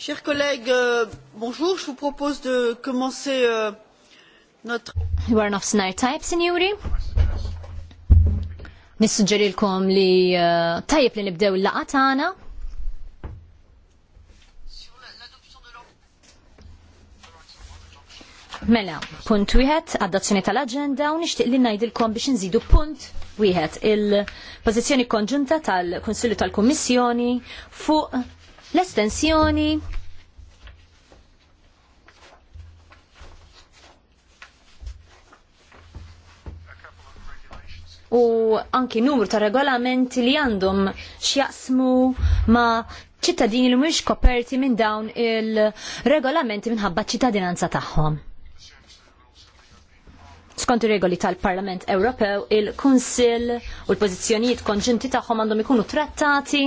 Chers collègues, euh, bonjour. Je vous propose de commencer euh, notre. Dwar nofsinhar tajb, sinjuri. Nissuġġerilkom li uh, tajjeb li nibdew il-laqgħa tagħna. Mela, punt wieħed, adozzjoni tal-aġenda u nixtieq li ngħidilkom biex inżidu punt wieħed il-pożizzjoni konġunta tal-Kunsillu tal-Kummissjoni fuq l-estensjoni u anki numru ta' regolamenti li għandhom x'jaqsmu ma' ċittadini li mhux koperti minn dawn il-regolamenti minħabba ċittadinanza tagħhom. Skont ir-regoli tal-Parlament Ewropew, il-Kunsill u l-pożizzjonijiet konġunti tagħhom għandhom ikunu trattati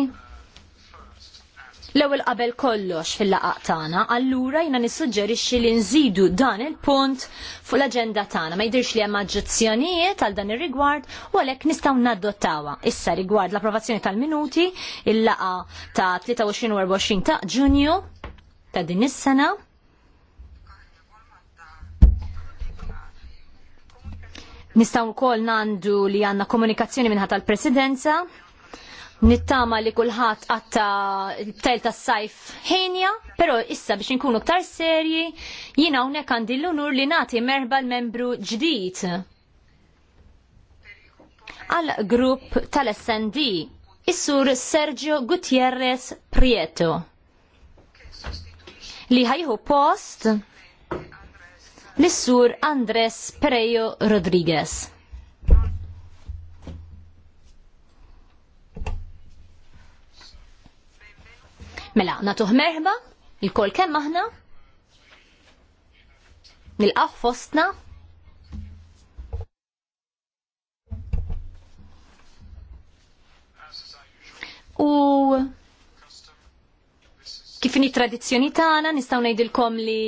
L-ewwel qabel kollox fil-laqaq tagħna, allura jina nissuġġerixxi li nżidu dan il-punt fuq l-aġenda tagħna. Ma jidhirx li hemm aġġezzjonijiet għal dan ir-rigward u għalhekk nistgħu naddottawha. Issa rigward l-approvazzjoni tal-minuti, il-laqa ta' 23 24 ta' Ġunju ta' din is-sena. Nistgħu wkoll nandu li għandna komunikazzjoni minħata tal-presidenza nittama li kulħadd għatta tel tas sajf ħenja, pero issa biex nkunu ktar serji, jina hawnhekk għandi l-unur li nagħti merba l-membru ġdid. Għal grupp tal-SND, is-sur Sergio Gutierrez Prieto. Li ħajħu post l-sur Andres Perejo Rodriguez. Mela, natuħ merħba, il-kol kemm aħna, nil-qaf fostna, u kif ni tradizzjoni tagħna nistgħu ngħidilkom li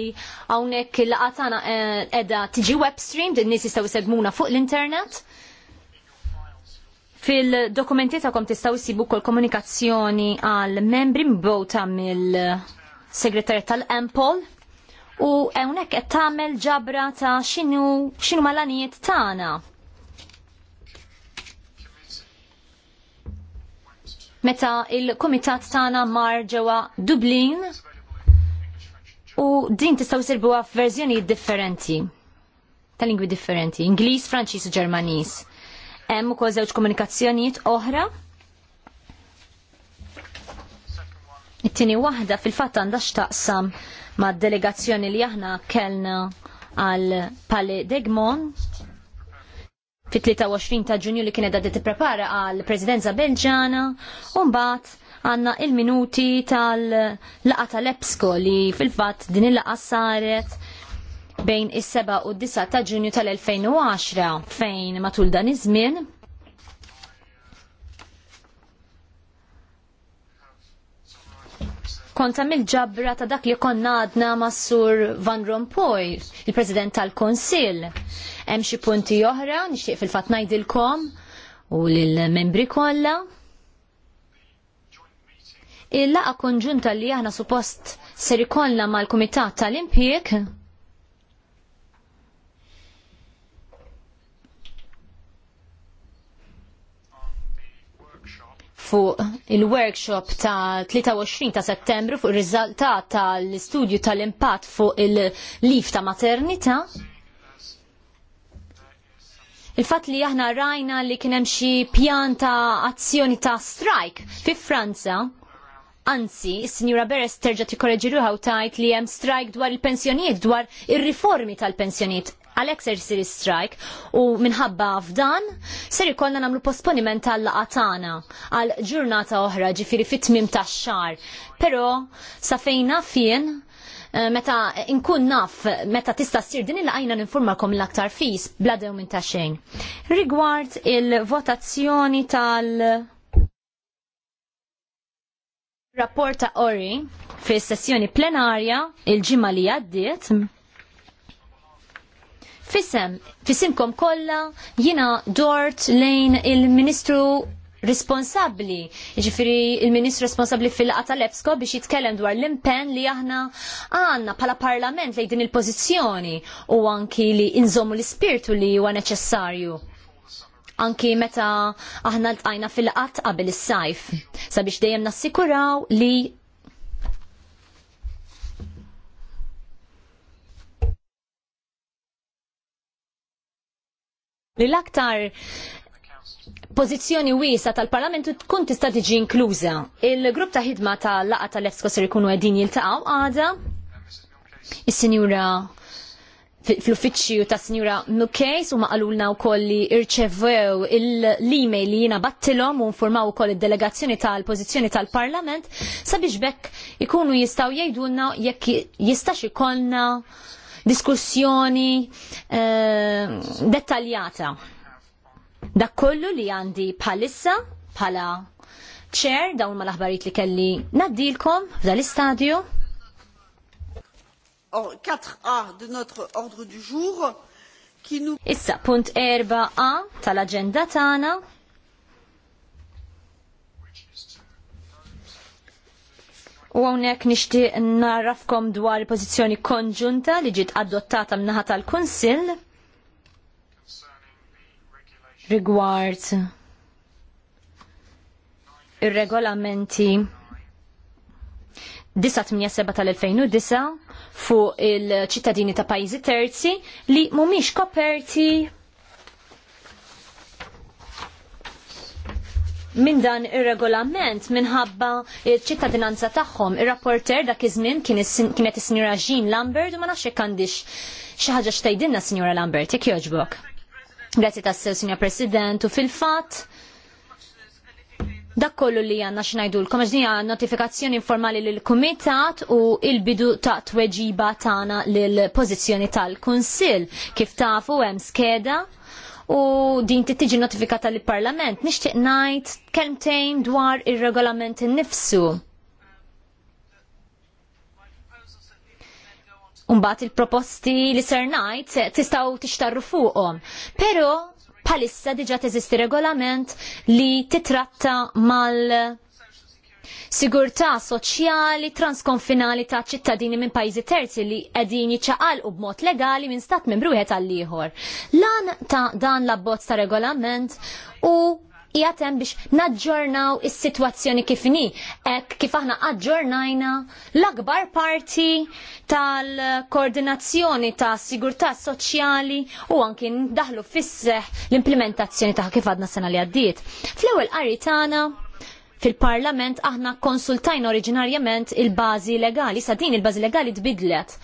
hawnhekk il-laqgħa tagħna qiegħda eh, tiġi webstream, din nies jistgħu jsegmuna fuq l-internet. Fil-dokumenti ta'kom tistaw jisibu kol komunikazzjoni għal membri mbota mill-segretarja tal-Empol u għonek qed tagħmel ġabra ta' xinu xinu malanijiet tagħna. Meta il-kumitat tagħna mar ġewwa Dublin U din tistaw sirbu għaf verżjoni differenti. tal lingwi differenti. Ingliż, Franċiż u Ġermaniż. Hemm ukoll żewġ komunikazzjonijiet oħra. It-tieni waħda fil-fatt għandha x'taqsam mad-delegazzjoni li aħna kellna għal Pale Degmon fit-23 ta' ġunju li kienet għaddi tipprepara għal Presidenza Belġana u mbagħad għanna il-minuti tal-laqa tal-EPSCO li fil-fat din il-laqa saret bejn is-7 u d-9 ta' Ġunju tal-2010 fejn matul dan iż-żmien konta mill-ġabra ta' dak li konna għadna mas-sur Van Rompuy, il-President tal-Konsil. Hemm xi punti oħra nixtieq fil-fatt ngħidilkom u lill-membri kollha. Il-laqa konġunta li aħna suppost ser ikollna mal-Kumitat tal-Impjek fuq il-workshop ta' 23 ta' settembru fuq ir-riżultat tal-istudju tal-impatt fuq il-lif ta' maternità. Il-fatt li aħna rajna li kien hemm xi pjan ta' azzjoni ta' strike fi Franza, anzi, s-Sinjura Beres terġa' tikkoreġi ruħa u tajt li hemm strike dwar il-pensjonijiet, dwar ir-riformi tal-pensjonijiet għalhekk ser isir strike u minħabba f'dan ser ikollna nagħmlu posponiment tal laqgħa tagħna għal ġurnata oħra ġifieri fit-tmiem tax Pero, Però sa fejna naf jien eh, meta inkun naf meta tista' ssir din il-għajna ninformakom l-aktar fis bla dew minn ta' xejn. Rigward il-votazzjoni tal- rapporta Ori fi sessjoni plenarja il-ġimma li għaddiet Fisem, fisimkom kolla jina dort lejn il-Ministru responsabli, ġifiri il-Ministru responsabli fil-qata l-EPSCO biex jitkellem dwar l-impen li aħna għanna pala parlament lejn din il-pozizjoni u anki li inżomu l-spirtu li huwa neċessarju. Anki meta aħna l-tqajna fil-qat qabel is-sajf, sabiex dejjem nassikuraw li li l-aktar pożizzjoni wiesa tal-Parlamentu tkun tista' tiġi inkluża. Il-grupp ta' ħidma tal laqgħa tal-EFSCO ser ikunu qegħdin jiltaqgħu għada. Is-Sinjura fl-uffiċċju ta' Sinjura Mukejs u maqalulna u kolli irċevew l-email li jina battilom u informaw u id delegazzjoni tal-pozizjoni tal-Parlament sabiex bekk ikunu jistaw jgħidulna jekk jistax ikollna diskussjoni eh, dettaljata. Dak kollu li għandi bħalissa, bħala ċer, dawn ma l-aħbarijiet li kelli naddilkom f'dal-istadju. 4A de notre ordre du jour. Issa, punt 4A tal-agenda tagħna U għonek nishti narrafkom dwar pozizjoni konġunta li ġiet adottata ad mnaħa tal-Kunsill rigward ir-regolamenti 1987 tal-2009 fuq il-ċittadini ta' pajjiżi terzi li mhumiex koperti minn dan ir-regolament minħabba ċittadinanza tagħhom. Ir-rapporter dak iż-żmien kienet is-Sinjura Jean Lambert u ma nafx jekk għandix xi ħaġa xtejdilna Sinjura Lambert, jekk jogħġbok. Grazzi tassew, Sinjura President, u fil-fatt Dak kollu li għanna xinajdulkom, għaxdija notifikazzjoni informali l-Kumitat u il-bidu ta' tweġiba tana l-pozizjoni tal-Kunsil. Kif tafu hemm skeda u din tittiġi notifikata lill parlament Nixtieq ngħid kelmtejn dwar ir-regolament innifsu. Umbat il-proposti li ser ngħid tistgħu tixtarru fuqhom. Però palissa diġa teżisti regolament li titratta mal sigurtà soċjali transkonfinali ta' ċittadini minn pajjiżi terzi li qegħdin jiċċaqalqu b'mod legali minn stat membru wieħed għal ieħor. Lan ta' dan l-abbozz ta' regolament u jgħatem biex naġġornaw is-sitwazzjoni kif inhi ek kif aħna aġġornajna l-akbar parti tal-koordinazzjoni ta' sigurtà soċjali u anki daħlu fisseħ l-implementazzjoni ta' kif għadna sena li għaddiet. Fl-ewwel qari tagħna Fil-parlament aħna konsultajna oriġinarjament il-bazi legali, sa din il-bazi legali tbidlet.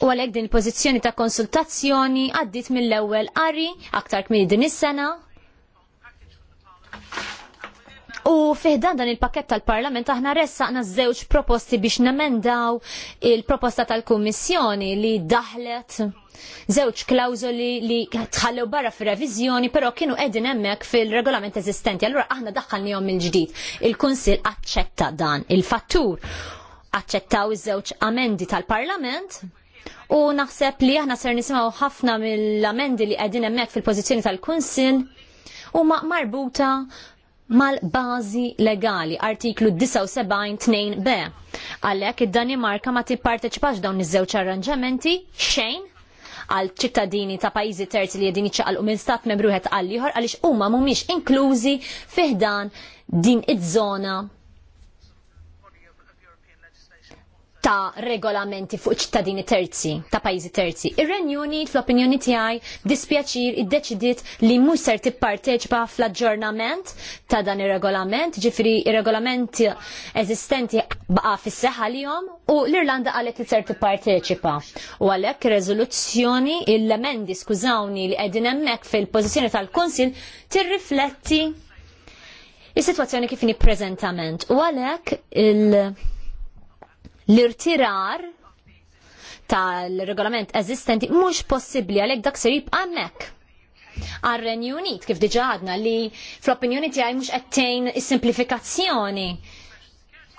U għalhekk din il-pożizzjoni ta' konsultazzjoni għaddit mill-ewwel qari aktar kmieni din is-sena U fiħdan dan il-pakket tal-Parlament aħna ressaqna żewġ proposti biex nemendaw il-proposta tal-Kummissjoni li daħlet żewġ klawżoli li tħallew barra fir-reviżjoni, però kienu qegħdin hemmhekk fil-regolament eżistenti. Allura aħna daħħalnihom il-ġdid. Il-Kunsill aċċetta dan il-fattur. Aċċettaw iż-żewġ amendi tal-Parlament U naħseb li aħna ser nisimgħu ħafna mill-amendi li qegħdin hemmhekk fil-pożizzjoni tal-Kunsill huma marbuta mal-bazi legali, artiklu 79-2b. Għalek id-Danimarka ma tipparteċipax dawn iż-żewġ arranġamenti xejn għal ċittadini ta' pajjiżi terzi li jedin u minn stat membruħet għal liħor għaliex huma mhumiex inklużi fiħdan din id żona ta' regolamenti fuq ċittadini terzi, ta' pajjiżi terzi. ir renjuni fl-opinjoni tiegħi, dispjaċir iddeċidiet li mhux ser tipparteċipa fl-aġġornament ta' dan ir-regolament, ġifri ir-regolamenti eżistenti baqa' fis-seħħa lihom u l-Irlanda qalet li ser tipparteċipa. U għalhekk ir-reżoluzzjoni l-emendi skużawni li qegħdin hemmhekk fil-pożizzjoni tal-Kunsil tirrifletti is-sitwazzjoni kif ini preżentament. U għalhekk il- l-irtirar tal-regolament eżistenti mhux possibbli għalhekk dak se jibqa' hemmhekk. Għar-Renju Unit kif diġà għadna li fl-opinjoni tiegħi mhux qed tgħin is-simplifikazzjoni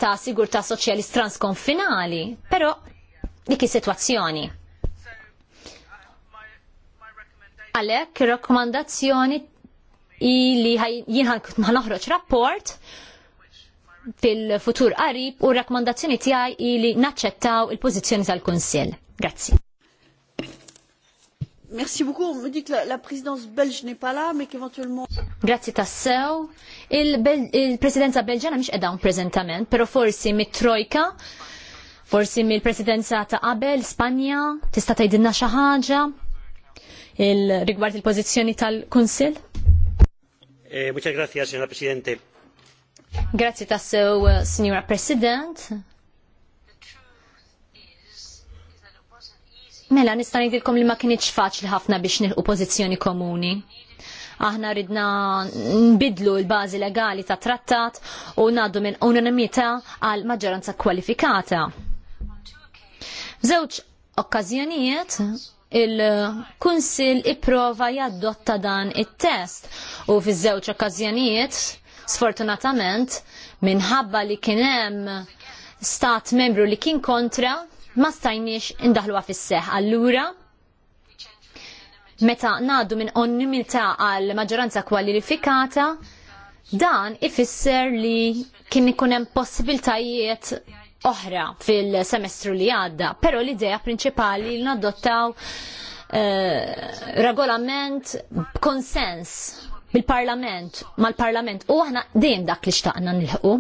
ta' sigurtà soċjali transkonfinali, però dik is-sitwazzjoni. Għalhekk ir rakkomandazzjoni li ma' noħroġ rapport fil-futur qarib u rakkomandazzjoni tiegħi li naċċettaw il-pożizzjoni tal-Kunsill. Grazzi. Merci beaucoup. On me dit que la, la présidence belge n'est pas là, mais qu'éventuellement... Grazie tassew. Il-presidenza il belġana miex edha un prezentament, pero forsi mit-trojka, forsi mill-presidenza ta' Abel, Spanja, tista' tgħidilna xi ħaġa il rigward il-pożizzjoni tal-Kunsill? Eh, muchas gracias, señora Presidente. Grazzi tassew, uh, Signora President. Mela, nista' ngħidilkom li ma kinitx faċli ħafna biex nilqu pożizzjoni komuni. Aħna ridna nbidlu l-bażi legali ta' trattat u ngħaddu minn unanimità għal maġġoranza kwalifikata. F'żewġ okkażjonijiet il kunsill ipprova jaddotta dan it-test u fiż-żewġ okkażjonijiet Sfortunatament, minħabba li kien hemm stat membru li kien kontra, ma stajniex indaħluha fis-seħ. Allura, meta ngħaddu minn onnimità għal maġġoranza kwalifikata, dan ifisser li kien ikun hemm possibiltajiet oħra fil-semestru li għadda, però l-idea prinċipali li nadottaw eh, regolament b'konsens bil-parlament, mal-parlament, u aħna dejjem dak li xtaqna nilħu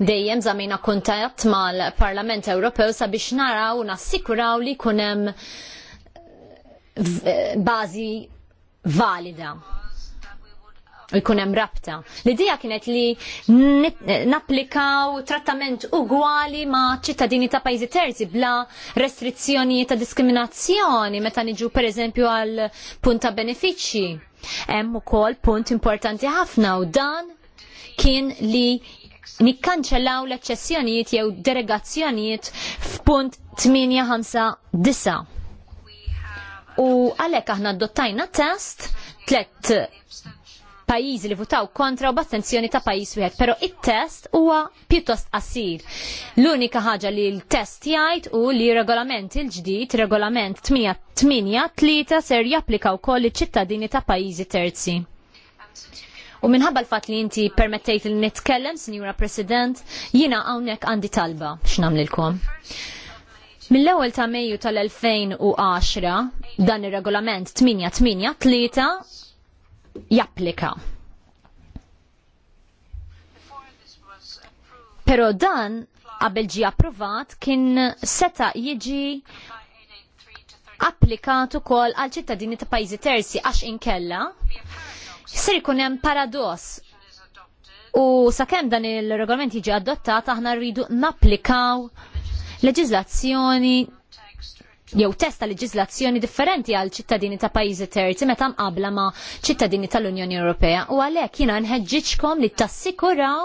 dejjem zamina kuntatt mal-Parlament Ewropew sabiex naraw u nassikuraw li kunem bazi valida u jkunem rabta. L-idea kienet li napplikaw trattament ugwali ma ċittadini ta' pajzi terzi bla restrizzjoni ta' diskriminazzjoni meta niġu per eżempju għal punta benefiċċji Hemm ukoll punt importanti ħafna u dan kien li nikkanċellaw l-eċċessjonijiet jew deregazzjonijiet f'punt 859. U għalhekk aħna adottajna test tlet pajjiżi li votaw kontra u b'attenzjoni ta' pajjiż wieħed, però it-test huwa pjuttost qasir. L-unika ħaġa li l-test jgħid u li regolament il-ġdid, regolament 883 ser japplika wkoll iċ-ċittadini ta' pajjiżi terzi. U minħabba l-fat li inti permettejt li nitkellem, Sinjura President, jina għawnek għandi talba x'namlilkom. Mill-ewwel ta' Mejju tal-2010 dan ir-regolament 883 japplika. Pero dan qabel ġi approvat kien seta jiġi applikat ukoll għal ċittadini ta' pajjiżi terzi għax inkella ser ikun hemm paradoss U sakemm dan il-regolament jiġi adottat aħna rridu napplikaw leġiżlazzjoni jew testa leġislazzjoni differenti għal ċittadini ta' pajjiżi terzi meta mqabla ma' ċittadini tal-Unjoni Ewropea u għalhekk jiena nħeġġiġkom li tassikuraw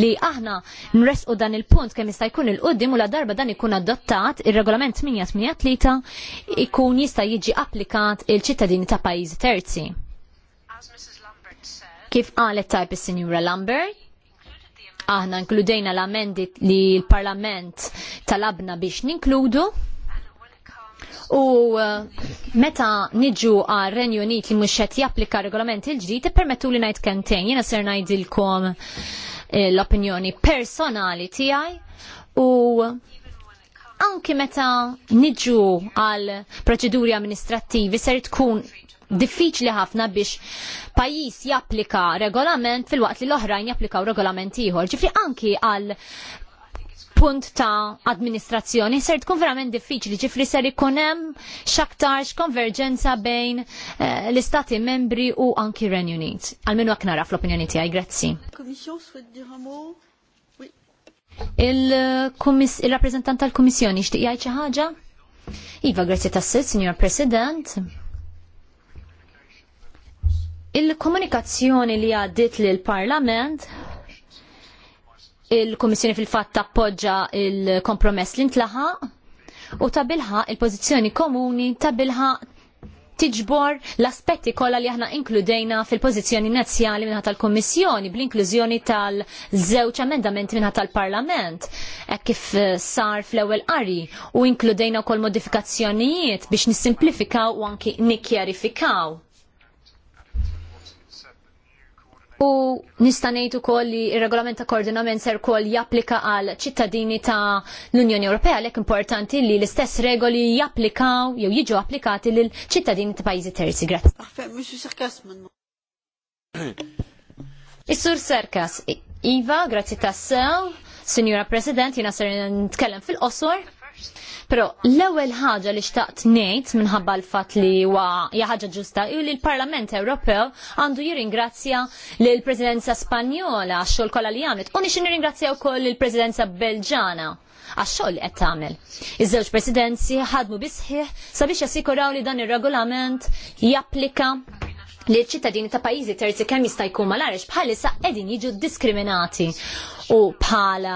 li aħna nresqu dan il-punt kemm jista' jkun il-qudiem u la darba dan ikun adottat ir-regolament 883 ikun jista' jiġi applikat il-ċittadini ta' pajjiżi terzi. Kif qalet tajb is-Sinjura Lambert, aħna inkludejna l-amendit li l-Parlament talabna biex ninkludu u uh, meta niġu għal Renju Unit li mhux qed japplika regolament il-ġdid ippermettu li ngħid kentejn jiena ser ngħidilkom eh, l-opinjoni personali tiegħi u anki meta niġu għal proċeduri amministrattivi ser tkun diffiċli ħafna biex pajis japplika regolament fil-waqt li l-oħrajn japplikaw regolament ieħor. Ġifri anki għal punt ta' administrazzjoni ser tkun verament diffiċli ġifri ser ikun hemm x'aktarx konverġenza bejn eh, l-istati membri u anki Ren Unit. Almenu hekk nara fl-opinjoni tiegħi, grazzi. Il-rappreżentant il rappreżentant tal kummissjoni xtieq jgħid xi ħaġa? Iva, grazzi tassit, Signor President. Il-komunikazzjoni li għaddit lill parlament il-Komissjoni fil-fatt tappoġġa il-kompromess li ntlaħaq u tabilħa il-pożizzjoni komuni tabilħa tiġbor l-aspetti kollha li aħna inkludejna fil-pożizzjoni nazzjali minħat tal komissjoni bl-inklużjoni tal-żewġ emendamenti minħat tal-Parlament hekk kif eh, sar fl-ewwel qari u inkludejna wkoll modifikazzjonijiet biex nissimplifikaw u anki nikkjarifikaw U nista' ngħid ukoll li r-regolament ta' koordinament ser ukoll japplika għal ċittadini ta' l-Unjoni Ewropea għalhekk importanti li l-istess regoli japplikaw jew jiġu applikati lil ċittadini ta' pajjiżi terzi. Grazzi. Is-sur Serkas, Iva, grazzi tassew, Signora President, jiena ser nitkellem fil-qosor. Però l-ewwel ħaġa li xtaqt ngħid minħabba l-fatt li huwa hija ħaġa ġusta hi li l-Parlament Ewropew għandu jirringrazzja lill presidenza Spanjola għax-xogħol kollha li għamlet u nixin nirringrazzja wkoll il-Presidenza Belġana għax-xogħol li qed tagħmel. Iż-żewġ presidenzi ħadmu bisħieħ sabiex jassikuraw li dan ir-regolament japplika li ċittadini ta' pajjiżi terzi kemm jista' jkun malarex bħalissa qegħdin jiġu diskriminati. U bħala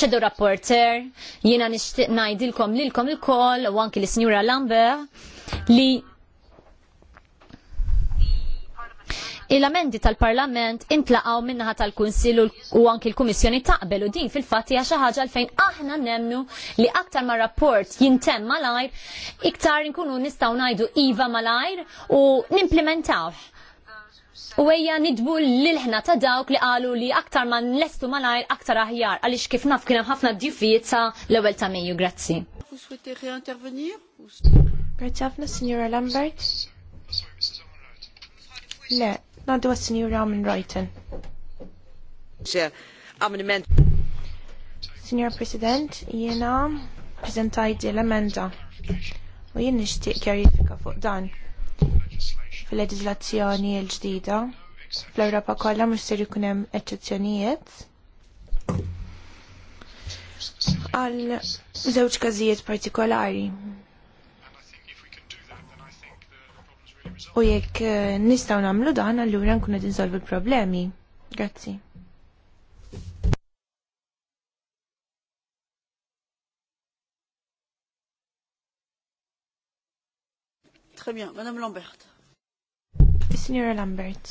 xedu rapporter jiena nixtieq ngħidilkom lilkom ukoll u anki l-Sinjura Lambert li il-amendi tal-Parlament intlaqgħu minnaħa tal-Kunsill u anki l-Kummissjoni taqbel u din fil-fatt hija xi ħaġa fejn aħna nemnu li aktar ma' rapport jintemm malajr, iktar nkunu nistgħu ngħidu iva malajr u nimplementaw. U għeja nidbu l-ħna ta' dawk li għalu li aktar ma' nlestu malajr aktar aħjar, għalix kif naf kienem ħafna diffijiet sa' l-ewel ta' meju, grazzi. Grazzi ħafna, signora Lambert. Le, Nadu għas-Sinjura minn Rajten. Signor President, jiena prezentajt l-emenda u jien nixtieq kjarifika fuq dan fil-leġiżlazzjoni l-ġdida fl-Ewropa kollha mhux ser ikun hemm eċċezzjonijiet għal żewġ każijiet partikolari. U jekk eh, nistaw namlu dan, allura nkunu dinsolvu l-problemi. Grazzi. Très bien, Madame Lambert. Signora Lambert.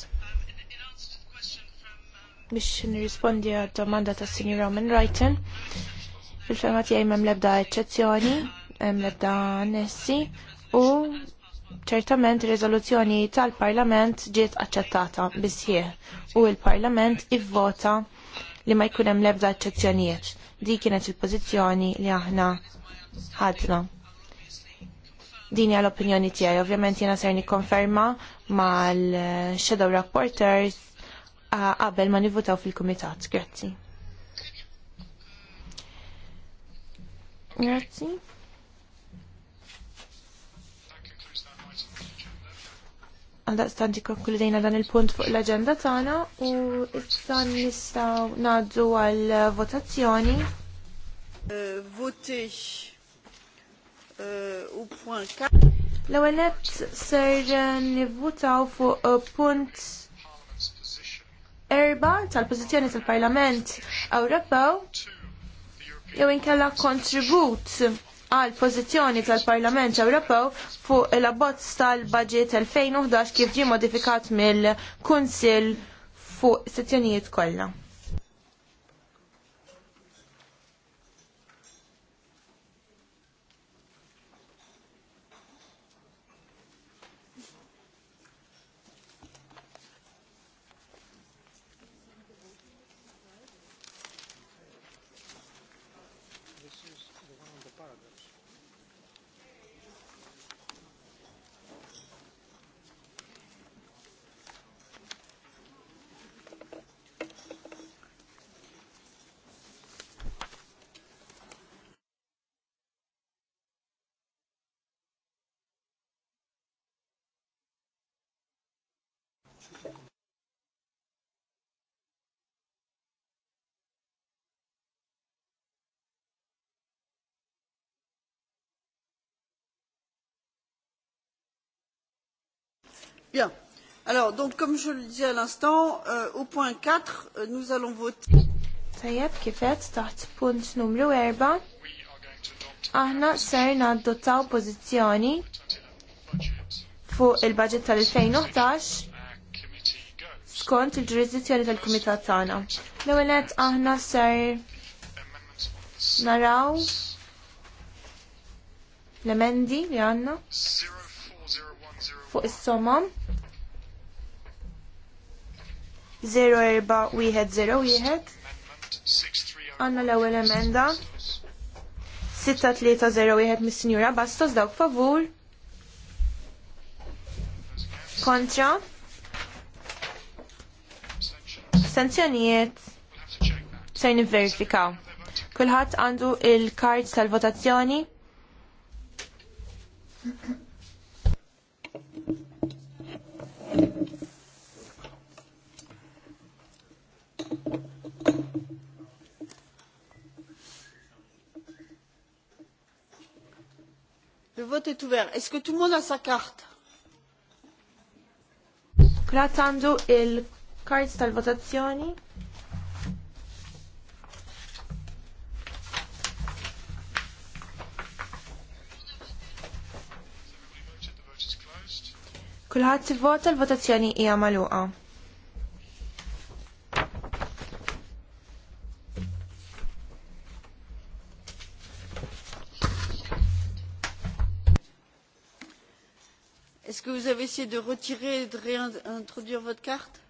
Biex nirrispondi għad domanda ta' Signora Omen Wrighton. fil fema tiegħi mem l-ebda mem hemm nessi u ċertament riżoluzzjoni tal-Parlament ġiet aċċettata bisħieħ u il-Parlament ivvota li ma jkun hemm l-ebda eċċezzjonijiet. Di kienet il-pożizzjoni li aħna ħadna. Din hija l-opinjoni tiegħi, ovvjament jiena ser nikkonferma mal-Shadow Reporters qabel ma nivvotaw fil-Kumitat. Grazzi. Grazzi. għal-daqstanti konkludejna dan il-punt fuq l-agenda tagħna u issa nistgħu ngħaddu għal votazzjoni. Votix eh, u punt L-ewwel nett ser eh, nivvutaw fuq eh, punt erba' tal-pożizzjoni tal-Parlament Ewropew jew inkella kontribut għal pożizzjoni tal-Parlament Ewropew fuq il-abbozz tal-budget 2011 kif ġie modifikat mill-Kunsill fuq sezzjonijiet kollha. Bien. Alors, donc, comme je le disais à l'instant, euh, au point 4, euh, nous allons voter. Tajab, kifet, taħt punt numru 4. Aħna ser naddottaw pozizjoni fuq il-budget tal-2011 skont il-ġurisdizzjoni tal-Kumitat tagħna. L-ewwel aħna ser naraw l-emendi li għandna fuq is-somom. 04101 Għanna l-ewwel emenda 6301 mis-Sinjura Bastos dawk favur. Kontra. Sanzjonijiet. Se nivverifikaw. Kulħadd għandu il-kard tal-votazzjoni. Le vote est ouvert. Est-ce que tout le monde a sa carte il tal Kulħadd vota l-votazzjoni hija magħluqa. Est-ce que vous avez essayé de retirer et de réintroduire votre carte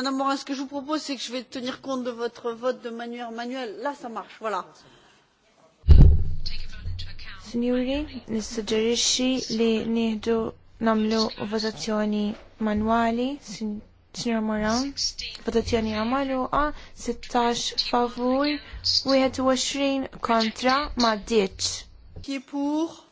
Madame Morin, ce que je vous propose, c'est que je vais tenir compte de votre vote de manière manuelle. Là, ça marche, voilà. Signori, ne suggerisci li nieħdu namlu votazioni manuali, Signor Moran, votazioni votazzjoni għamaluqa, 16 favur, 21 contra, ma' 10. Qui est pour?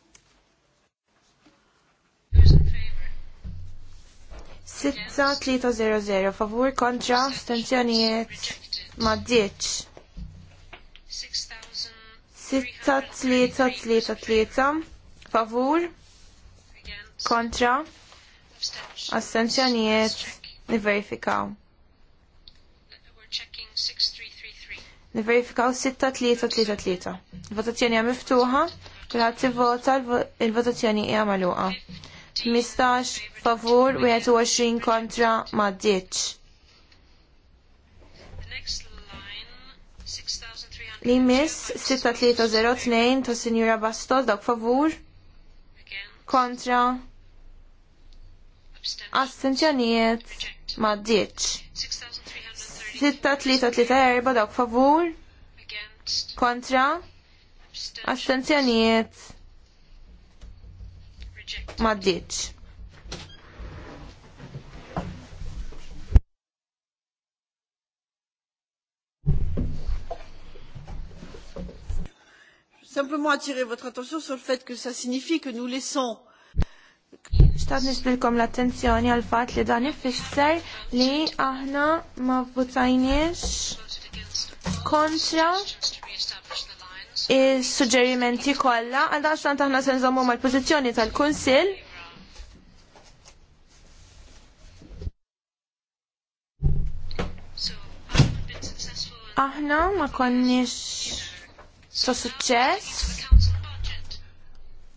6-3-0-0 favur kontra astenzjonijiet ma ddiċ. 6 3 favur kontra astenzjonijiet niverifikaw. Niverifikaw 6 3 3 Votazzjoni għam miftuħa, kullħat vota il-votazzjoni hija maluqa. 15 favur, 21 kontra ma ditx. Li miss 6302 ta' Sinjura Bastos dak favur kontra astenzjonijiet ma ditx. 6334 dak favur kontra astenzjonijiet Maddiċ. Simplement attirer votre attention sur le fait que ça signifie que nous laissons Stad nisbilkom l-attenzjoni għal fat li dan ifisser li aħna ma votajniex kontra il-suġġerimenti kollha għal tant aħna se nżommu mal pozizjoni tal konsil Aħna ma konniex so suċċess.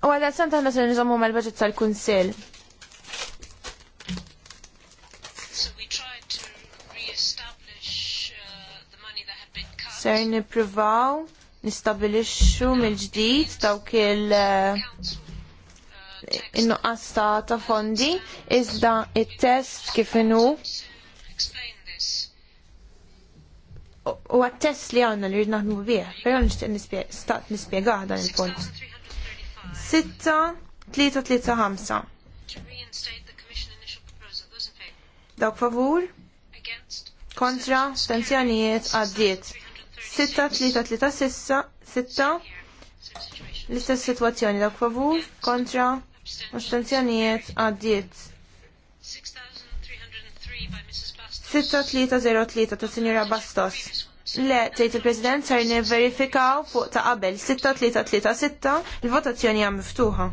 U għal tant aħna se nżommu mal-budget tal konsil Ser nipruvaw nistabilixxu mill-ġdid dawk il- eh, innuqqas ta' ta' fondi, iżda it-test kif inhu u għat-test li għanna li rridna naħdmu bih, però nixtieq stat nispjegah dan il-punt. 6-3-3-5 Dawk favur? Kontra, stanzjonijiet għaddiet. Sitta 3 3 sissa l-istess situazzjoni dak favur kontra astenzjonijiet għaddiet. 6303 ta' Sinjura Bastos. Le, tgħid il-President sar verifikaw fuq ta' qabel 6336, 3 il votazzjoni hija miftuħa.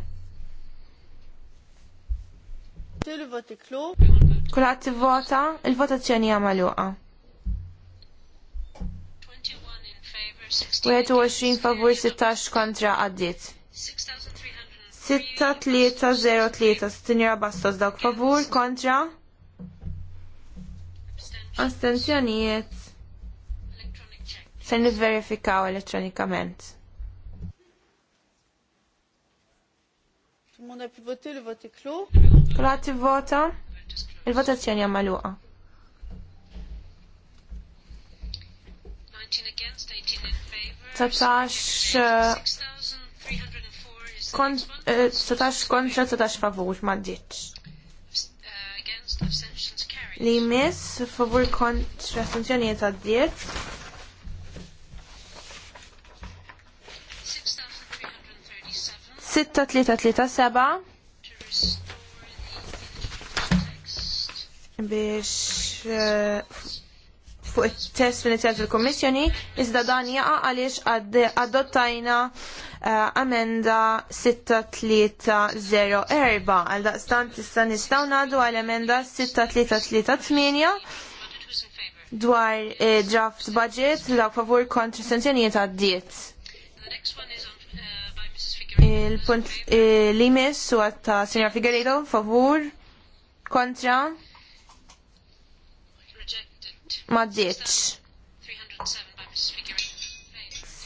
Kulħadd tivvota, il-votazzjoni hija magħluqa. 21 favur 16 kontra għaddit. 6303 Sinjora Bastos dawk favur kontra Astenzjonijiet se nivverifikaw elettronikament. Tout le monde a pu voter, vota il-votazzjoni għamaluqa. Setax eh, kontra setax favur ma ġietx. Li miss favur kontra sanzjonijiet għaddiet. seba. biex eh, fuq it-test finizjal fil-Kommissjoni, iżda dan jaqa għaliex adottajna eh, amenda 6304 għal daqstant tista' nistgħu nadu għal emenda 6338 dwar eh, draft budget la favur kontra sanzjonijiet għaddiet. Il-punt eh, li mis u għatta Signor Figueredo, favur, kontra, ma ġietx.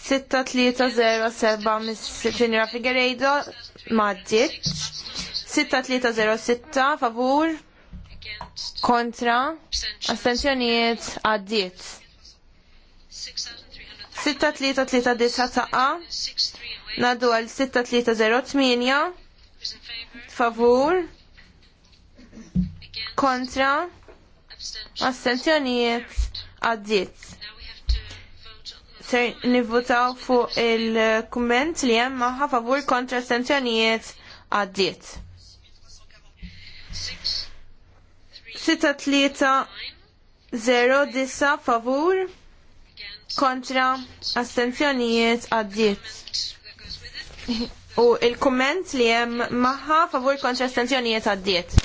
6307 mis Sinjora Figueiredo ma ġietx. 6306 favur kontra astenzjonijiet għaddiet. 6339 taqa nadu għal 6308 favur kontra Astenzjonijiet għaddiet. Ser nivvotaw fuq il-kumment li hemm maħħa favur kontra astenzjonijiet għaddiet. Sita tlieta zero disa favur kontra astenzjonijiet għaddiet. U il-komment li jem maħħa favur kontra astenzjonijiet għaddiet.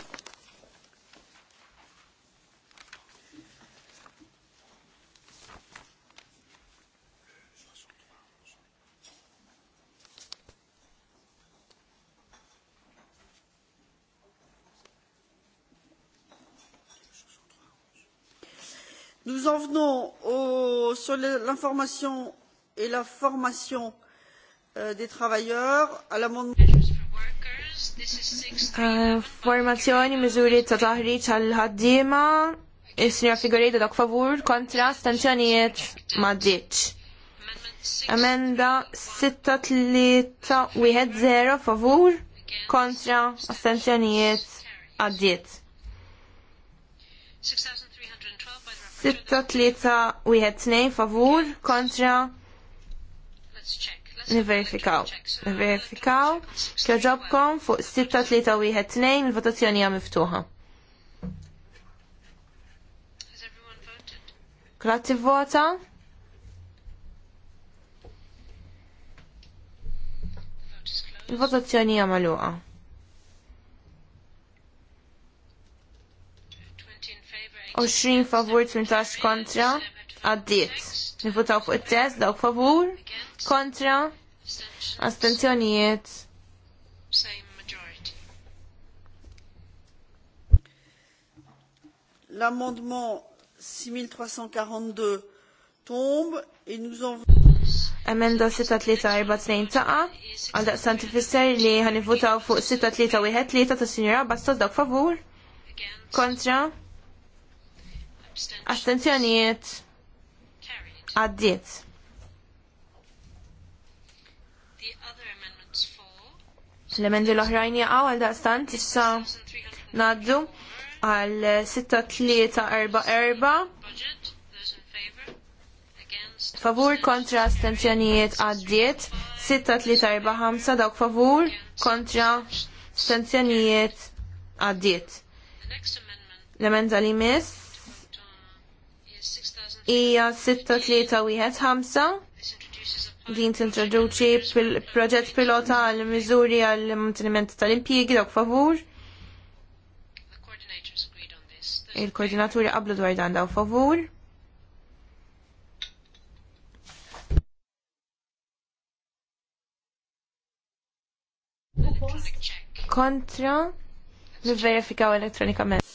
Nous en venons au, sur l'information et la formation euh, des travailleurs à l'amendement. Uh, formazzjoni, miżuri ta' taħriġ għal ħaddiema, is-sinjor Figurejda dak favur kontra stanzjonijiet ma' ditx. Amenda 6 favur kontra astenzjonijiet għaddiet. 6-3-1-2 favur kontra niverifikaw. Niverifikaw, kjoġobkom fuq 6-3-1-2 il-votazzjoni hija miftuħa. Grazzi vota. Il-votazzjoni magħluqa. 20 favur 18 kontra għaddiet. Nifutaw fuq it-test dawk favur kontra astenzjonijiet. L'amendement 6342 tombe et nous en Emenda 6342 taqa, għal daqsan tifisser li ħanivutaw fuq 6313 ta' sinjora basta dawk favur kontra Astenzjonijiet għaddiet. L-emendi l-oħrajn jaqaw għal daqstant issa naddu għal 6344 favur kontra stenzjonijiet għaddiet 6345 dawk favur kontra stenzjonijiet għaddiet. l emendi li miss Ija 6-3-1-5 din t-introduċi proġett pilota għal miżuri għal manteniment tal impiegi dok favur. Il-koordinaturi qablu dwar dan daw favur. Kontra, nivverifikaw elektronikament.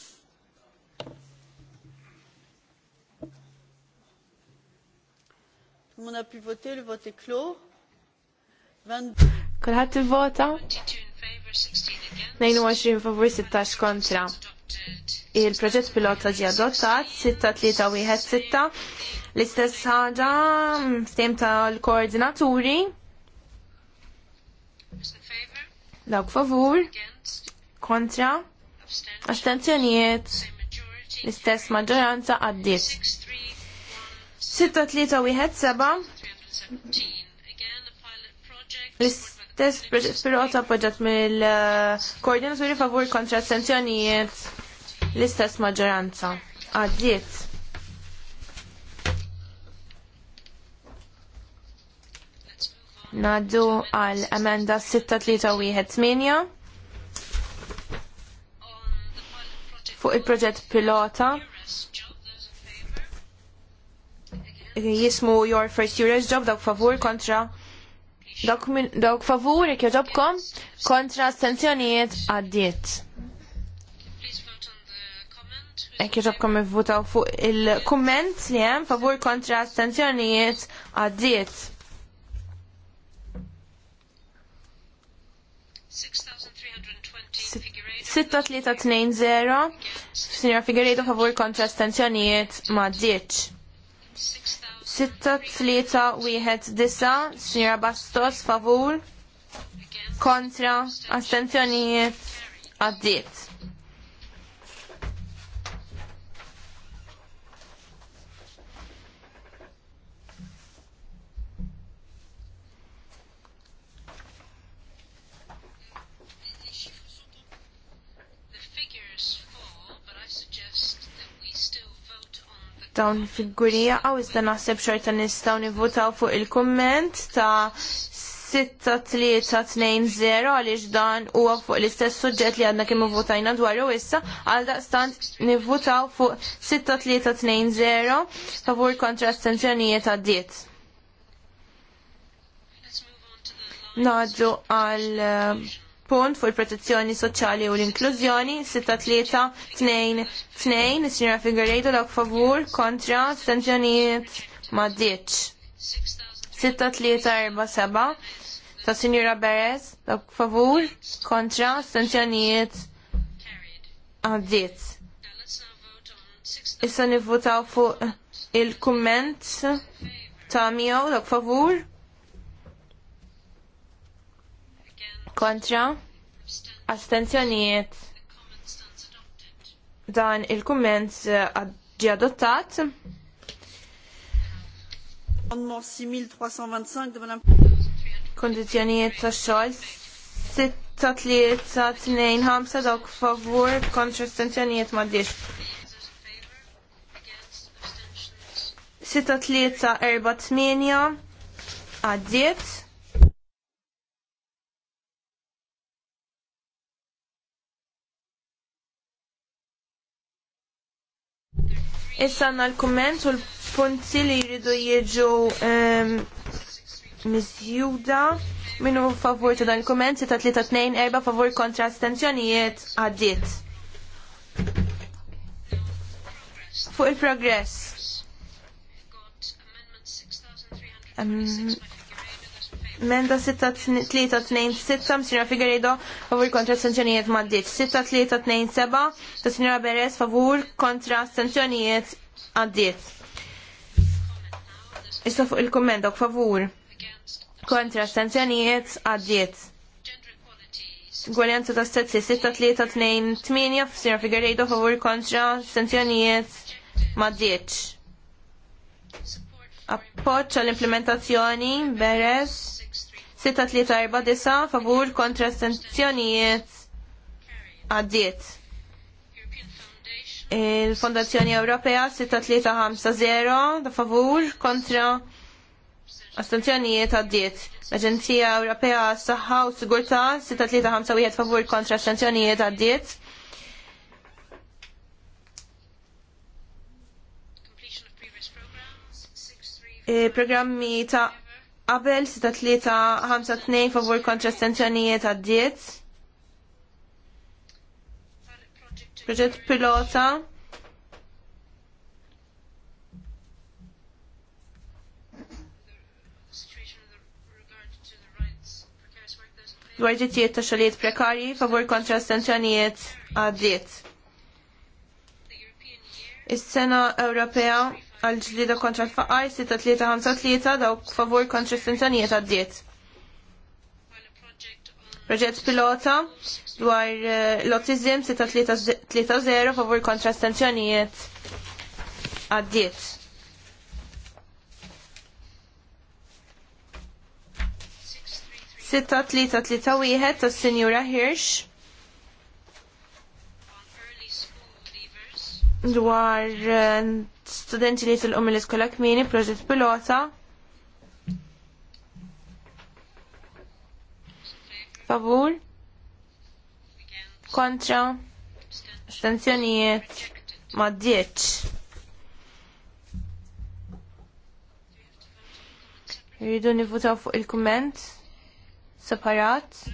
Tout le monde le vote est clos. 22... Kulħat il-vota? 22 favur 16 kontra. Il-proġett pilota ġi adottat 6-3-1-6. L-istess ħaġa stem tal-koordinaturi. Dawk favur. Kontra. Astenzjoniet. L-istess maġġoranza għaddit. 6-3-1-7 l istess pilota appoġġat mill-koordinaturi favur kontra sanzjonijiet l-istess maġġoranza. Għaddiet. Naddu għal emenda 6318 8 fuq il-proġett pilota jismu Your First year's Job dawk favur kontra dawk, min, dawk favur jek jodobkom, kontra astenzjonijiet għaddiet. Jek joġobkom votaw fuq il-komment li hemm favur kontra astenzjonijiet għaddiet. 6320 Signor Figueredo favur kontra astenzjonijiet ma' 10. Sitta tlieta wieħed disa, Sinjora Bastos, favur, kontra, astenzjonijiet, għaddiet. dawn figuri għaw iżda naħseb xorta nistaw nivvotaw fuq il-komment ta' 6320 għaliex dan huwa fuq l-istess suġġett li għadna kemm votajna dwaru issa għal daqstant nivvutaw fuq 6320 favur kontra astenzjonijiet għaddiet. Naddu għal punt fuq il-protezzjoni soċjali u l-inklużjoni, 6-3-2-2, s-sinjora Figueredo dawk favur kontra stanzjonijiet ma ditx. 6-3-4-7, ta' sinjora Beres dawk favur kontra stanzjonijiet għaddit. Issa nivvotaw fuq il-komment ta' miegħu dawk favur kontra astenzjonijiet dan il-kumment eh, ġi adottat. Amendement ta' de Madame Kondizjonijiet ta' tnejn 6325 dawk favur kontra astenzjonijiet m'għaddix. 6348 għaddiet. Issa għanna l-komment u l-punti li jridu jieġu ehm, mizjuda minu favur ta' dan il-komment, ta' 3 2 favur kontra astenzjonijiet għaddiet. Fuq il-progress. Menda 6326, 3 2 6 Figueredo, favur kontra sanzjonijiet maddiċ. 6 ta' signora Beres, favur kontra sanzjonijiet għaddiet. Issa fuq il-komment, favur kontra sanzjonijiet għaddiet. Gwaljanza ta' stetsi, 6328, signora 2 8 Sinjora Figueredo, favur kontra sanzjonijiet maddiċ appoċ għall-implementazzjoni beres 6-3-4-9 favur kontra sanzjonijiet għaddiet. Il-Fondazzjoni Ewropea 6-3-5-0 da favur kontra sanzjonijiet għaddiet. L-Aġenzija Ewropea Saħħa u Sigurta 6-3-5-1 favur kontra sanzjonijiet għaddiet. E, programmi ta' Qabel 6-3-5-2 favur kontra stenzjonijiet għaddiet. Proġett pilota. dwar ġittijiet ta' xogħlijiet prekari favur kontra sanzjonijiet għaddiet. Is-sena Ewropea għal-ġlida kontra l-faqaj 6-3-5-3 favur kontra s d għaddiet. Proġett pilota dwar eh, l-otizim 6-3-0 favur kontra s-sintanijiet għad-diet. Sitta tlita tlita wieħed tas Sinjura Hirsch. dwar eh, studenti li tal-qom mill-iskola kmini, proġett pilota. Favur. Kontra. Stanzjonijiet. Ma' Rridu nivutaw fuq il-komment separat.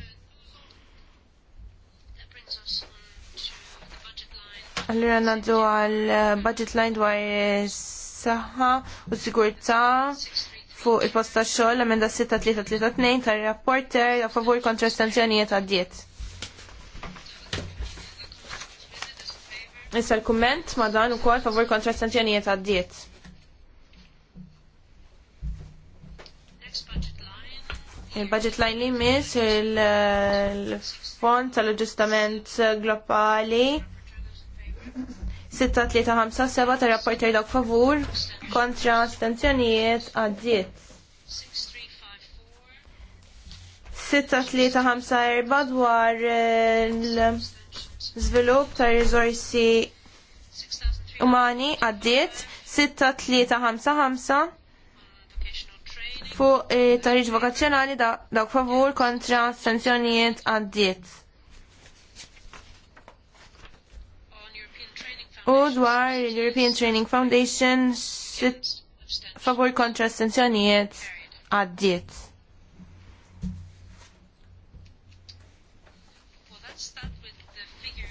Allura naddu għal eh, budget line dwar saħħa u sigurtà fuq il-posta xogħol emenda 6332 tar-rapporter a favur kontra stanzjonijiet għaddiet. Issa l-kumment ma dan ukoll favur kontra stanzjonijiet għaddiet. Il-budget line li mis eh, il-fond tal-ġustament globali Sitta 3 5 7 ta' rapporter dawk favur kontra astenzjonijiet għaddiet. Sitta tlieta ħamsa erba dwar eh, l żvilupp ta' rizorsi umani għaddiet. sitta tlieta ħamsa 5 fuq eh, tarriġ vokazzjonali dawk favur kontra sanzjonijiet għaddiet. U dwar l-European Training Foundation favur kontra sanzjonijiet għaddiet.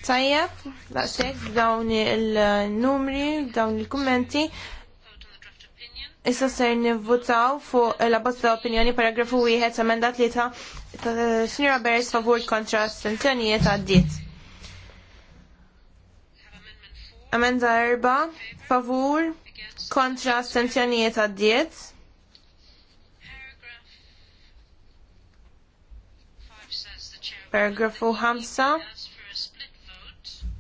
Tajjeb, laqsek dawn il-numri, dawn il kommenti Issa ser nivvutaw fuq la bozza opinjoni paragrafu 1 emendat li ta' Sinjora Beres favor kontra s għaddiet. Amenda erba, favur, kontra astenzjonijiet għaddiet. Paragrafu 5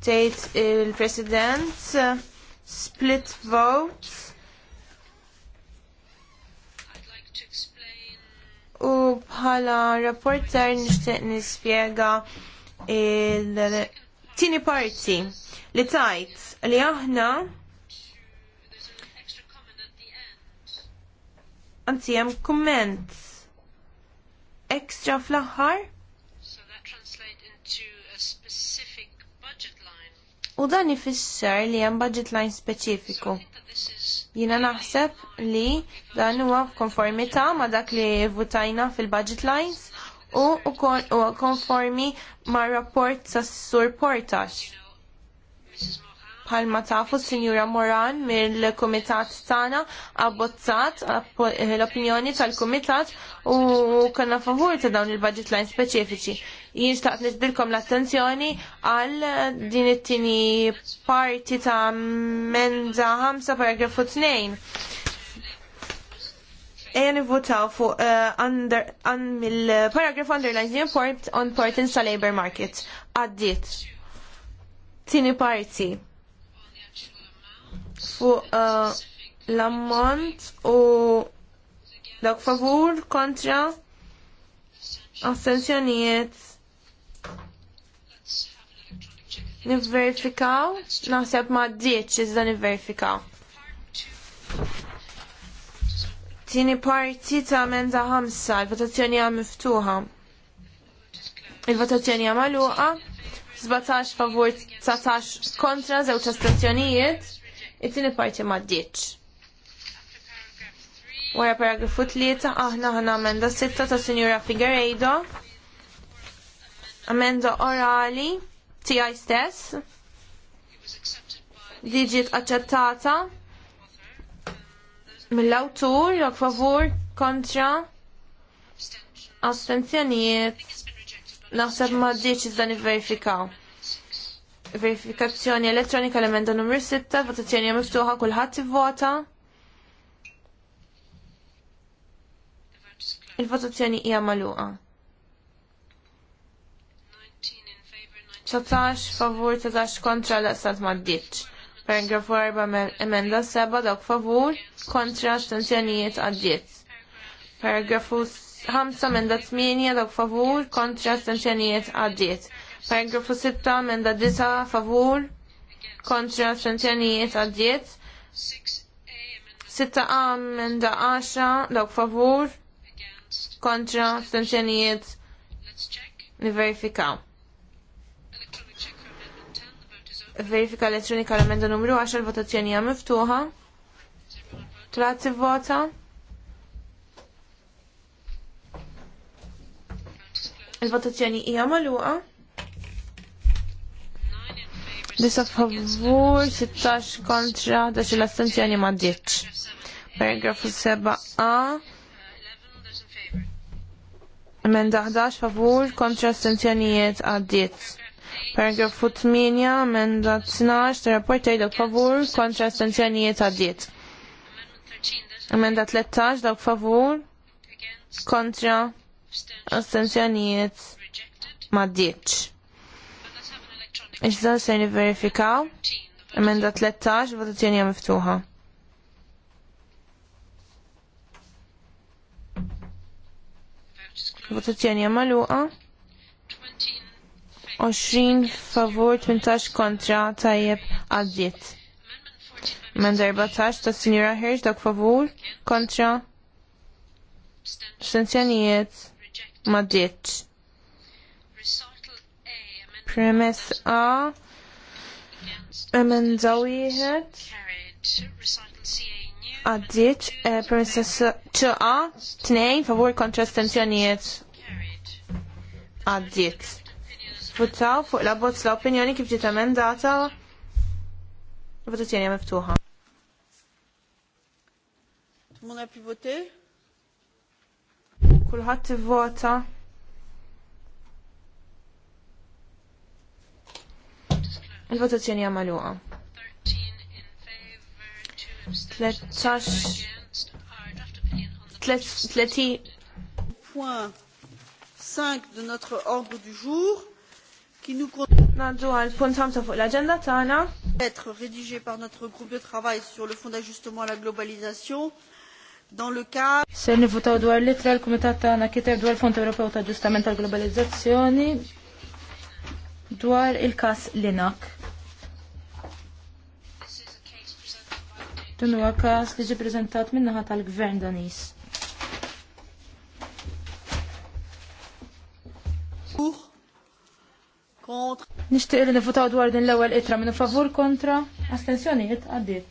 tgħid il-President split vote u bħala rapporter nishtiq nispjega il-tini parti li tajt li aħna anzi hemm komment ekstra fl-aħħar. U dan ifisser li hemm budget line speċifiku. Jiena naħseb li dan huwa konformità ma' dak li votajna fil-budget lines u huwa konformi mar rapport sas-sur Portax. Palma tafu Sinjura Moran mill-Kumitat tana abbozzat l-opinjoni tal-Kumitat u kanna favur ta' dawn il-budget line speċifiċi. Jien xtaqt l-attenzjoni għal din it-tini parti ta' menza 5 paragrafu 2 ejja nivvotaw fuq eh, mill-paragraf underlines the import on port in sa labor market. Għaddit. Tini parti fuq uh, l-ammont u dak favur kontra assenzjonijiet nivverifikaw naħseb ma' dietx iżda nivverifikaw Tini parti ta' menza ħamsa, il-votazzjoni għam miftuħa. Il-votazzjoni għam għaluqa, 17 favur 19 kontra, zewċa astrazzjonijiet it-tieni parti ma ddiċ. Wara paragrafu tlieta aħna ħana amenda sitta ta' Sinjura Figueredo. Amenda orali tiegħi stess. Li aċċettata mill-awtur jekk favur kontra astenzjonijiet naħseb ma ddiċ iżda niverifikaw. verifikaw verifikazzjoni elettronika l-emenda numru 6, votazzjoni miftuħa kulħadd ivvota. Il-votazzjoni hija magħluqa. 19 favur 19 kontra l-qsat maddiċ. Paragraf 4 emenda 7 dak favur kontra astenzjonijiet għaddiet. Paragrafu 5 emenda 8 dak favur kontra astenzjonijiet għaddiet. Paragrafu 6 emenda 10 favur kontra astenzjonijiet għaddiet. 6 a emenda 10 dawk favur kontra astenzjonijiet niverifikaw. Verifika elettronika l-emenda numru 10 l votazzjoni għam miftuħa. Trat vota. Il-votazzjoni hija magħluqa. Disa favur, 16 kontra, dax l-astenzjoni ma dieċ. Paragrafu 7a. Men daħdax favur, kontra astenzjonijiet dieċ. Paragrafu 8, emenda 12, t-rapportaj dak favur, kontra astenzjonijiet dieċ. Men daħdax, dak favur, kontra astenzjonijiet ma dieċ. Iżda se niverifikaw emenda 13 votazzjoni hija miftuħa. Votazzjoni hija magħluqa. 20 favur 18 kontra tajjeb għaddiet. Emenda 14 ta' Sinjura ħirġ dak favur kontra. Stenzjonijiet ma' maddiet. Premess A. Emenda wieħed. Għaddit. Eh, Premess ċa. Tnejn favur kontra astenzjonijiet. Għaddit. Votaw fuq la bozz l-opinjoni kif ġiet emendata. Votazzjoni miftuħa. Muna pivoti? Kulħadd ivvota. vota Il-votazzjoni hija magħluqa. 13 5 de notre ordre du jour qui nous Naddu għal Être rédigé par notre groupe de travail sur le fonds d'ajustement à la globalisation dans le cas se ne Ser nivutaw dwar litra l-Kumitat tagħna kiter dwar Fond Ewropew ta' Ġustament tal-Globalizzazzjoni dwar il cas l'enac Tunnu huwa każ li ġi preżentat min-naħa tal-Gvern Danis. Nixtieq li nifutaw dwar din l-ewwel itra. minn favur kontra astensjonijiet għaddiet.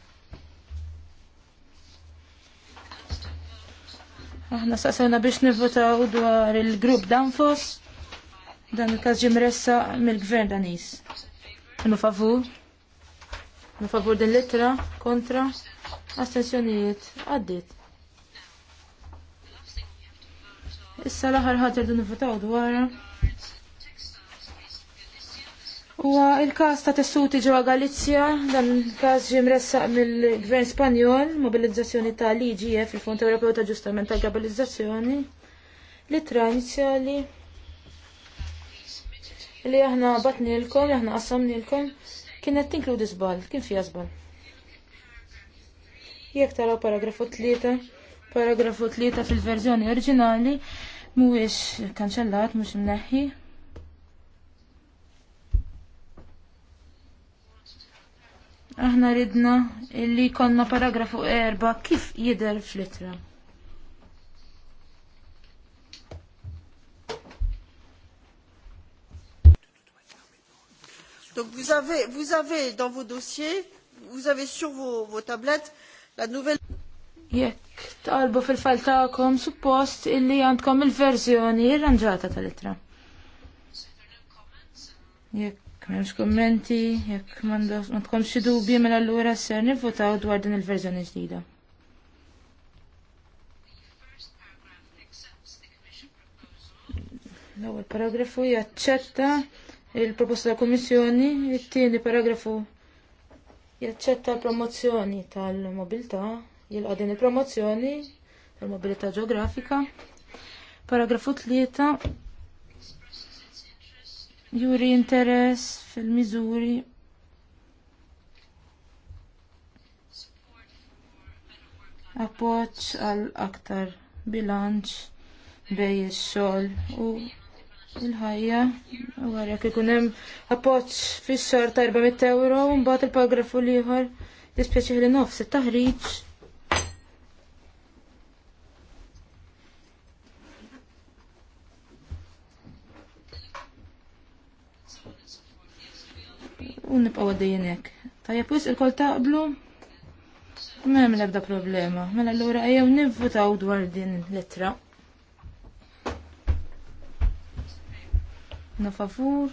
Aħna saqsajna biex nifutaw dwar il-grupp Danfos, dan il-każ ġimressa mill-gvern danis. Minu favur, minu favur din kontra, Astensjonijiet għaddit. Issa l-aħħar ħaġa li nifutaw dwarha. Huwa il-każ ta' tessuti ġewwa Galizja, dan il-każ ġie mressaq mill-Gvern Spanjol, mobilizzazzjoni ta' liġi fil-Fond Ewropew ta' Ġustament tal Globalizzazzjoni, li tra inizjali li aħna batnilkom, li aħna qassamnilkom, kienet tinkludi żball, kien fija żball. Jekk taraw paragrafu 3, paragrafu 3 fil-verżjoni oriġinali mhuwiex kanċellat mhux imneħħi. Aħna ridna illi konna paragrafu 4 kif jidher fl-itra. Donc vous avez, vous avez dans vos dossiers, vous avez sur vos, vos tablettes La nouvelle Jekk talbu fil-fall tagħkom suppost illi għandkom il-verżjoni irranġata tal-ittra. Jekk m'hemmx kommenti, jekk m'għandkomx xi dubbi mill mela allura ser nivvotaw dwar din il-verżjoni ġdida. L-ewwel paragrafu jaċċetta il-proposta tal-Kummissjoni, it-tieni paragrafu jaċċetta promozzjoni tal-mobilità, jilqa' din il-promozzjoni tal-mobilità ġeografika. Paragrafu tlieta juri interess fil-miżuri appoġġ għal aktar bilanċ bej xol xogħol u il-ħajja, għarja kikunem, ikun hemm appoġġ ta' 400 euro, mbagħad il-paragrafu liħor dispjaċi li nofs it-taħriġ. U nibqgħu għaddejjin hekk. Tajjeb wis il-kol taqblu? M'hemm l-ebda problema. Mela allura ejjew nivvutaw dwar din l-ittra. Na favur.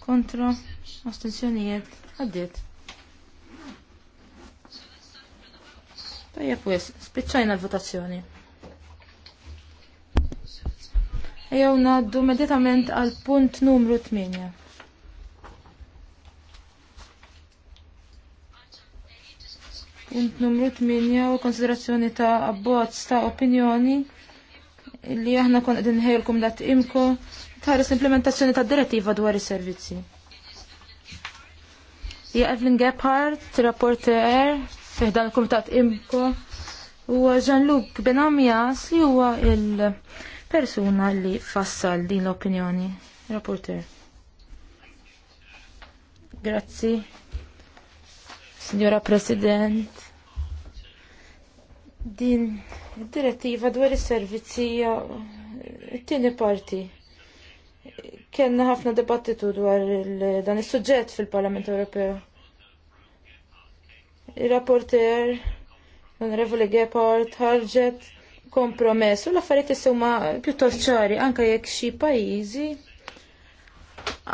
Kontra. Astenzjonijiet. Għaddit. Tajja pwis, spiċċajna l-votazzjoni. Ejjew naddu meditament għal punt numru 8. Punt numru 8 u konsiderazzjoni ta' abbozz ta' opinjoni li aħna kon qed ħejlkom dat imko tħares l-implementazzjoni ta' direttiva dwar is-servizzi. Ja Evelyn Gephardt, rapporter fiħdan il-Kumitat Imko u Jean-Luc Benamias li huwa il-persuna li fassal din l-opinjoni. Rapporter. Grazzi. Signora President din id-direttiva dwar is-servizzi t tini parti Kienna ħafna dibattitu dwar dan is-suġġett fil-Parlament Ewropew. Il-rapporter, l-Onorevoli Gephardt, ħarġet kompromess u l-affarijiet issuma pjuttost ċari anke jekk xi pajjiżi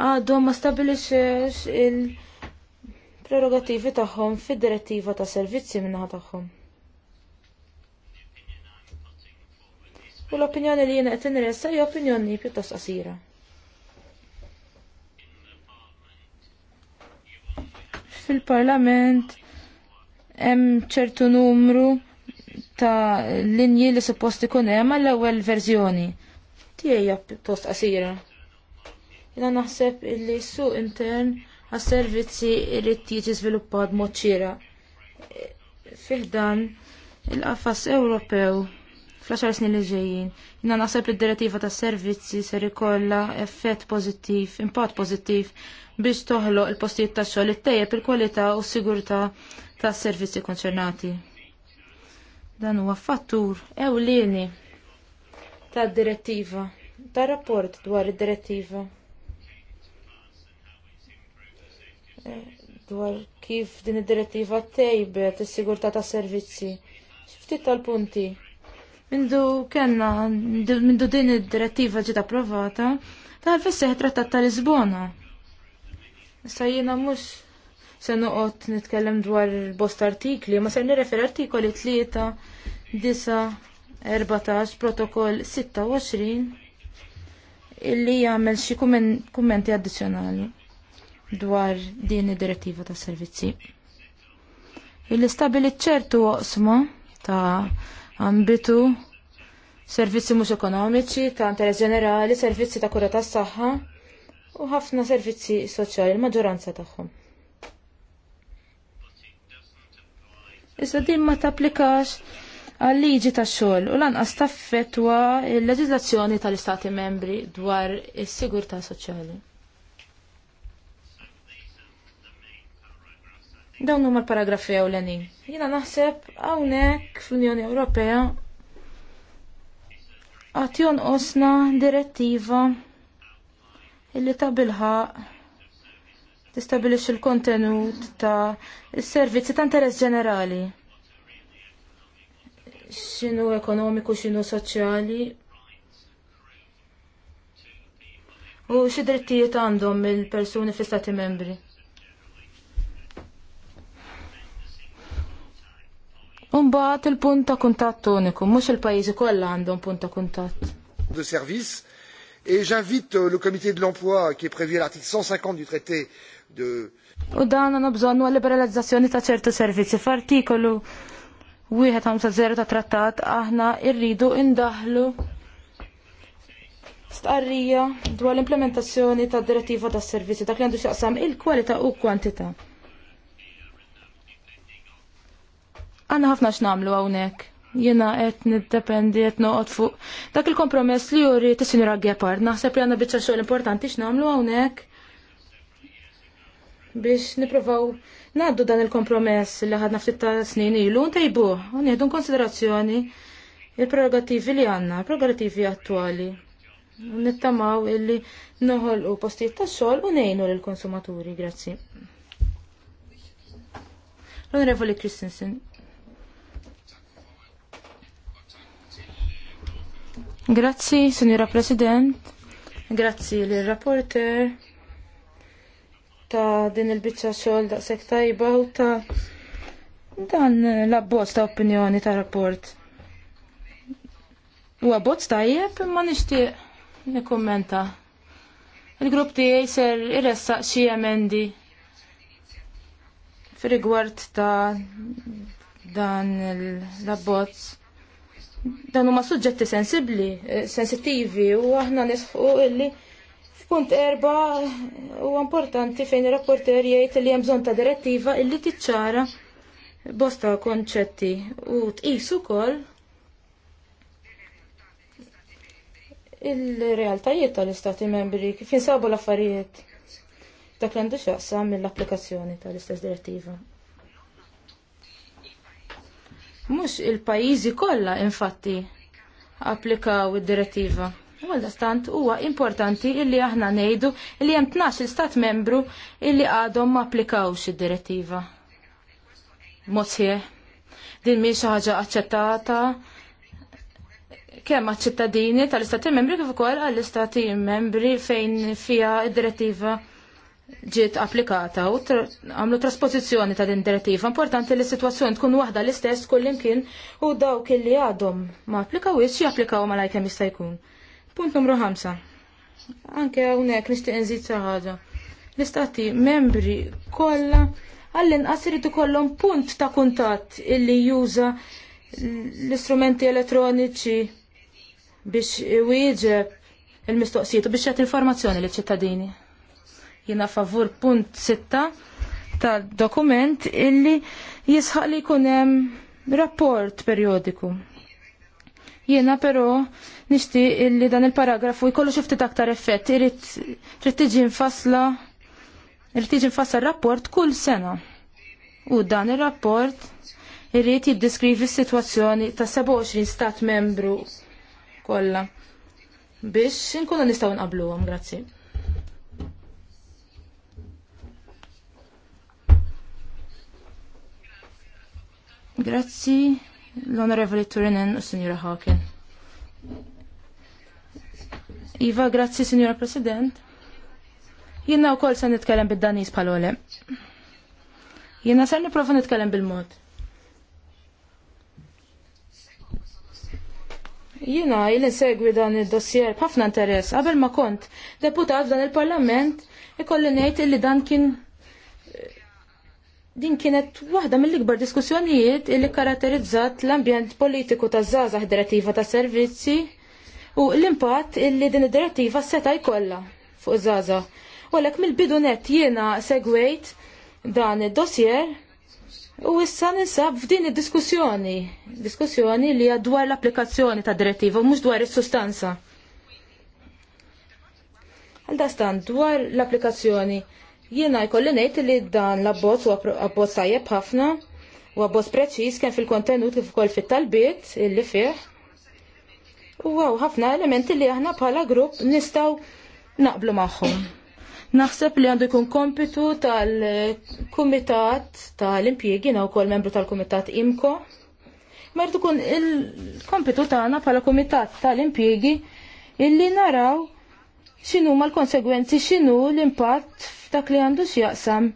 għadhom ma stabilixex il-prerogativi tagħhom fid-direttiva ta' servizzi minnaħa tagħhom. U l-opinjoni li jiena qed inressa hija opinjoni pjuttost qasira. fil-Parlament hemm ċertu numru ta' linji li suppost ikun hemm għall-ewwel verżjoni. Tiegħi pjuttost qasira. Jiena naħseb illi suq intern għas-servizzi irid jiġi żviluppat mod ċira. dan il-qafas Ewropew fl-10 snin li ġejjin. Jina naħseb id-direttiva tas servizzi ser ikollha effett pożittiv, impatt pożittiv biex toħloq il-postijiet tax xogħol ittejjeb il-kwalità u s-sigurtà tas servizzi konċernati. Dan huwa fattur ewlieni tad-direttiva, tar-rapport dwar id-direttiva eh, dwar kif din id-direttiva tejbet is-sigurtà tas servizzi. ftit tal-punti Mindu kena, mindu din id-direttiva ġiet approvata, ta' fisseħ trattat ta' Lisbona. Sa' jiena mhux se noqgħod nitkellem dwar bost artikli, ma se nirrefer artikoli 3, 9, 14, protokoll 26, illi jagħmel xi kummenti addizzjonali dwar din id-direttiva tas servizzi. Il-istabili ċertu oqsma ta' ambitu servizzi mhux ekonomiċi ta' interess ġenerali, servizzi ta' kura tas-saħħa u ħafna servizzi soċjali l-maġġoranza tagħhom. Issa din ma tapplikax għal liġi tax-xogħol u lanqas taffettwa l-leġiżlazzjoni tal-Istati membri dwar is-sigurtà soċjali. Dawn huma l-paragrafi ewlenin. Jiena naħseb hawnhekk fl-Unjoni Ewropea għad jonqosna direttiva illi ta' bilħaq tistabilix il-kontenut ta' il-servizzi ta' interess ġenerali. Xinu ekonomiku, xinu soċjali. U xi drittijiet għandhom il-persuni fl stati membri. Umbaħt il-punt ta' kuntat uniku, mux il-pajizi kolla għandhom punt ta' kuntat. De service, e j'invite euh, le comité de l'emploi qui est prévu à l'article 150 du traité de... U dan għanna bżonnu għal-liberalizzazzjoni ta' ċertu servizzi f'artikolu 150 ta' trattat aħna irridu indaħlu stqarrija dwar l-implementazzjoni ta' direttiva ta' servizzi dak li għandu xaqsam il-kwalità u kwantità. Għanna ħafna x'namlu hawnhekk. Jiena qed niddependi qed noqgħod fuq dak il-kompromess li juri tis-Sinjura Gepard. Naħseb li għandna biċċa xogħol importanti x'namlu hawnhekk biex niprofaw naddu dan il-kompromess li ħadna ftit ta' snin ilu ntejbuh u nieħdu konsiderazzjoni il-prerogativi li għandna, prerogativi attwali. Nittamaw illi noħolqu postijiet ta' xogħol u nejnu lill-konsumaturi, grazzi. L-Onorevoli Christensen. Grazzi, signora President. Grazzi l-rapporter ta' din il-bicċa xogħol daqshekk tajba u ta' dan l-abbozz ta' opinjoni ta' rapport. U abbozz tajjeb imma nixtieq nikkummenta. Il-grupp tiegħi ser irressa xi emendi fir-rigward ta' dan l-abbozz dan huma suġġetti sensibbli, eh, sensittivi u aħna nisħu illi f'punt erba u importanti fejn ir-rapporter jgħid li hemm bżonn ta' direttiva illi tiċċara bosta konċetti u tqis ukoll il-realtajiet tal-istati membri kif jinsabu l-affarijiet dak l-għandu xaqsa mill-applikazzjoni tal-istess direttiva. Mhux il-pajjiżi kollha infatti applikaw id-direttiva. Għalda stant huwa importanti illi aħna ngħidu illi hemm tnax-il stat membru illi għadhom ma applikawx id-direttiva. Mod din mhi xi ħaġa aċċettata kemm ċittadini tal-istati membri kif ukoll għall-istati membri fejn fiha id-direttiva ġiet applikata u għamlu trasposizjoni ta' din direttiva. Importanti li s-situazzjoni tkun waħda l-istess kullimkien u dawk li għadhom ma applikawiex japplikaw ma lajkem jista' jkun. Punt numru 5. Anke hawnhekk nixtieq nżid xi ħaġa. L-istati membri kollha għall-inqas irid ikollhom punt ta' kuntatt illi juża l-istrumenti elettroniċi biex wieġeb il-mistoqsijiet u biex jagħti informazzjoni liċ ċittadini jina favur punt sitta ta' dokument illi jisħaq li kunem rapport periodiku. Jiena però nixti illi dan il-paragrafu jkollu xi ftit aktar effett, irid trid tiġi nfassla rapport kull sena. U dan ir-rapport irid jiddeskrivi s-sitwazzjoni ta' 27 stat membru kollha biex inkunu nistgħu nqabluhom, grazzi. Grazzi l-Onorevoli Turinen u Signora Hawken. Iva, grazzi Signora President. Jiena u kol sa nitkellem bid-danis palole. Jiena sar niprofa nitkellem bil-mod. Jiena il segwi dan il-dossier b'ħafna interess. Għabel ma kont deputat dan il-parlament, ikolli ngħid illi dan kien Din kienet waħda mill-ikbar diskussjonijiet li karatterizzat l-ambjent politiku ta' żgħażagħ direttiva ta' servizzi u l-impatt illi din id-direttiva seta' jkollha fuq żgħażagħ. U mill-bidu net jiena segwejt dan id-dossier U issa ninsab f'din id-diskussjoni, diskussjoni li għadwar dwar l-applikazzjoni ta' direttiva mhux dwar is-sustanza. Għal dastan dwar l-applikazzjoni Jiena jkolli ngħid li dan l-abbozz huwa abbozz tajjeb ħafna u abbozz preċiż kemm fil-kontenut kif ukoll fit-talbiet illi fih. U ħafna elementi li aħna bħala grupp nistgħu naqblu magħhom. Naħseb li għandu jkun kompitu tal-Kumitat tal-Impjegi u kol membru tal-Kumitat IMKO. Mertu kun il-kompitu tagħna bħala Kumitat tal-Impjegi illi naraw xinu ma l-konsegwenzi, x'inhu l-impatt f'dak li għandu x'jaqsam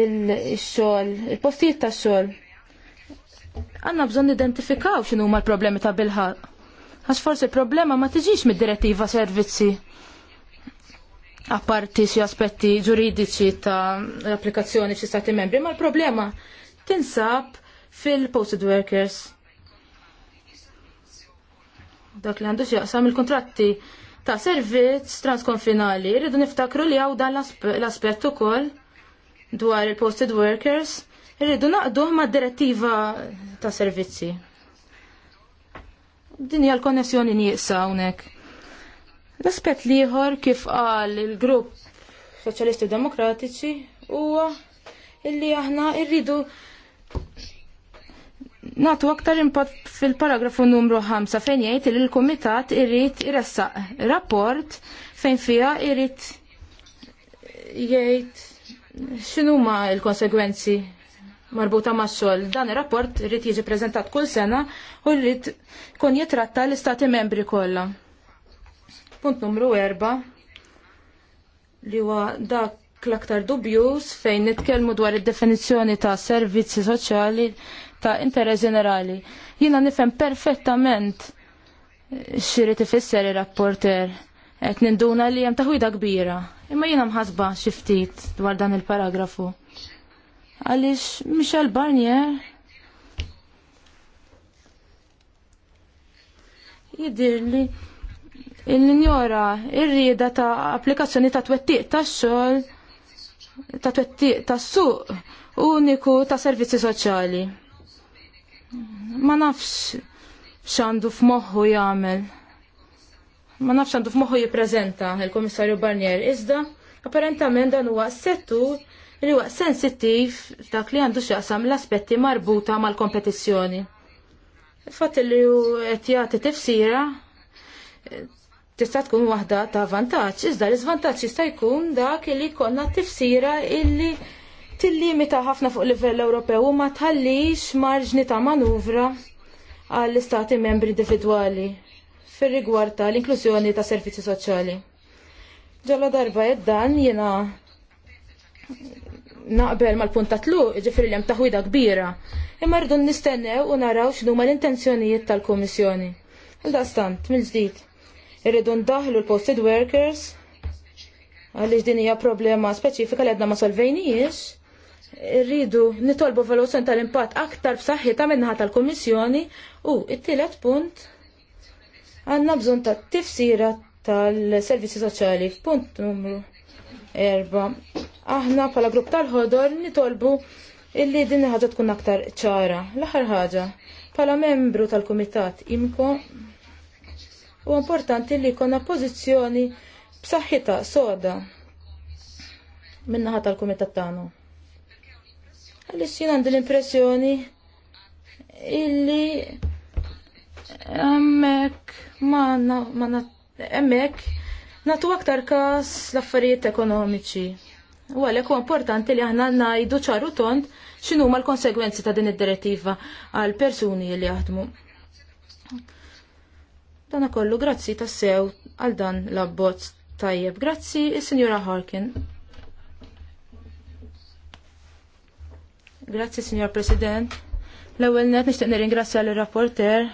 il-xogħol, il-postijiet tax-xogħol. Għanna bżon identifikaw xinu ma l-problemi ta' bilħaq. Għax forsi problema ma tiġix mid-direttiva servizzi. Apparti xi aspetti ġuridiċi ta' l-applikazzjoni xie stati membri, ma l-problema tinsab fil-posted workers. Dak li għandu x'jaqsam il-kontratti ta' servizz transkonfinali. rridu niftakru li għaw dan l-aspett ukoll dwar il-posted workers. Irridu naqduh ma' direttiva ta' servizzi. Din hija l-konnessjoni nieqsa hawnhekk. L-aspett liħor kif qal il-grupp Soċjalisti Demokratiċi huwa illi aħna irridu Natu aktar impatt fil-paragrafu numru 5 fejn jgħid li l-Kumitat irrid iressaq rapport fejn fiha irrid jgħid x'inhuma l-konsegwenzi marbuta ma' xogħol. Dan ir-rapport irrid jiġi preżentat kull sena u rrid kun jitratta l-istati membri kollha. Punt numru 4 li huwa dak l-aktar dubjus fejn nitkellmu dwar id-definizzjoni ta' servizzi soċjali ta' interess ġenerali. Jiena nifhem perfettament xirrit ifisser ir-rapporter qed ninduna li hemm taħwida kbira. Imma jiena mħasba xi ftit dwar dan il-paragrafu. Għaliex Michel Barnier li il-ninjora ir-rieda ta' applikazzjoni ta' twettiq tax-xogħol ta' twettiq tas-suq uniku ta' servizzi soċjali ma nafx x'għandu f'moħħu jagħmel. Ma nafx għandu f'moħħu jippreżenta il-Komissarju Barnier iżda apparentament dan huwa settur li huwa sensittiv dak li għandu x'jaqsam l-aspetti marbuta mal-kompetizzjoni. Fatt li hu qed jagħti tifsira tista' tkun waħda ta' vantaġġ, iżda l-iżvantaġġ jista' jkun dak li jkollna tifsira illi tillimita ħafna fuq livell Ewropew u ma tħallix marġni ta' manuvra għall-istati membri individwali fir-rigward tal-inklużjoni ta' servizzi soċjali. Ġalla darba jeddan jena naqbel mal-punt ta' tluq, ġifri li taħwida kbira, imma rridu nistennew u naraw x'nu l-intenzjonijiet tal-Kummissjoni. għal dastant mill-ġdid, irridu ndaħlu l-posted workers għaliex din hija problema speċifika li għedna ma solvejnijiex rridu nitolbu valuzzjoni tal-impatt aktar ta' minnaħa tal-Kummissjoni u it-tielet punt għandna bżonn ta' tifsira tal-servizzi soċjali f'punt numru 4. Aħna bħala grupp tal-ħodor nitolbu illi din ħaġa tkun aktar ċara. L-aħħar ħaġa, bħala membru tal-Kumitat IMKO u importanti li jkollna pożizzjoni b'saħħitha soda minnaħa tal-Kumitat tagħna. Għalix jien għandil l-impressjoni illi emmek ma, ma emmek natu aktar kas l-affarijiet ekonomiċi. U għalek u importanti li aħna najdu ċaru tont xinu ma l-konsegwenzi ta' din id-direttiva għal persuni li jaħdmu. Dana kollu grazzi ta' sew għal dan l-abbozz tajjeb. Grazzi, il signora Harkin. Grazzi, Signor President. L-ewwel net nixtieq nirringrazzja l-rapporter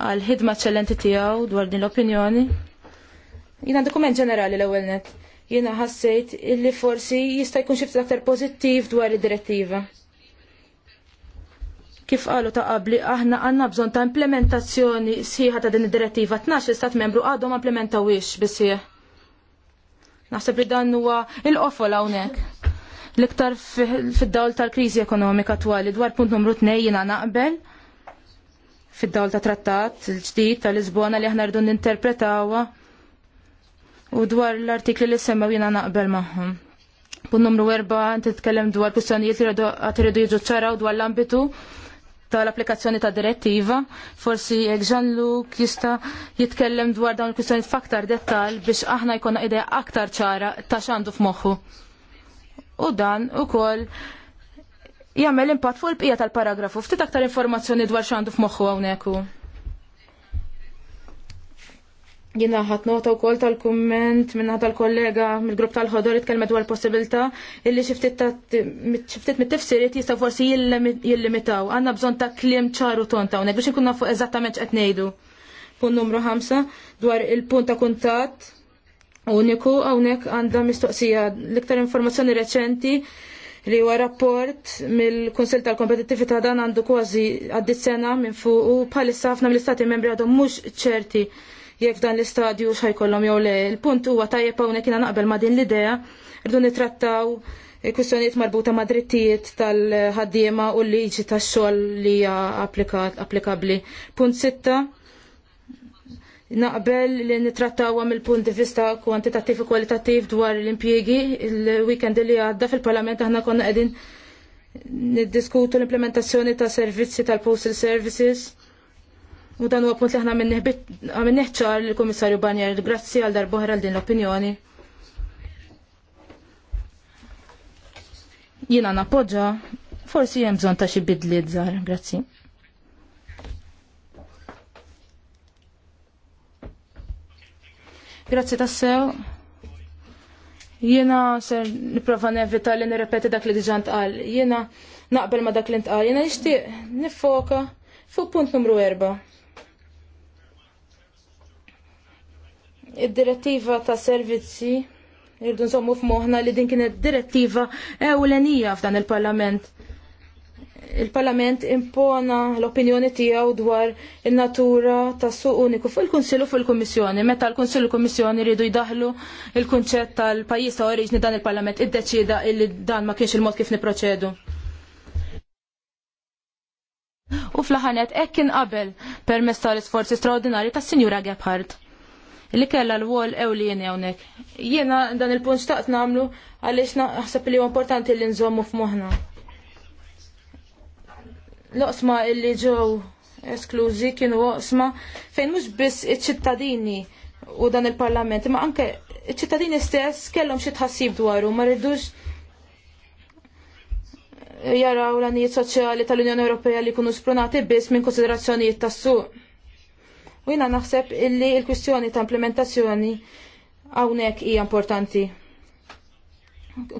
għal ħidma ċellenti tiegħu dwar din l-opinjoni. Jiena dokument ġenerali l-ewwel net. Jiena ħassejt illi forsi jista' jkun xi aktar pożittiv dwar id-direttiva. Kif qalu ta' qabli aħna għandna bżonn ta' implementazzjoni sħiħa ta' din id-direttiva t'nax l-istat membru għadhom ma implementawiex bisih. Naħseb li dan huwa il-qofol hawnhekk L-iktar fid-dawl tal-kriżi ekonomika twali dwar punt numru 2 jiena naqbel fid-dawl ta' trattat il-ġdid tal-Lisbona li aħna rridu ninterpretawha u dwar l-artikli li semmew jina naqbel magħhom. Punt numru 4 titkellem dwar kwistjonijiet li qed iridu jiġu ċaraw dwar l-ambitu tal-applikazzjoni ta' direttiva, forsi Jean-Luc jista jitkellem dwar dawn il kwistjonijiet f'aktar dettal biex aħna jkollna idea aktar ċara ta' x'għandu f'moħħu u dan ukoll jagħmel impatt fuq il-bqija tal-paragrafu. Ftit aktar informazzjoni dwar x'għandu f'moħħu hawnhekk. Jina ħat nota wkoll tal-kumment minna tal-kollega mill-grupp tal-ħodor itkellmet dwar possibilità illi xiftit mit-tifsiriet jista' forsi jillimitaw. Għanna bżonn ta' klim ċaru tonta hawnhekk biex nkunna fuq eżattament x'qed ngħidu. Punt numru 5 dwar il-punt ta' kuntatt uniku hawnhekk għandha mistoqsija l-iktar informazzjoni reċenti li huwa rapport mill kunsell tal-Kompetittività dan għandu kważi għaddi sena minn fuq u bħalissa ħafna mill-istati membri għadhom mhux ċerti jekk dan l-istadju x'ħajkollhom jew le. Il-punt huwa tajjeb hawnhekk jiena naqbel ma' din l-idea rridu nittrattaw kwistjonijiet marbuta ma' drittijiet tal-ħaddiema u l-liġi tax-xogħol li hija applikabbli. Punt sitta naqbel li għam mill punt di vista kwantitattiv u kwalitattiv dwar l-impjiegi il-weekend li għadda fil-parlament aħna konna qegħdin niddiskutu l-implementazzjoni ta' servizzi tal-postal services u dan huwa punt li aħna għamil neħċar l-Kummissarju Banjer grazzi għal darbohra għal din l-opinjoni. Jiena napoġġa, forsi hemm bżonn ta' xi bidliet żgħar, grazzi. Grazzi tassew. Jiena ser niprofa nevita li nirrepeti dak li diġant għal. Jiena naqbel ma dak li ntqal. Jiena nixtieq nifoka fuq punt numru erba'. Id-direttiva ta' servizzi irdu nżommu f'moħħna li din kienet direttiva ewlenija f'dan il-Parlament il-Parlament impona l-opinjoni tiegħu dwar in-natura tas suq uniku fuq il-Kunsill u fuq il-Kummissjoni. Meta l-Kunsill u l-Kummissjoni rridu jdaħlu il-kunċett tal-pajjiż ta' oriġni dan il-Parlament iddeċida illi dan ma kienx il-mod kif niproċedu. U fl-ħanet hekk kien qabel permezz tal-isforzi straordinarji tas-Sinjura Gebhardt li kella l-wol ewlieni hawnhekk. Jiena dan il-punt xtaqt nagħmlu għaliex naħseb li huwa importanti li nżommu f'moħħna l-oqsma illi ġew esklużi kienu oqsma fejn mhux biss iċ-ċittadini u dan il-parlament, ma anke iċ-ċittadini stess kellhom xi tħassib dwaru, ma rridux jaraw l-anijiet soċjali tal-Unjoni Ewropea li jkunu sprunati biss minn konsiderazzjonijiet tas-suq. U jiena naħseb illi l-kwistjoni ta' implementazzjoni hawnhekk hija importanti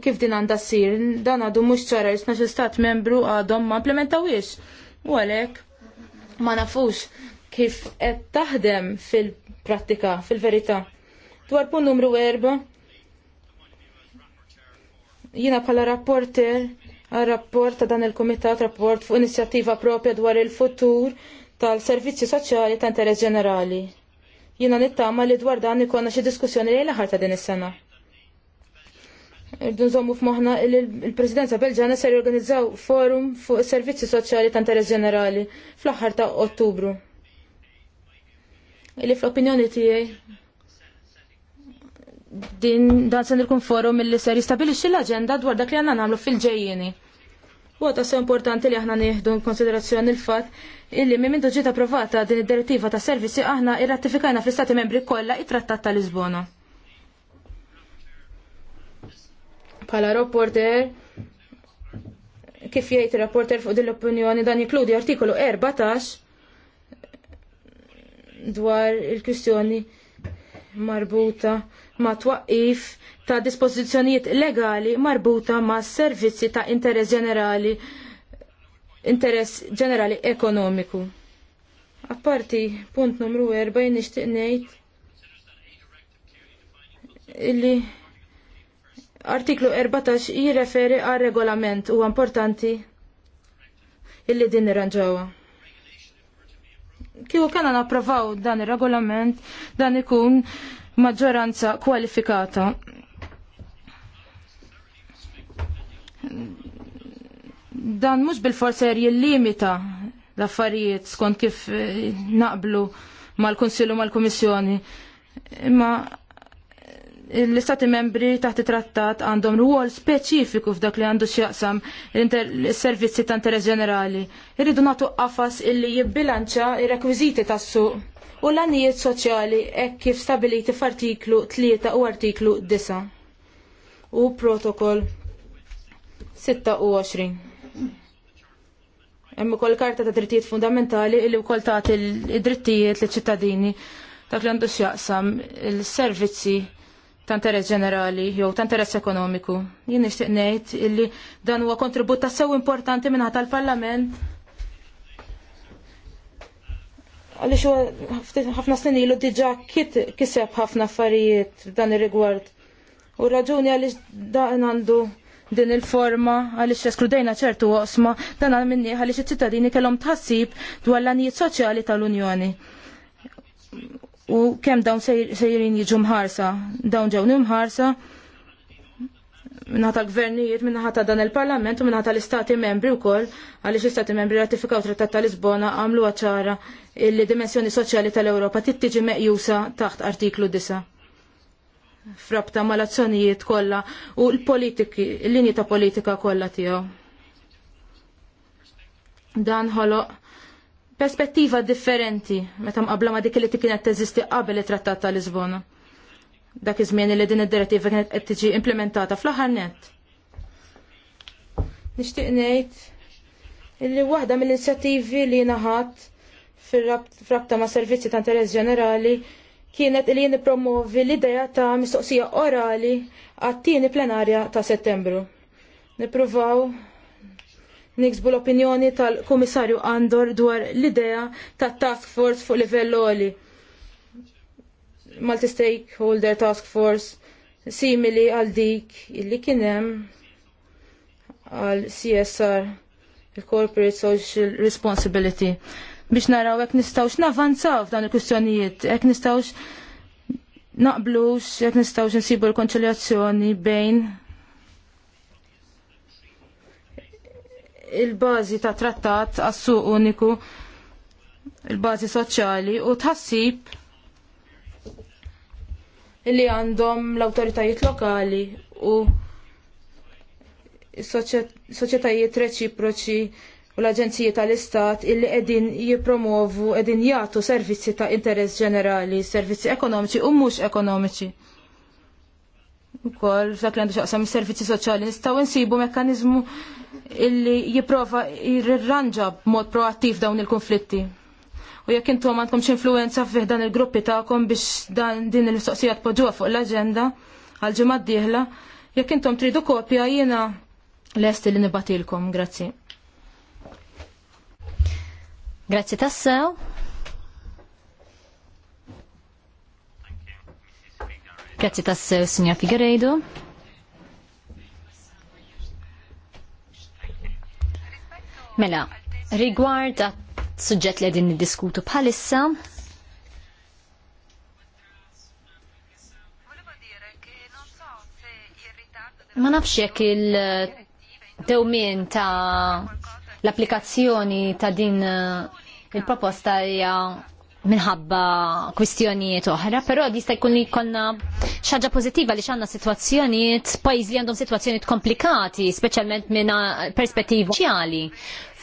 kif din għandha ssir, dan għadu mhux ċara jisna stat membru għadhom ma implementawiex. U għalhekk ma nafux kif qed taħdem fil-prattika, fil-verità. Dwar punt numru erba' jina pala rapporter għal rapport ta' dan il-Komitat rapport fuq inizjattiva propja dwar il-futur tal-servizzi soċjali ta' interess ġenerali. Jina nittama li dwar dan ikonna xi diskussjoni li l-aħħar ta' din is-sena. Irdu nżommu f'moħħna li l-Presidenza Belġana ser jorganizzaw forum fuq is-servizzi soċjali ta' interess ġenerali fl-aħħar ta' Ottubru. Illi fl-opinjoni tiegħi din dan se ikun forum illi ser jistabilixxi l-aġenda dwar dak li għandna nagħmlu fil-ġejjieni. Huwa se importanti li aħna nieħdu konsiderazzjoni l-fatt illi minn minn ġiet approvata din id-direttiva ta' servizzi aħna irratifikajna fl-Istati Membri kollha it-Trattat ta' Lisbona. Bħala rapporter, kif jgħid rapporter fuq din l-opinjoni dan jinkludi artikolu 14 dwar il-kwistjoni marbuta ma' twaqif ta' dispożizzjonijiet legali marbuta ma' servizzi ta' interess ġenerali interess ġenerali ekonomiku. Apparti punt numru 4 nixtieq ngħid illi Artiklu 14 jirreferi għal regolament u importanti illi din irranġawa. Kieku kena napprovaw dan ir-regolament dan ikun maġġoranza kwalifikata. Dan mhux bil-forser jillimita l-affarijiet skont kif eh, naqblu mal-Konsillu mal-Komissjoni. Imma l-istati membri taħt trattat għandhom ruol speċifiku f'dak li għandu xjaqsam il-servizzi ta' interess ġenerali. Irridu nagħtu qafas illi jibbilanċa r rekwiżiti tas-suq u l-għannijiet soċjali hekk kif stabiliti f'artiklu 3 u artiklu 9 u protokoll 26. Hemm ukoll karta ta' drittijiet fundamentali illi wkoll tagħti l-drittijiet liċ-ċittadini dak li għandu xjaqsam il-servizzi ta' interess ġenerali jew ta' interess ekonomiku. Jien nixtieq ngħid illi dan huwa kontribut ta' sew importanti minn tal-Parlament għaliex huwa ħafna snin ilu diġà kiseb ħafna affarijiet f'dan ir-rigward. U raġuni għaliex dan għandu din il-forma għaliex eskludejna ċertu osma dan għal minni għaliex iċ-ċittadini kellhom tħassib dwar l-anijiet soċjali tal-Unjoni u kemm dawn sejrin jiġu mħarsa. Dawn ġew mħarsa minnaħta gvernijiet, minnaħta dan il-parlament u minnaħta l-istati membri u koll, għalix istati membri ratifikaw trattat ta' Lisbona għamlu għacħara il dimensjoni soċjali tal-Europa tittiġi meqjusa taħt artiklu 9. Frabta mal azzjonijiet kollha u l-politiki, l-linji ta' politika kollha tiegħu. Dan ħoloq perspettiva differenti meta mqabla ma dik li kienet teżisti qabel it-Trattat ta' Lisbona. Dak iż-żmien li din id-direttiva kienet qed tiġi implementata fl-aħħar nett. Nixtieq ngħid illi waħda mill-inizjattivi li naħat fir-rabta ma' servizzi ta' interess ġenerali kienet li nippromovi l-idea ta' mistoqsija orali għat-tieni plenarja ta' settembru. Nippruvaw niksbu l-opinjoni tal-Komissarju Andor dwar l-idea ta' task force fuq livell oli. Multi-stakeholder task force simili għal dik illi kienem għal CSR, il-Corporate Social Responsibility. Biex naraw jekk nistawx navanzaw f'dan il-kustjonijiet, jekk nistawx naqblux, jekk nistawx nsibu l-konċiljazzjoni bejn il-bażi ta' trattat għassu uniku il-bażi soċjali u tħassib li għandhom l-awtoritajiet lokali u soċjetajiet reċiproċi u l-Aġenziji tal-Istat illi qegħdin jippromovu qegħdin jagħtu servizzi ta' interess ġenerali, servizzi ekonomiċi u mhux ekonomiċi ukoll f'dak li għandu xaqsam is-servizzi soċjali nistgħu nsibu mekkaniżmu illi jipprova jirranġa b'mod proattiv dawn il-konflitti. U jekk intom għandkom x'influenza fih dan il-gruppi tagħkom biex dan din il-mistoqsija tpoġġuha fuq l-aġenda għal ġimgħa d-dieħla, jekk intom tridu kopja jiena lest li nibatilkom. Grazzi. Grazzi tassew. Grazie tassew, signor Figueredo. Mela, rigward għat suġġett li għedin diskutu bħalissa, ma nafx jekk il-dewmien ta' l-applikazzjoni ta' din eh, il-proposta hija minħabba kwistjonijiet oħra, però jista' jkun li jkollna xaġa pożittiva li xanna sitwazzjonijiet pajjiż li għandhom sitwazzjonijiet komplikati, speċjalment minn perspettiva soċjali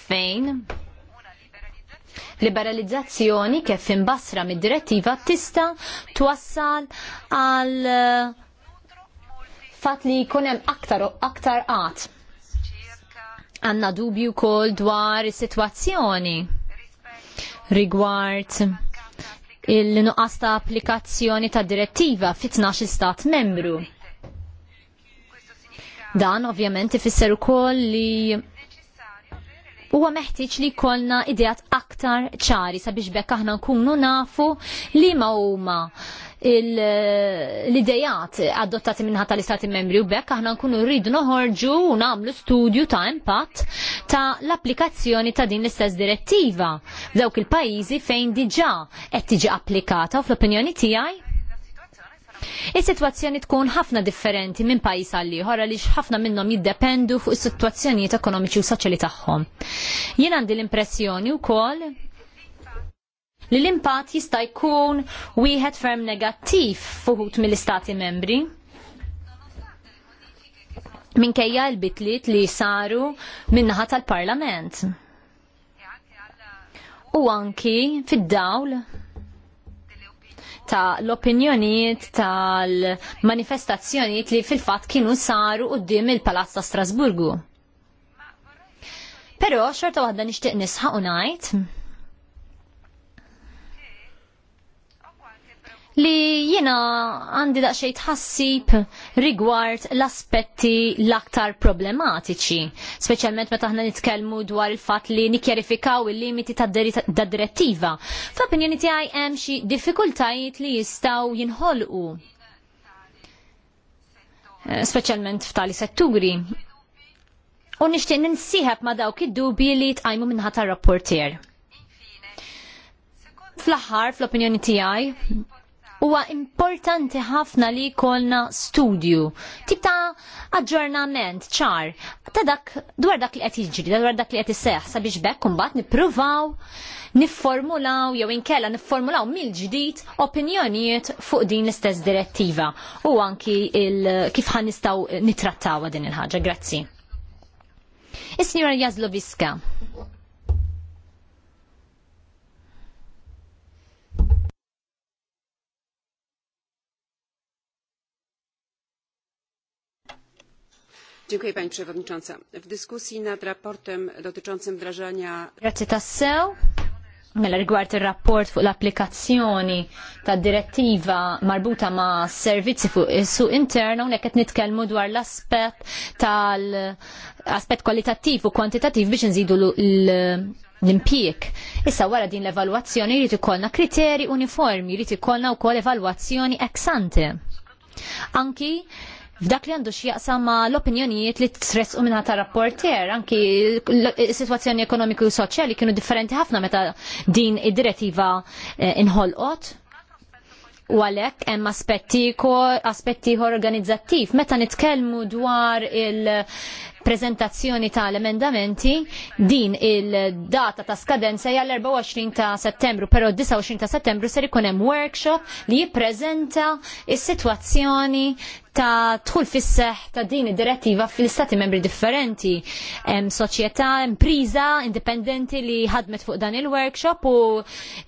fejn liberalizzazzjoni kif imbasra mid-direttiva tista' twassal għal fatt li jkun hemm aktar aktar qatt. Għandna dubju wkoll dwar is-sitwazzjoni rigward il-nuqqas ta' applikazzjoni ta' direttiva fi 12 stat membru. Dan ovvjament ifisser ukoll li huwa meħtieġ li jkollna ideat aktar ċari sabiex bekk aħna nkunu nafu li ma huma l-idejat adottati minnħat tal-istati membri u bekk aħna nkunu rridu noħorġu u namlu studju ta' impatt ta' l-applikazzjoni ta' din l-istess direttiva f'dawk il-pajjiżi fejn diġà qed tiġi applikata u fl-opinjoni tiegħi Is-sitwazzjoni tkun ħafna differenti minn pajjiż għal ieħor għaliex ħafna minnhom jiddependu fuq is-sitwazzjonijiet ekonomiċi u soċjali tagħhom. Jien għandi l-impressjoni wkoll li l-impatt jista' jkun wieħed ferm negattiv fuħut mill-istati membri. Minkejja l-bitlit li saru min-naħa tal-Parlament. U anki fid-dawl ta' l-opinjonijiet tal-manifestazzjonijiet li fil-fat kienu saru qudiem il-Palazz ta' Strasburgu. Però xorta waħda nixtieq nisħaq unajt, li jina għandi daqxej tħassib rigward l-aspetti l-aktar problematiċi, speċjalment meta aħna nitkellmu dwar il-fatt li nikjerifikaw il-limiti ta' direttiva. F'opinjoni tiegħi hemm xi diffikultajiet li jistgħu jinħolqu eh, speċjalment f'tali setturi. U nixtieq ninsieħab ma' dawk id dubji li tqajmu minnħata rapportier. Fl-aħħar, fl-opinjoni tiegħi, huwa importanti ħafna li jkollna studju, tip ta' aġġornament ċar, ta' dak dwar dak li qed jiġri, dwar dak li qed isseħħ sabiex bekk imbagħad nippruvaw nifformulaw jew inkella nifformulaw mill-ġdid opinjonijiet fuq din l-istess direttiva u anki kif ħan nistgħu nittrattawha din il-ħaġa. Grazzi. Is-Sinjora Jazloviska. Pani Przewodnicząca. W dyskusji nad raportem dotyczącym wdrażania... Grazie tassew. Mela rigward ir rapport fuq l-applikazzjoni ta' direttiva marbuta ma' servizzi fuq is suq interna, hawnhekk qed nitkellmu dwar l aspett tal aspett kwalitattiv u kwantitattiv biex nżidu l impjieg Issa wara din l-evalwazzjoni jrid ikollna kriterji uniformi, jrid ikollna wkoll evalwazzjoni ex ante. Anki F'dak li għandu x'jaqsam ma l-opinjonijiet li u minna ta' rapporter, anki situazzjoni ekonomiku u soċjali kienu differenti ħafna meta din id-direttiva eh, inħolqot. U għalek hemm aspetti aspetti organizzattiv. Meta nitkellmu dwar il prezentazzjoni tal-emendamenti din il-data ta' skadenza hija l-24 ta' settembru, però 29 ta' settembru ser ikun hemm workshop li jipprezenta is-sitwazzjoni ta' tħul fis-seħ ta' din id-direttiva fl-istati membri differenti. Hemm soċjetà, impriża indipendenti li ħadmet fuq dan il-workshop u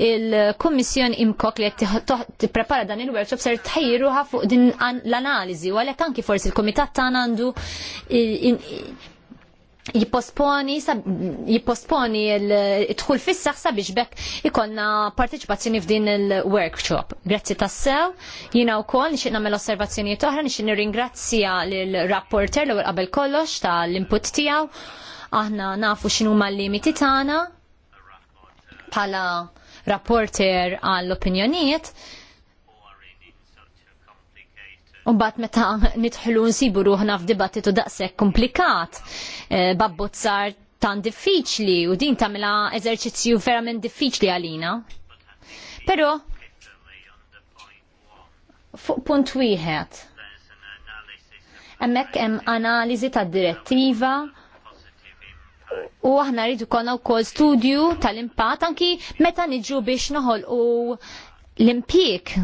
il-Kummissjoni Imkok li qed tipprepara dan il-workshop ser tħejruha fuq din l-analiżi u għalhekk anki forsi il-kumitat tagħna għandu jipposponi jipposponi il-dħul fis-saħ sabiex bekk ikonna parteċipazzjoni f'din il-workshop. Grazzi tassew, jina u kol, nixin namel osservazzjoni toħra, nixin nirringrazzja l-rapporter l qabel kollox ta' l-input tijaw, aħna nafu xinu ma' limiti tana, pala rapporter għall-opinjonijiet, Umbat meta nidħlu nsibu ruħna f'dibattitu daqshekk komplikat, e, babbozzar tan diffiċli u din tagħmilha eżerċizzju verament diffiċli għalina. Però fuq punt wieħed. Hemmhekk hemm analiżi tad-direttiva u aħna rridu konna wkoll studju tal-impatt anki meta niġu biex noħolqu l-impjieg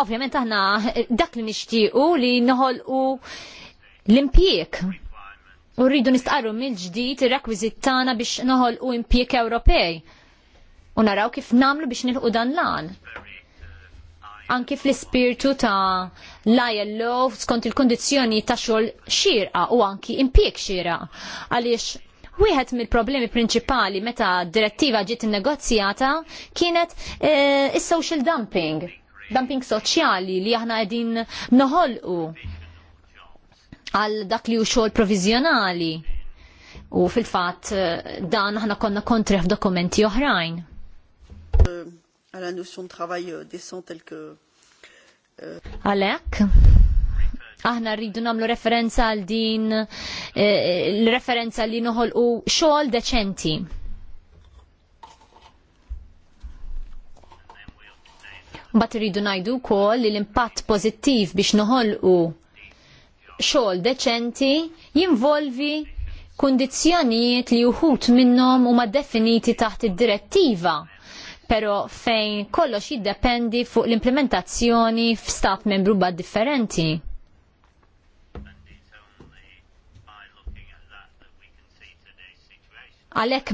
Ovvjament aħna dak li nixtiequ li noħolqu l-impjieg. U rridu nistqarru mill-ġdid ir-rekwiżit tagħna biex noħolqu impjieg Ewropej. U naraw kif namlu biex nilqu dan lan. Anki fl-ispirtu ta' l-ILO skont il-kondizjoni ta' xogħol xirqa u anki impjieg xirqa. Għaliex Wieħed mill-problemi prinċipali meta direttiva ġiet innegozjata kienet eh, is-social dumping dumping soċjali li aħna qegħdin noħolqu għal dak li hu xogħol provizjonali. U fil-fatt eh, dan aħna konna kontra f'dokumenti oħrajn. Għala notion travail euh, decent tel que euh, Għalek, aħna rridu namlu referenza għal din, l-referenza eh, li noħolqu xogħol deċenti. Mbagħad iridu ngħidu wkoll li l-impatt pożittiv biex noħolqu xogħol deċenti jinvolvi kundizzjonijiet li uħut minnhom huma definiti taħt id-direttiva pero fejn kollox jiddependi fuq l-implementazzjoni f'stat membru bad differenti. Għalek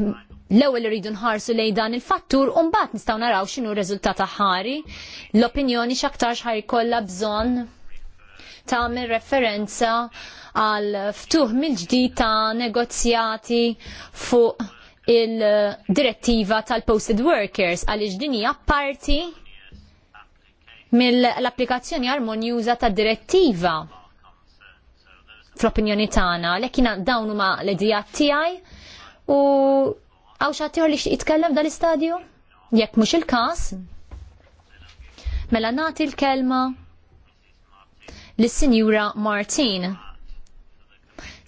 l-ewwel rridu nħarsu lejn dan il-fattur u mbagħad nistgħu naraw x'inhu r-riżultat ħari. L-opinjoni x'aktarx ħaj kollha bżonn tagħmel referenza għal ftuħ mill-ġdid ta' negozjati fuq il-direttiva tal-posted workers għaliex din hija parti mill-applikazzjoni armonjuża tad direttiva fl-opinjoni tagħna, lekin dawn huma l-idijat tiegħi u Għaw xatjor li jitkellem dal istadju Jekk mux il-kas, mela nati l-kelma l-Sinjura Martin.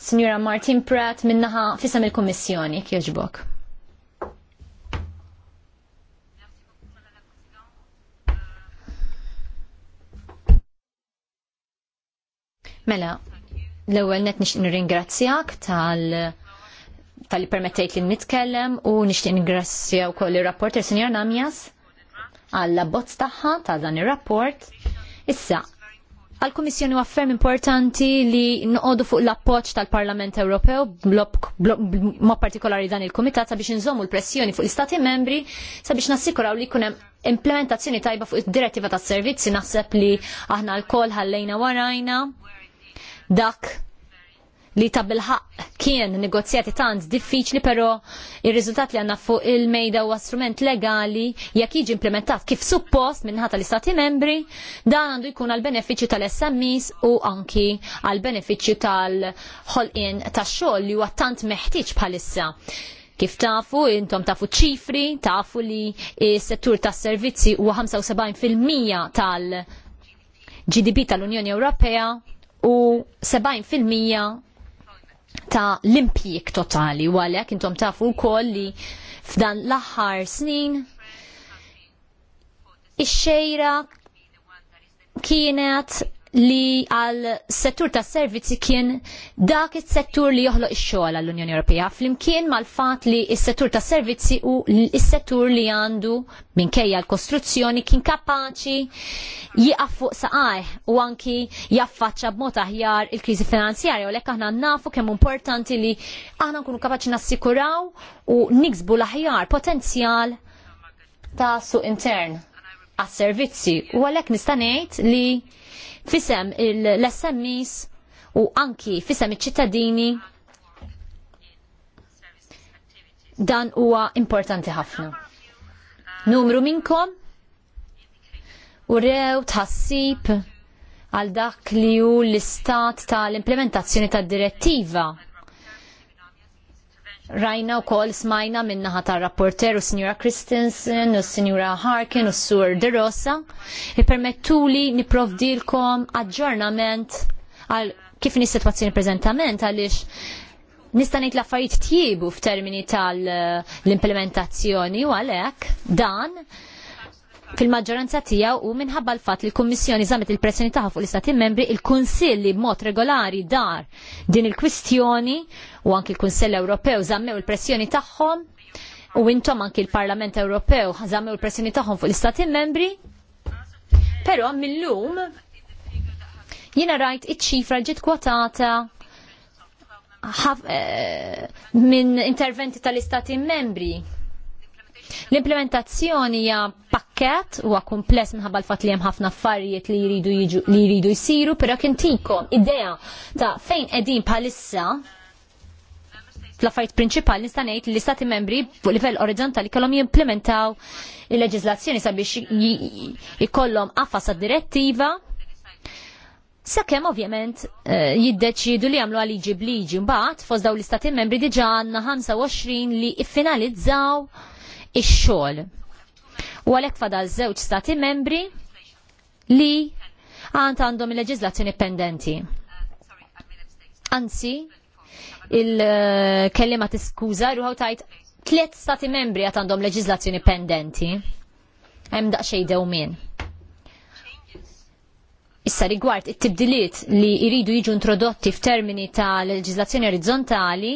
Sinjura Martin Pratt minnaħa fissam il komissjoni kjoġbok. Mela, l-ewel net nix nirringrazzjak tal- tal-li permettejt li nitkellem u nixtieq ningrassja wkoll ir-rapporter senjor Namjas għalla bot tagħha ta' dan ir-rapport. Issa, għal-Komissjoni għaffem importanti li nqodu fuq l-appoċ tal-Parlament Ewropew, ma partikolari dan il-Komitat, sabiex nżommu l-pressjoni fuq l-Stati membri, sabiex nassikuraw li kunem implementazzjoni tajba fuq id-direttiva tas servizzi naħseb li aħna l-kol ħallejna warajna dak li ta' bilħaq kien negozjati tant diffiċli, pero il-riżultat li għanna fuq il-mejda u strument legali jekk jiġi implementat kif suppost minnħata li istati membri, dan għandu jkun għal-benefiċi tal smis u anki għal-benefiċi tal ħolqien tax-xogħol li huwa tant meħtieġ bħalissa. Kif tafu, intom tafu ċifri, tafu li s-settur tas-servizzi huwa 75% tal- GDP tal-Unjoni Ewropea u 70% ta' l-impjik totali, u għalek intom tafu wkoll li f'dan l-aħħar snin ix-xejra kienet li għal settur ta' servizzi kien dak is-settur li joħloq ix-xogħol għall-Unjoni Ewropea flimkien mal-fatt li s-settur ta' servizzi u s-settur li għandu minkejja l-kostruzzjoni kien kapaċi jiqaf fuq saqajh u anki jaffaċċa b'mod aħjar il-kriżi finanzjarja u lek aħna nafu kemm importanti li aħna nkunu kapaċi nassikuraw u niksbu l-aħjar potenzjal ta' suq intern għas-servizzi u għalhekk nista' ngħid li fisem l-SMEs u anki fisem iċ-ċittadini dan huwa importanti ħafna. Numru minnkom u rew tħassib għal dak li hu l-istat tal-implementazzjoni tad-direttiva rajna wkoll smajna min-naħa tar rapporter u Sinjura Christensen u Sinjura Harkin u Sur De Rosa li niprovdilkom aġġornament għal kif ni situazzjoni preżentament għaliex nista' ngħid l-affarijiet tjiebu f'termini tal-implementazzjoni u għalhekk dan fil-maġġoranza tiegħu u minħabba l-fatt li l-Kummissjoni żamet il-pressjoni tagħha fuq l-Istati Membri, il-Kunsill li b'mod regolari dar din il-kwistjoni u anki l kunsell Ewropew żammew il-pressjoni tagħhom u intom anki l-Parlament Ewropew żammew il-pressjoni tagħhom fuq l-Istati Membri. Però millum jiena rajt iċ-ċifra ġiet kwotata eh, minn interventi tal-istati membri L-implementazzjoni hija pakket huwa kumpless minħabba l-fatt li hemm ħafna affarijiet li jridu li jridu jsiru, però kien tinkom idea ta' fejn qegħdin bħalissa l affarijiet prinċipali nista' ngħid li l-istati membri fuq livell orizzontali kellhom jimplementaw il-leġiżlazzjoni sabiex ikollhom qafas direttiva Sakemm ovvjament eh, jiddeċidu li jagħmlu għal liġi bliġi mbagħad fost daw l-istati membri diġà għandna 25 li iffinalizzaw ix-xogħol. U għalhekk fadal żewġ stati membri li għand għandhom il-leġiżlazzjoni pendenti. Anzi, il-kellima tiskuża ruħaw tajt tliet stati membri għat għandhom leġiżlazzjoni pendenti. Hemm daqsxejn dewmien. Issa rigward it-tibdiliet li jridu jiġu introdotti f'termini ta' leġiżlazzjoni orizzontali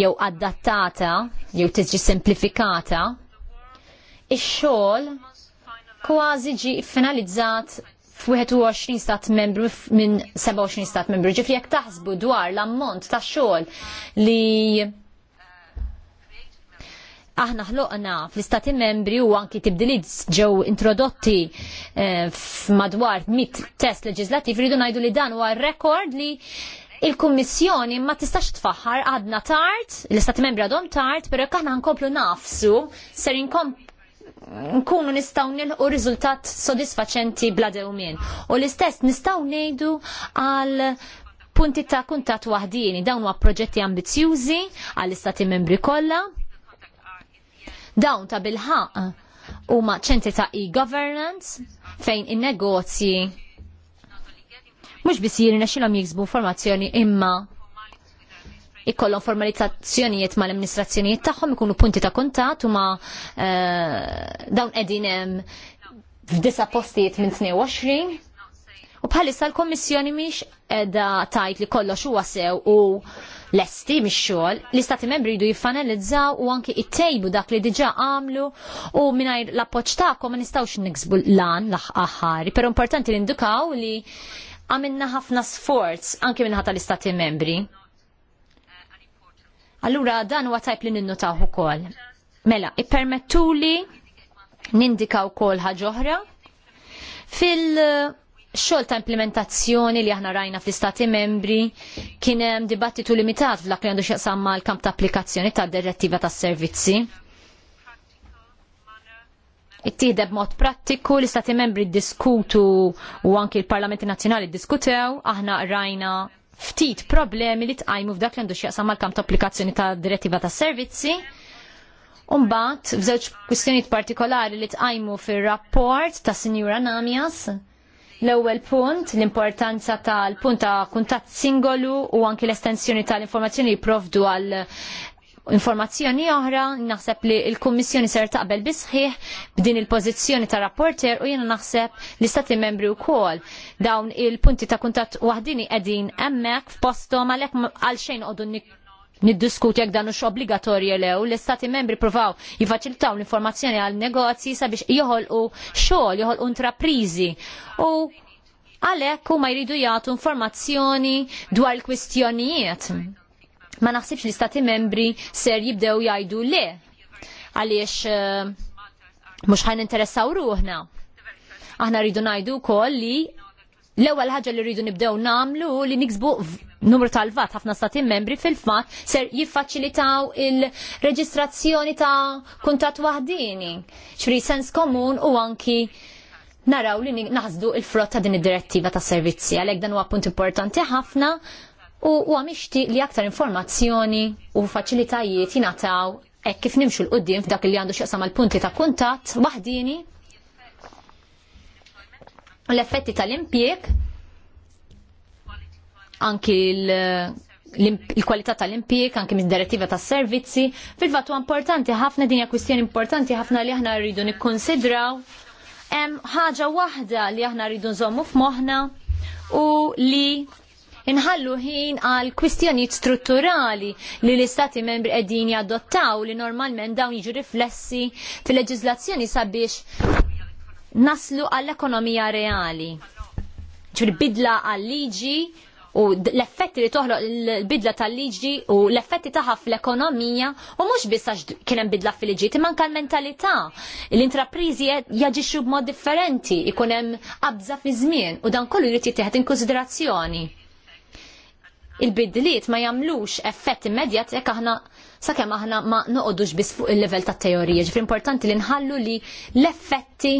jew adattata jew tiġi semplifikata ix-xogħol kważi ġi finalizzat f-21 stat membru minn 27 stat membru. Ġifri jek taħsbu dwar l-ammont ta' xogħol li aħna ħloqna fl-istati membri u anki tibdiliet ġew introdotti eh, madwar mit test leġizlativ, rridu ngħidu li dan huwa rekord li il-Kummissjoni ma tistax tfaħħar għadna tard, l-Istati Membri għadhom tard, pero kħana aħna nkomplu nafsu ser inkom nkunu nistaw nilħu riżultat sodisfaċenti bla dewmien. U l-istess nistaw nejdu għal punti ta' kuntat wahdini, dawn huwa proġetti ambizjużi għall-istati membri kollha. Dawn ta' bilħaq huma ċenti ta' e-governance fejn in-negozji mhux biss jirnexxilhom jiksbu informazzjoni imma ikollhom formalizzazzjonijiet mal-amministrazzjonijiet tagħhom ikunu punti ta' kuntatt u ma' eh, dawn qegħdin hemm f'disa postijiet minn 22 u bħalissa l-Kommissjoni miex qiegħda tajt li kollox huwa sew u lesti mix xogħol l-istati membri jdu jiffanalizzaw u anki ittejbu dak li diġà għamlu u mingħajr l-appoġġ tagħkom ma nistgħux niksbu lan l aħħar però importanti li ndukaw li għamilna ħafna sforz anke minħata l-istati membri Allura dan huwa tajb li ninnotaw ukoll. Mela, ippermettuli nindika wkoll ħaġa oħra fil- xogħol ta' implementazzjoni li aħna rajna fl-istati membri kien hemm dibattitu limitat f'dak li għandu x'jaqsam mal-kamp ta' applikazzjoni tad direttiva tas servizzi. Ittieħdeb mod prattiku l-istati membri ddiskutu u anki l-Parlamenti Nazzjonali ddiskutew, aħna rajna ftit problemi li tqajmu f'dak li għandu x'jaqsam mal-kamp ta' applikazzjoni ta' direttiva ta' servizzi. Umbat, f'żewġ kwistjonijiet partikolari li tqajmu fir-rapport ta' Sinjura Namias, l-ewwel punt, l-importanza tal-punt ta' kuntatt singolu u anki l-estensjoni tal-informazzjoni jipprovdu għal Informazzjoni oħra, naħseb li l-Kummissjoni ser taqbel bisħiħ b'din il-pożizzjoni ta' rapporter u jiena naħseb li stati membri wkoll dawn il-punti ta' kuntatt waħdini qegħdin hemmhekk f'posthom għalhekk għal xejn qogħdu niddiskuti jekk dan hux obbligatorju lew l-istati membri provaw jifaċilitaw l-informazzjoni għal negozji sabiex joħolqu xogħol, joħolqu intraprizi u għalhekk huma jridu jagħtu informazzjoni dwar il-kwistjonijiet ma naħsibx li stati membri ser jibdew jgħidu le għaliex eh, mhux ħan interessaw ruħna. Aħna rridu ngħidu wkoll li l-ewwel ħaġa li rridu nibdew nagħmlu li niksbu numru tal-vat ħafna stati membri fil-fatt ser jiffaċilitaw il-reġistrazzjoni ta' kuntat waħdini. Xfri sens komun u anki naraw li naħzdu il-frott ta' din id-direttiva ta' servizzi. Għalhekk dan huwa punt importanti ħafna u huwa mixti li aktar informazzjoni u faċilitajiet jingħataw hekk kif nimxu l qoddim f'dak li għandu x'jaqsam mal-punti ta' kuntatt waħdini l-effetti tal impjek anki l-kwalità tal impjek anki mid-direttiva tas-servizzi fil-fatt huwa importanti ħafna dinja kwistjoni importanti ħafna li aħna rridu nikkonsidraw hemm ħaġa waħda li aħna rridu nżommu f'moħħna u li inħallu ħin għal kwistjonijiet strutturali li l-istati membri qegħdin jadottaw li normalment dawn jiġu riflessi fil leġizlazzjoni sabiex naslu għall-ekonomija reali. ċur bidla għal-liġi u l-effetti li toħloq l-bidla tal-liġi u l-effetti taħħa fl-ekonomija u mhux biss kienem kien hemm bidla fil-liġi, imma anke l-mentalità. L-intrapriżi jaġixxu b'mod differenti, ikun hemm fi żmien u dan kollu jrid jittieħed in konsiderazzjoni il-bidliet ma jagħmlux effett immedjat jekk aħna sakemm aħna ma noqogħdux biss fuq il-livell tat-teorija. Ġifri importanti li nħallu li l-effetti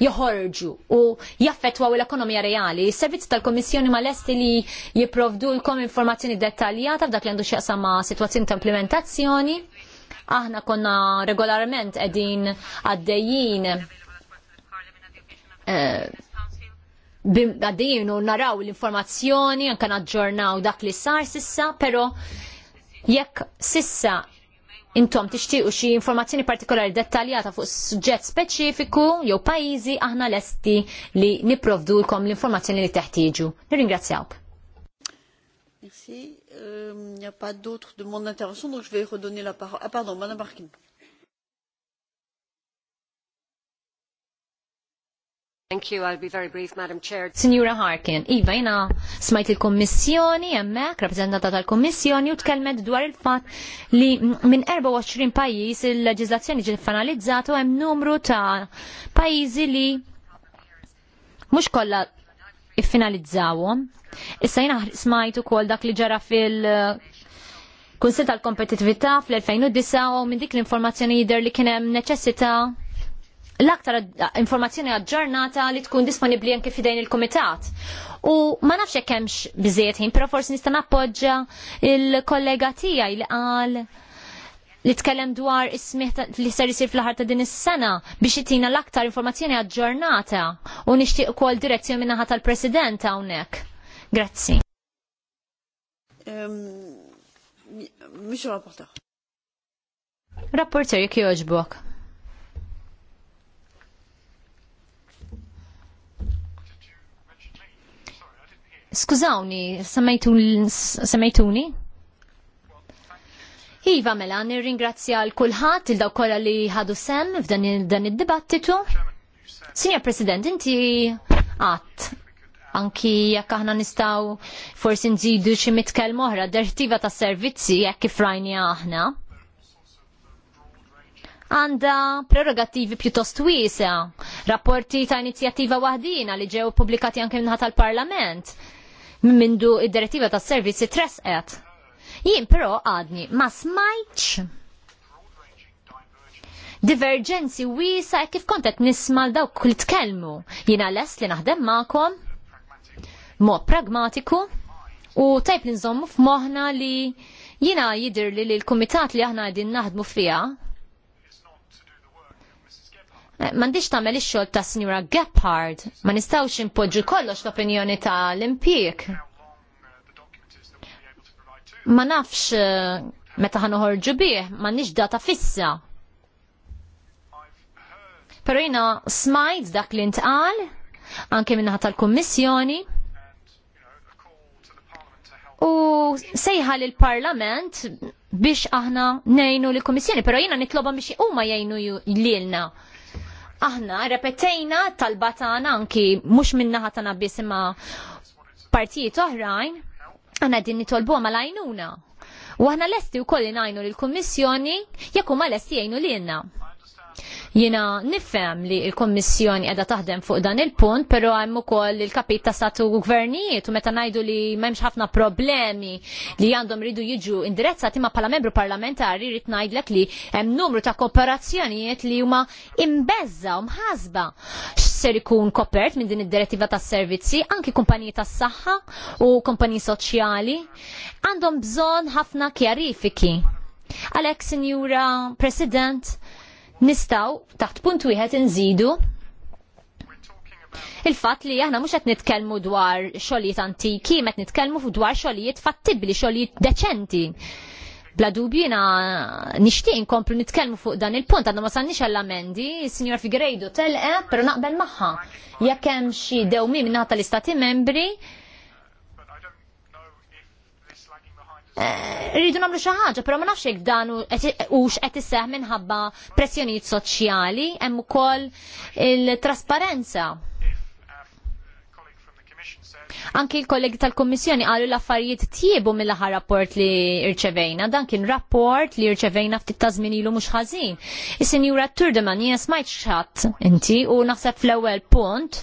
joħorġu u jaffettwaw l-ekonomija reali. Is-servizz tal-Komissjoni ma lesti li jiprovdu l-kom informazzjoni dettaljata f'dak li għandu x'jaqsam ma' situazzjoni ta' implementazzjoni. Aħna konna regolarment qegħdin għaddejjin eh, għaddin u naraw l-informazzjoni, anka naġġornaw dak li sar sissa, pero jekk sissa intom tixtiequ xi informazzjoni partikolari dettaljata fuq suġġett speċifiku jew pajjiżi aħna lesti li l-kom l-informazzjoni li teħtieġu. Nirringrazzjawk. Merci. Euh, il n'y a pas d'autres demandes d'intervention, donc je vais redonner la parole. Ah pardon, Madame Harkin. Thank you, I'll be very brief, Madam Chair. Signora Harkin, Iva, jina smajt il-Kommissjoni, jemmek, rappresentata tal-Kommissjoni, u tkelmet dwar il-fat li minn 24 pajis il-leġizlazzjoni ġiet finalizzata hemm numru ta' pajizi li mhux kollha iffinalizzawhom. Issa jina smajt ukoll dak li ġara fil- Kunsil tal-kompetitività fl-2009 u minn dik l-informazzjoni jidher li kien hemm l-aktar informazzjoni aġġornata li tkun disponibbli anke fidejn il-Kumitat. U ma nafx jekk hemmx biżejjed ħin, però forsi nista' nappoġġa il-kollega tiegħi li qal li tkellem dwar ismiħ li ser isir fl-ħar ta' din is-sena biex itina l-aktar informazzjoni aġġornata u nixtieq ukoll direzzjoni minnaħa tal-President hawnhekk. Grazzi. Mhux rapporter. Rapporter jekk jogħġbok. Skużawni, semmejtuni? Iva mela, nirringrazzja l kulħadd il daw kollha li ħadu sem f'dan id-dibattitu. Signor President, inti għatt anki jekk aħna nistgħu forsi nżidu xi mitkellem oħra direttiva tas servizzi jekk kif aħna. Għanda prerogattivi pjuttost wiesa, rapporti ta' inizjattiva waħdina li ġew pubblikati anke minħat tal-Parlament mindu id-direttiva tas servizzi tresqet. Jien però għadni ma smajċ divergenzi wisa kif kontet nisma dawk li tkellmu. Jiena les li naħdem magħkom mod pragmatiku u tajb li nżommu f'moħħna li jiena jidher li l-kumitat li aħna qegħdin naħdmu fiha Eh, m'għandix tagħmel ix-xogħol ta' Sinjura Gephardt, ma nistgħux impoġġu kollox l-opinjoni ta' l-impjek. Ma nafx eh, meta ħanoħorġu bih, nix data fissa. Pero jina smajt dak li ntqal, anke minnaħa tal-Kummissjoni, u sejħa l parlament biex aħna nejnu l kommissjoni pero jina nitloba biex huma jgħinu lilna. Aħna repetejna tal-batana anki mhux minna tagħna biss imma partijiet oħrajn, aħna din nitolbu għal għajnuna. U aħna lesti wkoll ngħinu lill-Kummissjoni jekk huma lesti jgħinu lilna. Jina nifhem li l-Kommissjoni qiegħda taħdem fuq dan il-punt, però hemm ukoll il-kapit ta' statu gvernijiet u meta ngħidu li m'hemmx ħafna problemi li għandhom ridu jiġu indirezza ma bħala membru parlamentari rrit ngħidlek li hemm numru ta' kooperazzjonijiet li huma imbezza u mħasba ser ikun kopert minn din id-direttiva tas servizzi anki kumpaniji tas saħħa u kumpaniji soċjali għandhom bżonn ħafna kjarifiki. Alex, Signora President, nistgħu taħt punt wieħed inżidu il-fatt li aħna mhux qed nitkellmu dwar xogħlijiet antiki, qed nitkellmu dwar xogħlijiet fattibbli, xogħlijiet deċenti. Bla jiena nixtieq inkomplu nitkellmu fuq dan il-punt, għandna ma sanniex għall-amendi, is-Sinjor Figredo telqe, però naqbel magħha. Jekk hemm xi dewmi minnaħa tal-Istati membri, rridu nagħmlu xi ħaġa, però ma nafx hekk dan hux qed isseħ minħabba pressjonijiet soċjali hemm ukoll il-trasparenza. Anki l-kollegi tal-Kommissjoni għalu l-affarijiet tiebu mill-aħħar rapport li rċevejna. Dan kien rapport li rċevejna ftit ta' żmien ilu mhux ħażin. Is-Sinjura Turdeman jien smajt xatt inti u naħseb fl-ewwel punt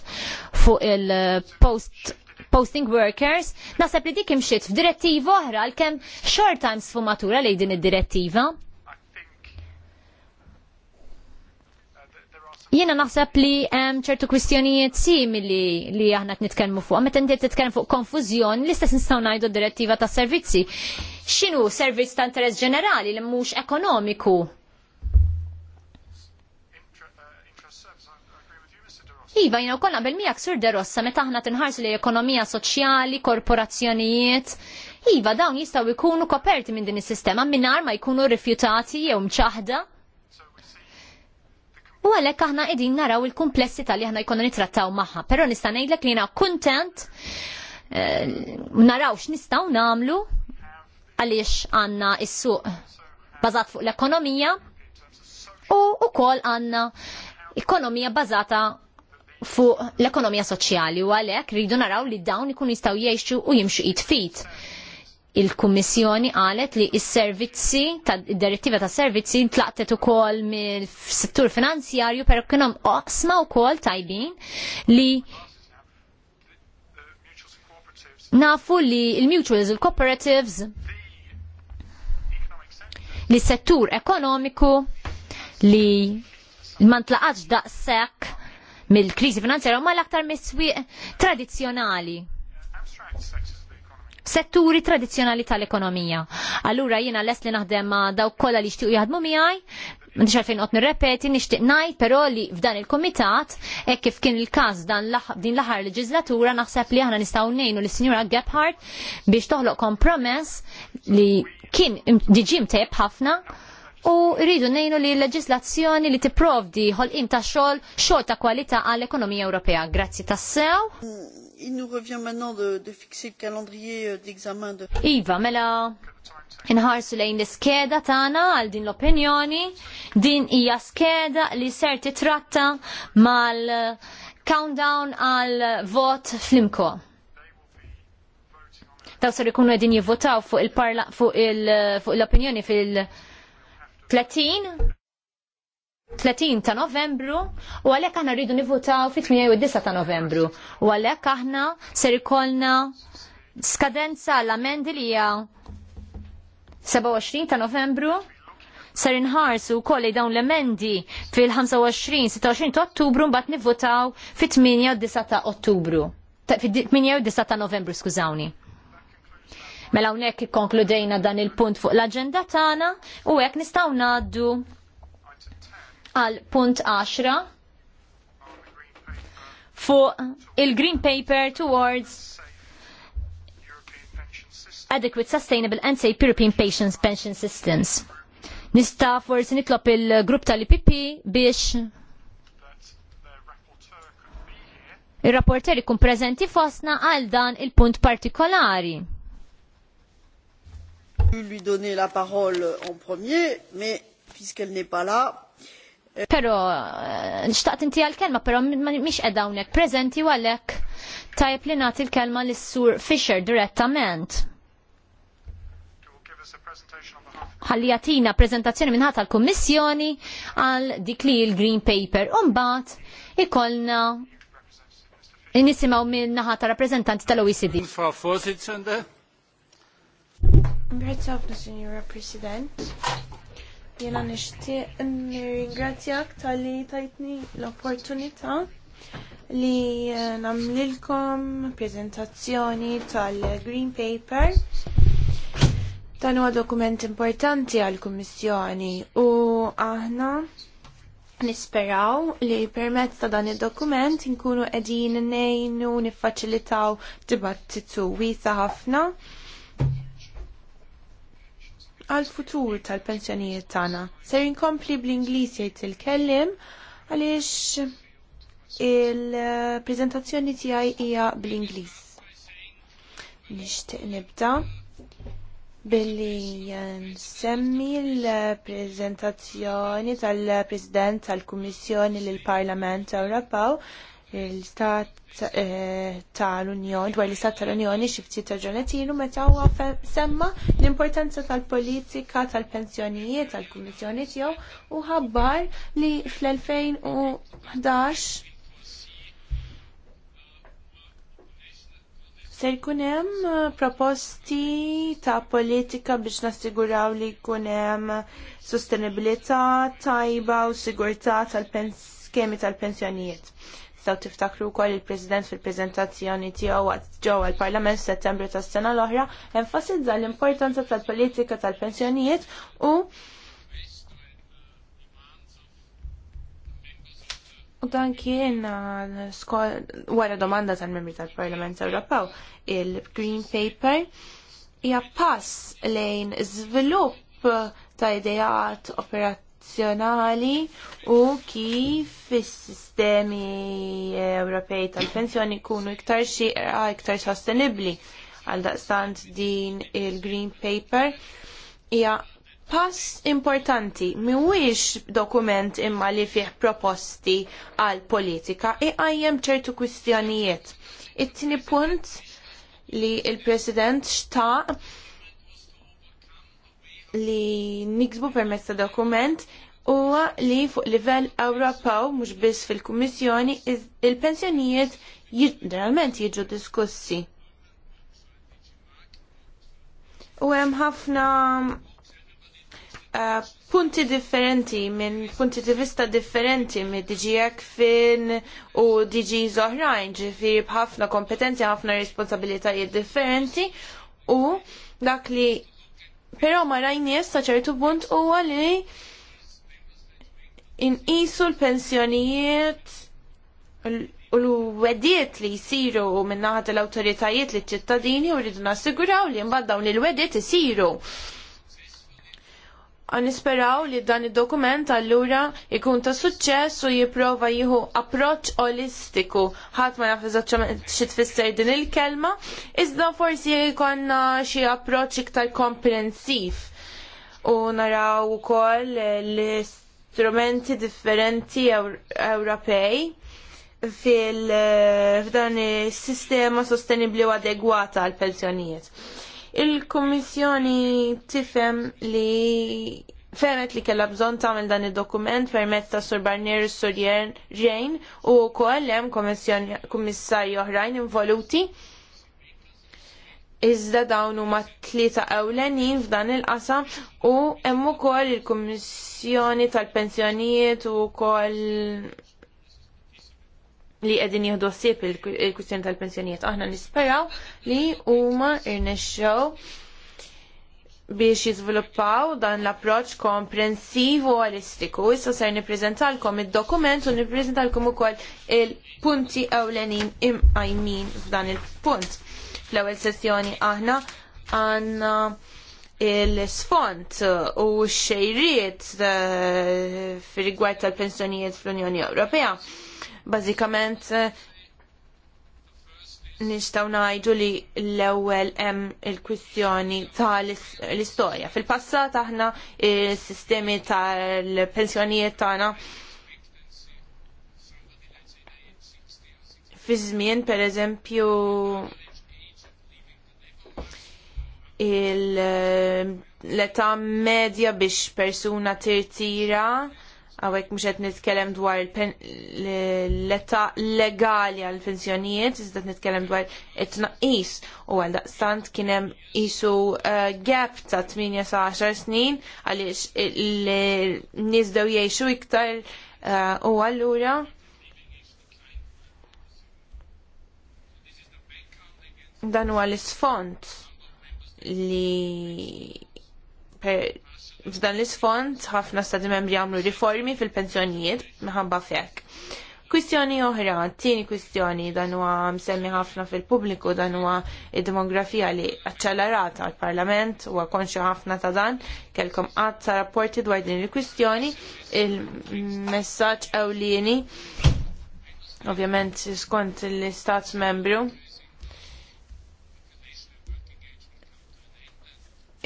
fuq il-post posting workers, naħseb li dik imxiet f'direttiva oħra għalkemm short time sfumatura lejn din id-direttiva. Jiena naħseb li hemm ċertu kwistjonijiet simili li aħna qed nitkellmu fuq. Meta inti titkellem fuq konfużjoni, li stess nistgħu ngħidu d-direttiva tas servizzi. X'inhu servizz ta' interess ġenerali li mhux ekonomiku? Iva, jina u kolla bil-mijak sur derossa, meta ħna tinħarsu li ekonomija soċjali, korporazzjonijiet. Iva, dawn jistaw ikunu koperti minn din is-sistema minnar ma jkunu rifjutati jew mċaħda. U għalek aħna edin naraw il komplessita li aħna jkunu nitrattaw maħħa, pero nista' ngħidlek li jiena kuntent eh, narawx nistgħu namlu għaliex għandna is-suq bażat fuq l-ekonomija u wkoll għandna ekonomija bażata fuq l-ekonomija soċjali u għalhekk rridu naraw li dawn ikun jistgħu jgħixu u jimxu jitfit. Il-Kummissjoni qalet li s-servizzi, id-direttiva ta' servizzi tlaqtet ukoll mill-settur finanzjarju per kienom oqsma wkoll tajbin li nafu li il-mutuals, il-cooperatives, li settur ekonomiku li ma ntlaqax daqshekk mill-kriżi finanzjarja huma l-aktar miswiq tradizzjonali setturi tradizjonali tal-ekonomija. Allura jiena lest li naħdem ma daw kolla li xtiqu jaħdmu miħaj, Mandi xalfejn qot nirrepeti, nixtieq ngħid però li f'dan il kumitat hekk kif kien il każ din l aħħar leġislatura, naħseb li aħna nistgħu ngħinu lis sinjura Gebhardt biex toħloq kompromess li kien diġim tejb ħafna u rridu nejnu li l-leġislazzjoni li tipprovdi ħolqien ta' xogħol xogħol ta' kwalità għall-ekonomija Ewropea. Grazzi tassew. Il nous revient maintenant de, de fixer le calendrier euh, d'examen de... Iva, mela, inħarsu lejn l-skeda tagħna għal din l-opinjoni. Din hija skeda li ser titratta mal-countdown għal vot flimko. Daw ser ikunu qegħdin jivvotaw fuq il-opinjoni fil-, il fuq il, fuq 30 ta' novembru u għalek aħna rridu nivutaw fit-8 ta' novembru u għalek aħna ser ikolna skadenza l-amendi li hija 27 ta' novembru ser inħarsu kolli dawn l-emendi fil-25-26 ta' ottubru mbagħad nivutaw fit-8 ta' ottubru. Fit-8 ta' novembru, skużawni. Mela hawnhekk ikkonkludejna dan il-punt fuq l-aġenda tagħna u hekk nistgħu ngħaddu għal punt 10 fuq il-Green Paper towards Adequate Sustainable and Safe European Patients Pension Systems. Nista forsi nitlob il-grupp tal-IPP biex il-rapporter ikun prezenti fosna għal dan il-punt partikolari lui donner la parole en premier, mais puisqu'elle n'est pas là. Pero, eh, nxtaqt inti għal-kelma, pero miex edha unek prezenti u għalek tajb li nati l-kelma l-sur Fisher direttament. Għalli għatina prezentazzjoni minnħat għal-Kommissjoni għal dik li l-Green Paper. Umbat, ikolna nisimaw minnaħat rappresentanti tal-OECD. Grazie ħafna, Signora President. Jena nishtiq nirringrazzjak tal-li tajtni l-opportunità li eh, namlilkom prezentazzjoni tal-Green Paper. Dan huwa dokument importanti għal-Kummissjoni u aħna nisperaw li permezz ta' dan id-dokument nkunu qegħdin nejnu niffaċilitaw dibattitu wiesa ħafna għal-futur tal-pensjonijiet tagħna. Ser inkompli bl-Ingliż jgħid il-kellim għaliex il-preżentazzjoni tiegħi hija bl-Ingliż. Nixtieq nibda billi nsemmi l-preżentazzjoni tal-President tal-Kummissjoni lill-Parlament Ewropew l-istat eh, tal-Unjoni, dwar l-istat tal-Unjoni xifti ilu meta huwa semma l-importanza tal-politika tal-pensjonijiet tal-Kummissjoni tiegħu u ħabbar li fl-2011 se jkun hemm eh, proposti ta' politika biex nassiguraw li jkun hemm sostenibilità tajba u sigurtà tal-skemi tal-pensjonijiet. tal pensjonijiet tistgħu tiftakru kol il-President fil-preżentazzjoni tiegħu waqt ġew għal parlament Settembru tas-sena l-oħra enfasizza l-importanza tal-politika tal-pensjonijiet u U dan kien uh, wara domanda tal-membri tal-Parlament Ewropew il-Green Paper hija pass lejn żvilupp ta' idejat operat nazzjonali u kif is-sistemi Ewropej tal-pensjoni jkunu iktar xieqa, iktar sostenibbli għal daqstant din il-Green Paper hija pass importanti mhuwiex dokument imma li fih proposti għal politika iqajjem e ċertu kwistjonijiet. It-tieni punt li il-President xtaq li niksbu permezz ta' dokument huwa li fuq livell Ewropew mhux biss fil-Kummissjoni il-pensjonijiet ġeneralment jiġu diskussi. U hemm ħafna eh, punti differenti minn punti di vista differenti minn DG Ekfin u DG Zohrajn ġifiri bħafna kompetenzi ħafna responsabilitajiet differenti u dak li Pero ma rajnies ta' ċertu punt huwa li inqisu l-pensjonijiet u l-wediet li jisiru minnaħat l-autoritajiet li ċittadini u rridu nassiguraw li mbagħad dawn il-wediet isiru nisperaw li dan id-dokument allura ikun ta' suċċess u jipprova jieħu approċċ olistiku. Ħadd ma jaf eżattament xi tfisser din il-kelma, iżda forsi jkollna xi approċċ iktar komprensiv u naraw ukoll l-istrumenti differenti Ewropej fil-dan is-sistema sostenibbli u adegwata għall pensjonijiet Il-Kummissjoni tifhem li Fermet li kella bżon tagħmel dan id-dokument permezz ta' Sur Barnier Sur Jane u wkoll hemm kummissarji oħrajn involuti. Iżda dawn huma tlieta ewlenin f'dan il-qasam u hemm ukoll il-Kummissjoni tal-Pensjonijiet u wkoll li qegħdin jieħdu sip il-kwistjoni tal-pensjonijiet. Aħna nisperaw li huma irnexxew biex jiżviluppaw dan l-approċċ komprensiv u realistiku. Issa ser niprezentalkom id-dokument u nippreżentalkom ukoll il-punti ewlenin imqajmin f'dan il-punt. Fl-ewwel sessjoni aħna għandna il-sfont u x-xejriet eh, fir rigward tal-pensjonijiet fl-Unjoni Ewropea Bażikament eh, nistaw ngħidu li l-ewwel hemm il-kwistjoni tal-istorja. Fil-passat aħna il sistemi tal-pensjonijiet tagħna fi żmien pereżempju l-età medja biex persuna tirtira għawek mux nitkellem dwar l-letta legali għal pensjonijiet, iżda nitkellem dwar it-naqis u għal daqstant kienem isu uh, gap ta' 18 snin għalix l nizdaw jiexu iktar uh, u għallura. Dan huwa l-isfont li per f'dan l-isfond ħafna stati membri għamlu riformi fil-pensjonijiet minħabba fek. Kwistjoni oħra, tieni kwistjoni dan huwa msemmi ħafna fil-pubbliku dan huwa id-demografija li aċċelerata għall parlament huwa konxu ħafna ta' dan, kelkom qatt ta' rapporti dwar din il-kwistjoni, il-messaġġ ewlieni ovvjament skont l-istat membru.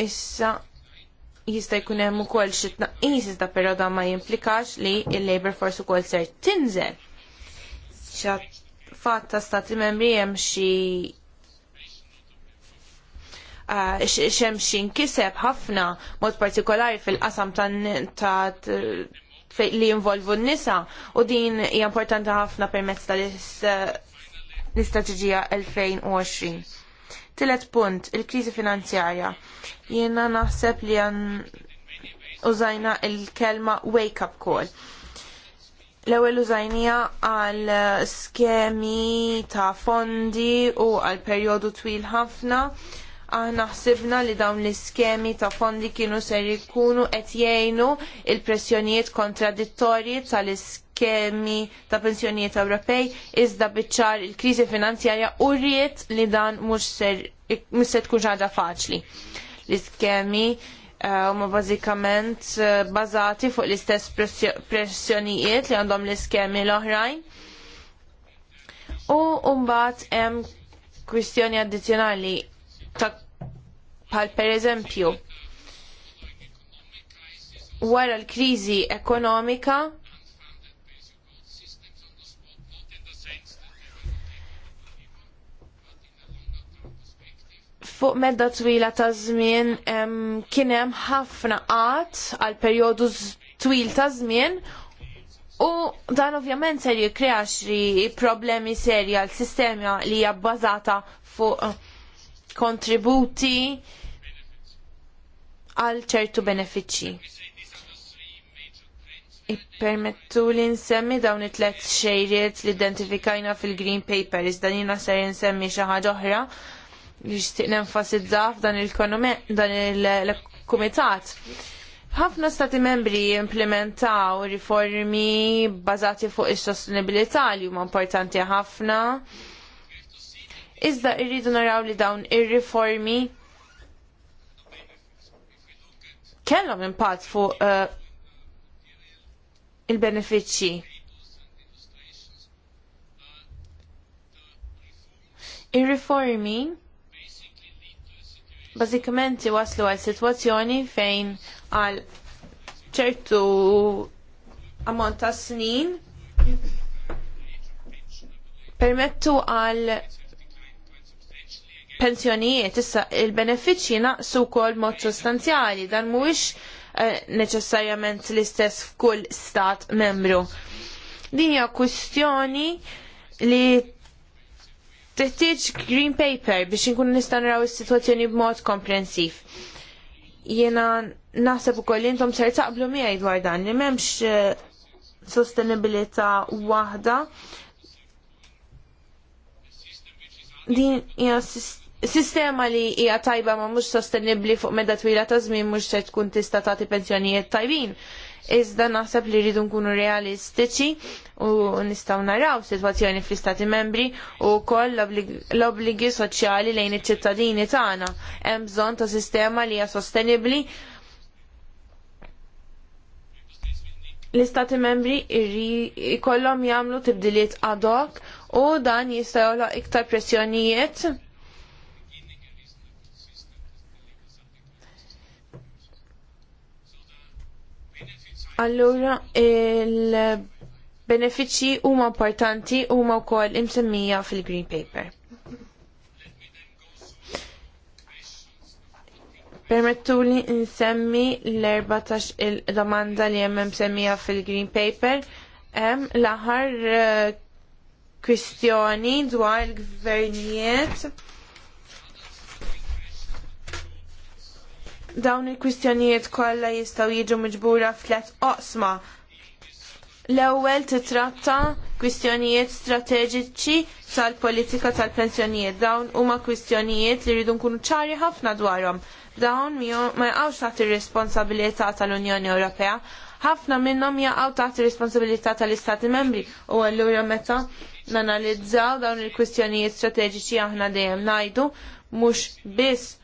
Issa jista' jkun hemm ukoll xi tnaqqis iżda però dan ma jimplikax li l-labor force ukoll ser tinżel. Fatt ta' stati membri hemm xi ah, xem xi nkiseb ħafna mod partikolari fil-qasam ta' li jinvolvu n-nisa u din hija importanti ħafna permezz tal-istrateġija 2020. Tillet punt, il-krizi finanzjarja. Jiena naħseb li għan użajna il-kelma wake-up call. L-ewel użajnija għal skemi ta' fondi u għal periodu twil ħafna aħna ħsibna li dawn l-iskemi ta' fondi kienu ser jkunu qed jgħinu il-pressjonijiet kontradittorji tal-iskemi skemi ta' pensjonijiet Ewropej iżda biċċar il-kriżi finanzjarja u rriet li dan mhux ser mhux se tkun ħaġa faċli. L-iskemi eh, huma uh, bażikament uh, bażati fuq l-istess pressjonijiet li għandhom l-iskemi l-oħrajn. U mbagħad hemm kwistjoni addizzjonali ta' bħal pereżempju wara l-kriżi ekonomika fuq medda twila ta' żmien kien hemm ħafna qatt għal perjodu twil ta' żmien u dan ovvjament ser jikkrea xi problemi serji għal sistema li hija bbażata fuq kontributi għal ċertu benefiċċji ippermettu li nsemmi dawn it-tlet xejriet li identifikajna fil-Green Paper, iżda jina ser nsemmi xi ħaġa oħra Nixtieq nenfasizza f'dan il-kumitat. Ħafna stati membri implementaw riformi bazati fuq is-sostenibilità li huma importanti ħafna. Iżda irridu naraw li dawn ir-riformi kellhom impatt fuq uh, il-benefiċċji. Ir-riformi il Bażikament waslu għal sitwazzjoni fejn għal ċertu ammont ta' snin permettu għal pensjonijiet issa il-benefiċċji naqsu wkoll mod sostanzjali dan mhuwiex eh, neċessarjament l-istess f'kull stat membru. Din hija kwistjoni li Teħtieġ green paper biex nkun nista' naraw is-sitwazzjoni b'mod komprensiv. Jiena naħseb ukoll intom ser taqblu miegħi dwar dan li m'hemmx eh, sostenibilità waħda din hija sistema li hija tajba ma mhux sostenibbli fuq meda twila ta' żmien mhux se tkun tista' tagħti pensjonijiet tajbin iżda naħseb li rridu nkunu realistiċi u nistgħu naraw sitwazzjoni fl-Istati membri u wkoll l-obbligi soċjali lejn iċ-ċittadini tagħna. Hemm bżonn ta' sistema li hija sostenibbli l-istati membri jkollhom jagħmlu tibdiliet ad hoc u dan jista' jistgħu iktar pressjonijiet Allura il-benefiċċji huma importanti huma wkoll imsemmija fil-Green Paper. Permettuli insemmi l-14 il-domanda li hemm msemmija fil-Green Paper hemm l-aħħar eh, kwistjoni dwar il-gvernijiet Dawn il-kwistjonijiet kollha jistgħu jiġu miġbura flet oqsma. L-ewwel titratta kwistjonijiet strateġiċi tal-politika tal-pensjonijiet. Dawn huma kwistjonijiet li rridu nkunu ċari ħafna dwarhom. Dawn ma jaqgħux taħt ir-responsabilità tal-Unjoni Ewropea. Ħafna minnhom jaqgħu taħt ir-responsabilità tal-Istati Membri u allura meta nanalizzaw dawn il-kwistjonijiet strateġiċi aħna dejjem ngħidu mhux biss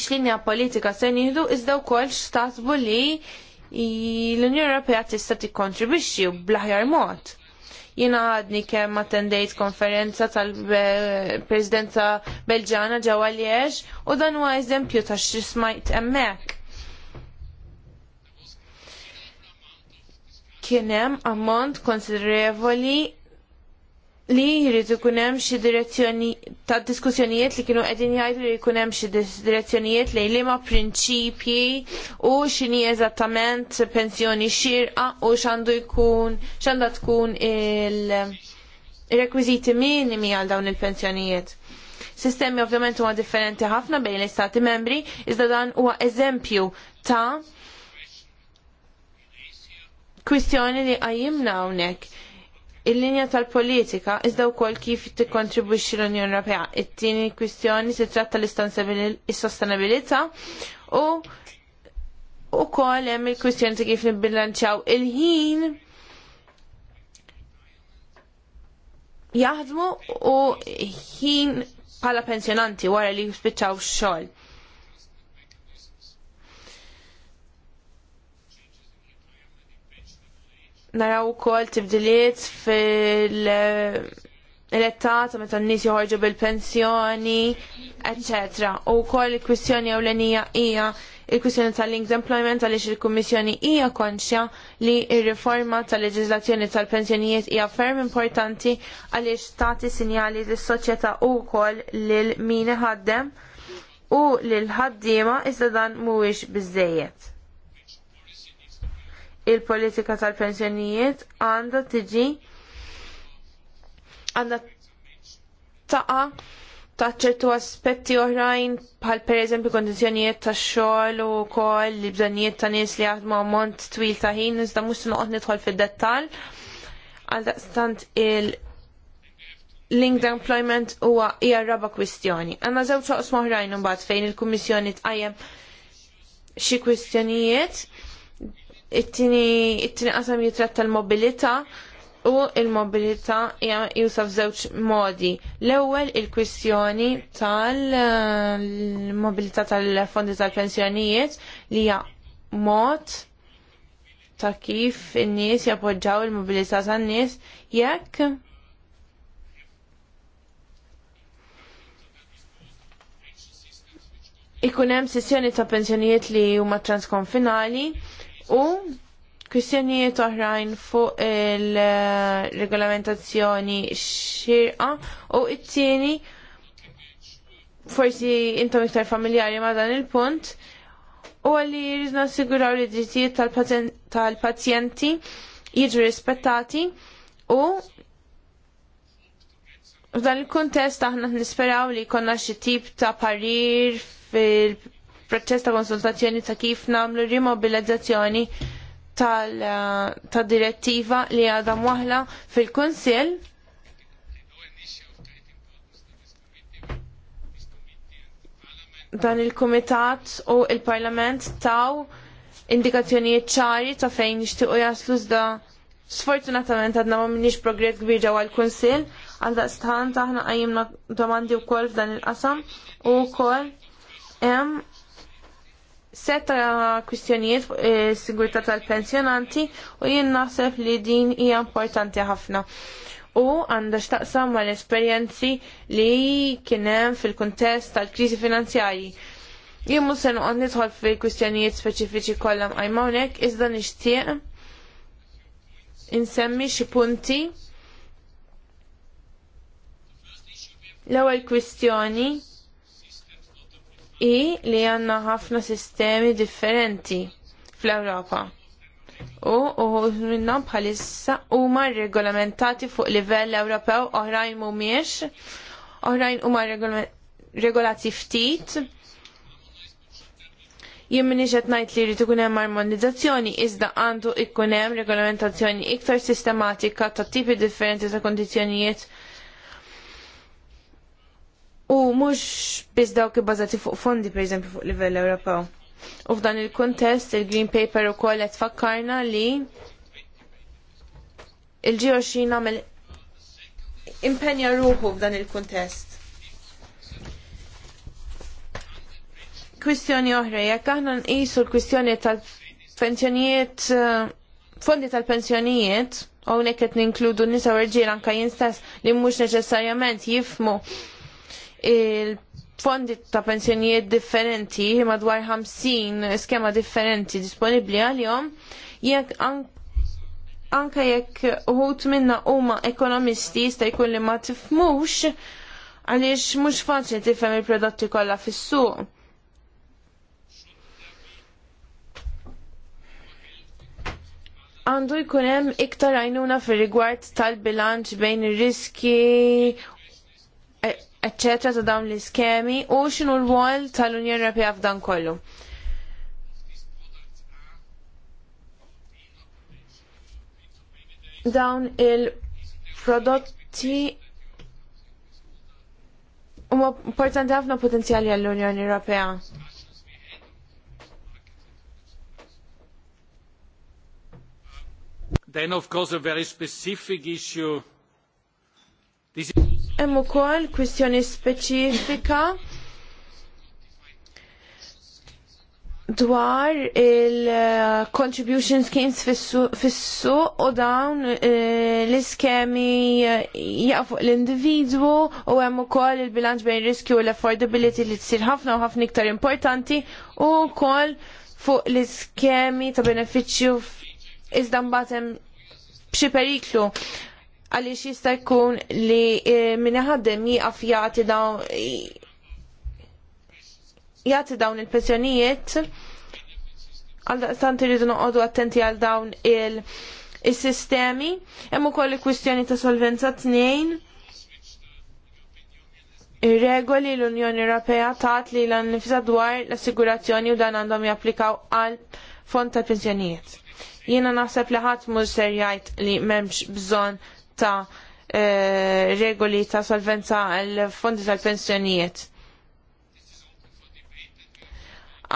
x'linja politika se nieħdu iżda wkoll x'tasbu li l-Unjoni Ewropea tista' tikkontribwixxi bl-aħjar mod. Jiena għadni kemm attendejt konferenza tal-Presidenza Belġana ġewwa Liex u dan huwa eżempju ta' xi smajt hemmhekk. Kien hemm ammont konsidrevoli li ikun hemm xi direzzjoni ta' diskussjonijiet li kienu qegħdin jgħidu li jkun hemm xi direzzjonijiet lejn liema prinċipji u x'inhi eżattament pensjoni xirqa u x'għandu jkun x'għandha tkun il-rekwiżiti minimi għal dawn il-pensjonijiet. Sistemi ovvjament huma differenti ħafna bejn l-istati membri, iżda dan huwa eżempju ta' kwistjoni li qajjimna hawnhekk il-linja tal-politika iżda wkoll kif tikkontribwixxi l-Unjoni Ewropea. It-tieni kwistjoni se tratta l sostenabilità u kol hemm il-kwistjoni ta' kif nibbilanċaw il-ħin jaħdmu u ħin bħala pensjonanti wara li jusbitċaw x-xogħol. naraw ukoll tibdiliet fil-età ta' meta n-nies joħorġu bil-pensjoni, etc. U wkoll il-kwistjoni ewlenija hija il-kwistjoni tal-linked employment għaliex il-Kummissjoni hija konxja li r-riforma tal-leġiżlazzjoni tal-pensjonijiet hija ferm importanti għaliex tagħti sinjali lis-soċjetà wkoll lil min iħaddem u lil ħaddiema iżda dan mhuwiex biżżejjed il-politika tal-pensjonijiet għandha tiġi għandha taqa ta' ċertu aspetti oħrajn bħal per eżempju kondizjonijiet ta' xogħol u kol li bżonnijiet ta' nies li jaħdmu ammont twil ta' ħin iżda mhux noqgħod nidħol fid-dettall. Għal daqstant il linked employment huwa hija raba kwistjoni. Għandna żewġ oqsma oħrajn imbagħad fejn il-Kummissjoni tqajjem xi kwistjonijiet it-tini qasam jitratta l-mobilita u il-mobilita jusaf f'żewġ modi. L-ewwel il-kwistjoni tal-mobilità tal-fondi tal-pensjonijiet li hija mod ta' kif in-nies jappoġġaw il-mobilità tan-nies jekk ikunem hemm sessjoni ta' pensjonijiet li huma transkonfinali U kwistjonijiet oħrajn fuq il-regolamentazzjoni xirqa u it-tieni forsi intom iktar familjari ma' dan il-punt u għalli jirrizna siguraw li drittijiet tal-pazjenti jiġu rispettati u f'dan il-kuntest aħna nisperaw li konna xi tip ta' parir fil proċess ta' konsultazzjoni ta' kif namlu rimobilizzazzjoni tal-direttiva eh, li għadha waħla fil-Kunsill dan il-Kumitat u il-Parlament taw indikazzjonijiet ċari ta' fejn nixtiequ jaslu zda sfortunatament għadna ma minnix progress kbir ġewwa l-Kunsill għal daqstant aħna qajjimna domandi wkoll f'dan il-qasam u wkoll hemm seta kwistjonijiet fuq is-sigurtà eh, tal-pensjonanti u jien naħseb li din hija importanti ħafna. U għandha x'taqsam mal-esperjenzi li kien hemm fil-kuntest tal-kriżi finanzjarji. Jien mhux se noqgħod nidħol fi kwistjonijiet speċifiċi kollha mqajma hawnhekk iżda nixtieq insemmi xi punti. L-ewwel kwistjoni i li għanna ħafna sistemi differenti fl-Europa. U minnhom bħalissa huma regolamentati fuq livell Ewropew oħrajn mhumiex, oħrajn huma regolati ftit. Jien minni qed ngħid li jrid ikun hemm armonizzazzjoni iżda għandu ikun hemm regolamentazzjoni iktar sistematika ta' tipi differenti ta' kondizjonijiet u mhux biss dawk ibbażati fuq fondi eżempju, fuq livell Ewropew. U f'dan il-kuntest il-Green Paper ukoll qed fakkarna li il ġi 20 nagħmel impenja ruħu f'dan il-kuntest. Kwistjoni oħra, jekk aħna nqisu l-kwistjoni tal-pensjonijiet, eh, fondi tal-pensjonijiet, hawnhekk qed ninkludu nisa u rġiel anke jinstess li mhux neċessarjament jifmu il-fondi ta' pensjonijiet differenti madwar 50 skema differenti disponibli għal-jom jekk an anka jekk uħut minna huma ekonomisti jista' jkun li ma tifmux għaliex mhux faċli tifhem il-prodotti kollha fis-suq. għandu jkun hemm iktar għajnuna fir rigward tal-bilanċ bejn ir-riski eccetera ta' dawn l-iskemi u xinu l wall tal-Unjoni Ewropea f'dan kollu. Dawn il-prodotti huma importanti għafna potenzjali għall-Unjoni Ewropea. Then of course a very specific issue. This is Hemm ukoll kwistjoni speċifika dwar il-contribution schemes fissu u dawn eh, l-iskemi eh, jaqfu l-individwu u hemm ukoll il-bilanċ bejn riskju u l-affordability li tsir ħafna u ħafna iktar importanti u wkoll fuq l-iskemi ta' benefiċċju iżda mbagħad hemm b'xi periklu għaliex jista' jkun li e, min ħaddem jagħti dawn jagħti dawn il-pensjonijiet għal daqstant irridu noqogħdu attenti għal dawn il-sistemi. Hemm ukoll il-kwistjoni ta' solvenza tnejn. Ir-regoli l-Unjoni Ewropea tat li l-nifisa dwar l-assigurazzjoni u dan għandhom japplikaw għal fond tal-pensjonijiet. Jiena naħseb li ħadd mhux ser jgħid li m'hemmx bżonn ta' eh, regoli ta' solvenza għal fondi tal-pensjonijiet.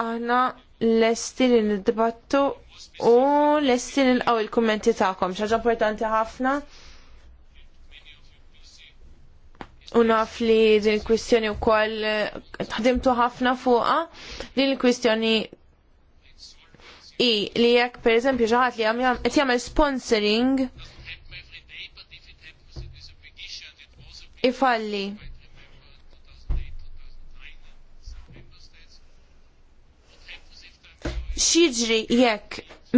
Aħna l-esti li nid-dibattu u l-esti li nqaw il-kommenti ta'kom. xaġa importanti ħafna. u naf li din il-kwistjoni u koll ħdimtu ħafna fuqa din il-kwistjoni i li jekk per eżempju ġaħat li għamil sponsoring ifalli. X'jiġri jekk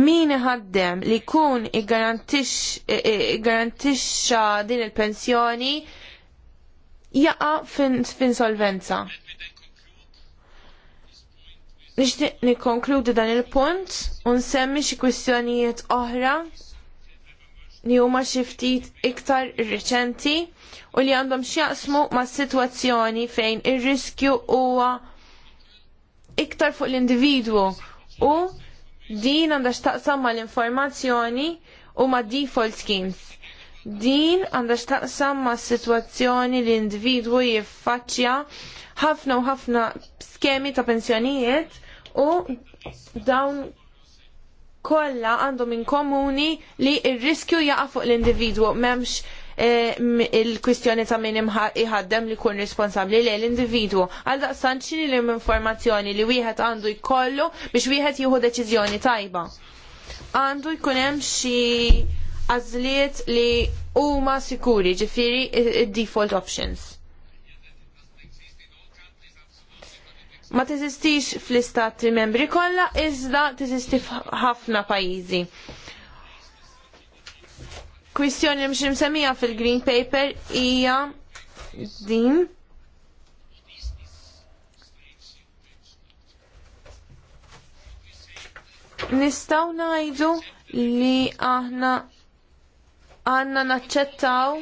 min ħaddem li jkun iggarantixxa din il-pensjoni jaqa f'insolvenza. Nixtieq nikkonkludi dan il-punt u nsemmi xi kwistjonijiet oħra li huma xi ftit iktar riċenti u li għandhom xjaqsmu ma' situazzjoni fejn ir-riskju huwa iktar fuq l-individwu u din għandha xtaqsam ma' l-informazzjoni u ma' default schemes. Din għandha xtaqsam ma' situazzjoni l individwu jiffaċċja ħafna u ħafna skemi ta' pensjonijiet u dawn kollha għandhom in komuni li r-riskju jaqa' fuq l-individwu m'hemmx Eh, il-kwistjoni ta' min iħaddem li kun responsabli li l-individu. Għalda daqstan xini l-informazzjoni li wieħed għandu jkollu biex wieħed jieħu deċiżjoni tajba. Għandu jkun hemm xi għażliet li huma sikuri, ġifieri default options. ma teżistix fl-istati membri kollha iżda teżisti f'ħafna pajjiżi kwistjoni li mxim semija fil-Green Paper hija din. Nistaw najdu li aħna għanna naċċettaw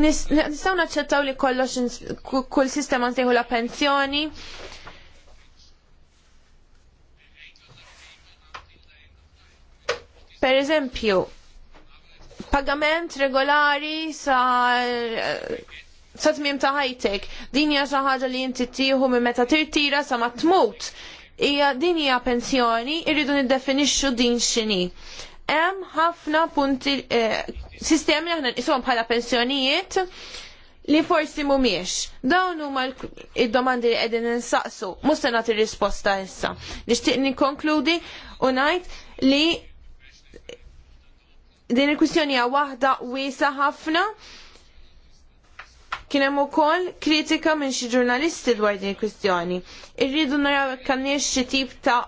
Nistaw naċċettaw li kollox kull sistema nsejħu la pensjoni Per eżempju, pagament regolari sa sa tmiem ta' ħajtek. Din hija xi ħaġa li inti tieħu minn meta tirtira sa ma tmut. Hija din hija pensjoni, irridu niddefinixxu din x'inhi. Hemm ħafna punti eh, sistemi aħna nisom bħala pensjonijiet li forsi mumiex. Dawn huma id-domandi li qegħdin insaqsu, mhux se nagħti risposta issa. Nixtieq nikkonkludi u ngħid li din il-kwistjoni hija waħda wiesa ħafna. Kien hemm ukoll kritika minn xi ġurnalisti dwar din il-kwistjoni. Irridu naraw kanniex xi tip ta'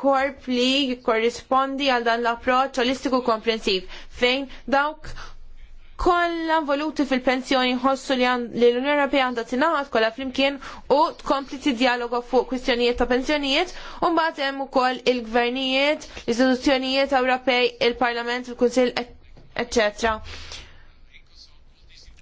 korp li korrispondi għal dan l-approċċ holistiku komprensiv fejn dawk kollha involuti fil-pensjoni ħossu li l-Unjoni Ewropea għandha tingħaqad kollha flimkien u tkompli tiddialoga fuq kwistjonijiet ta' pensjonijiet u mbagħad hemm ukoll il-gvernijiet, l-istituzzjonijiet Ewropej, il-Parlament, il-Kunsill, etc.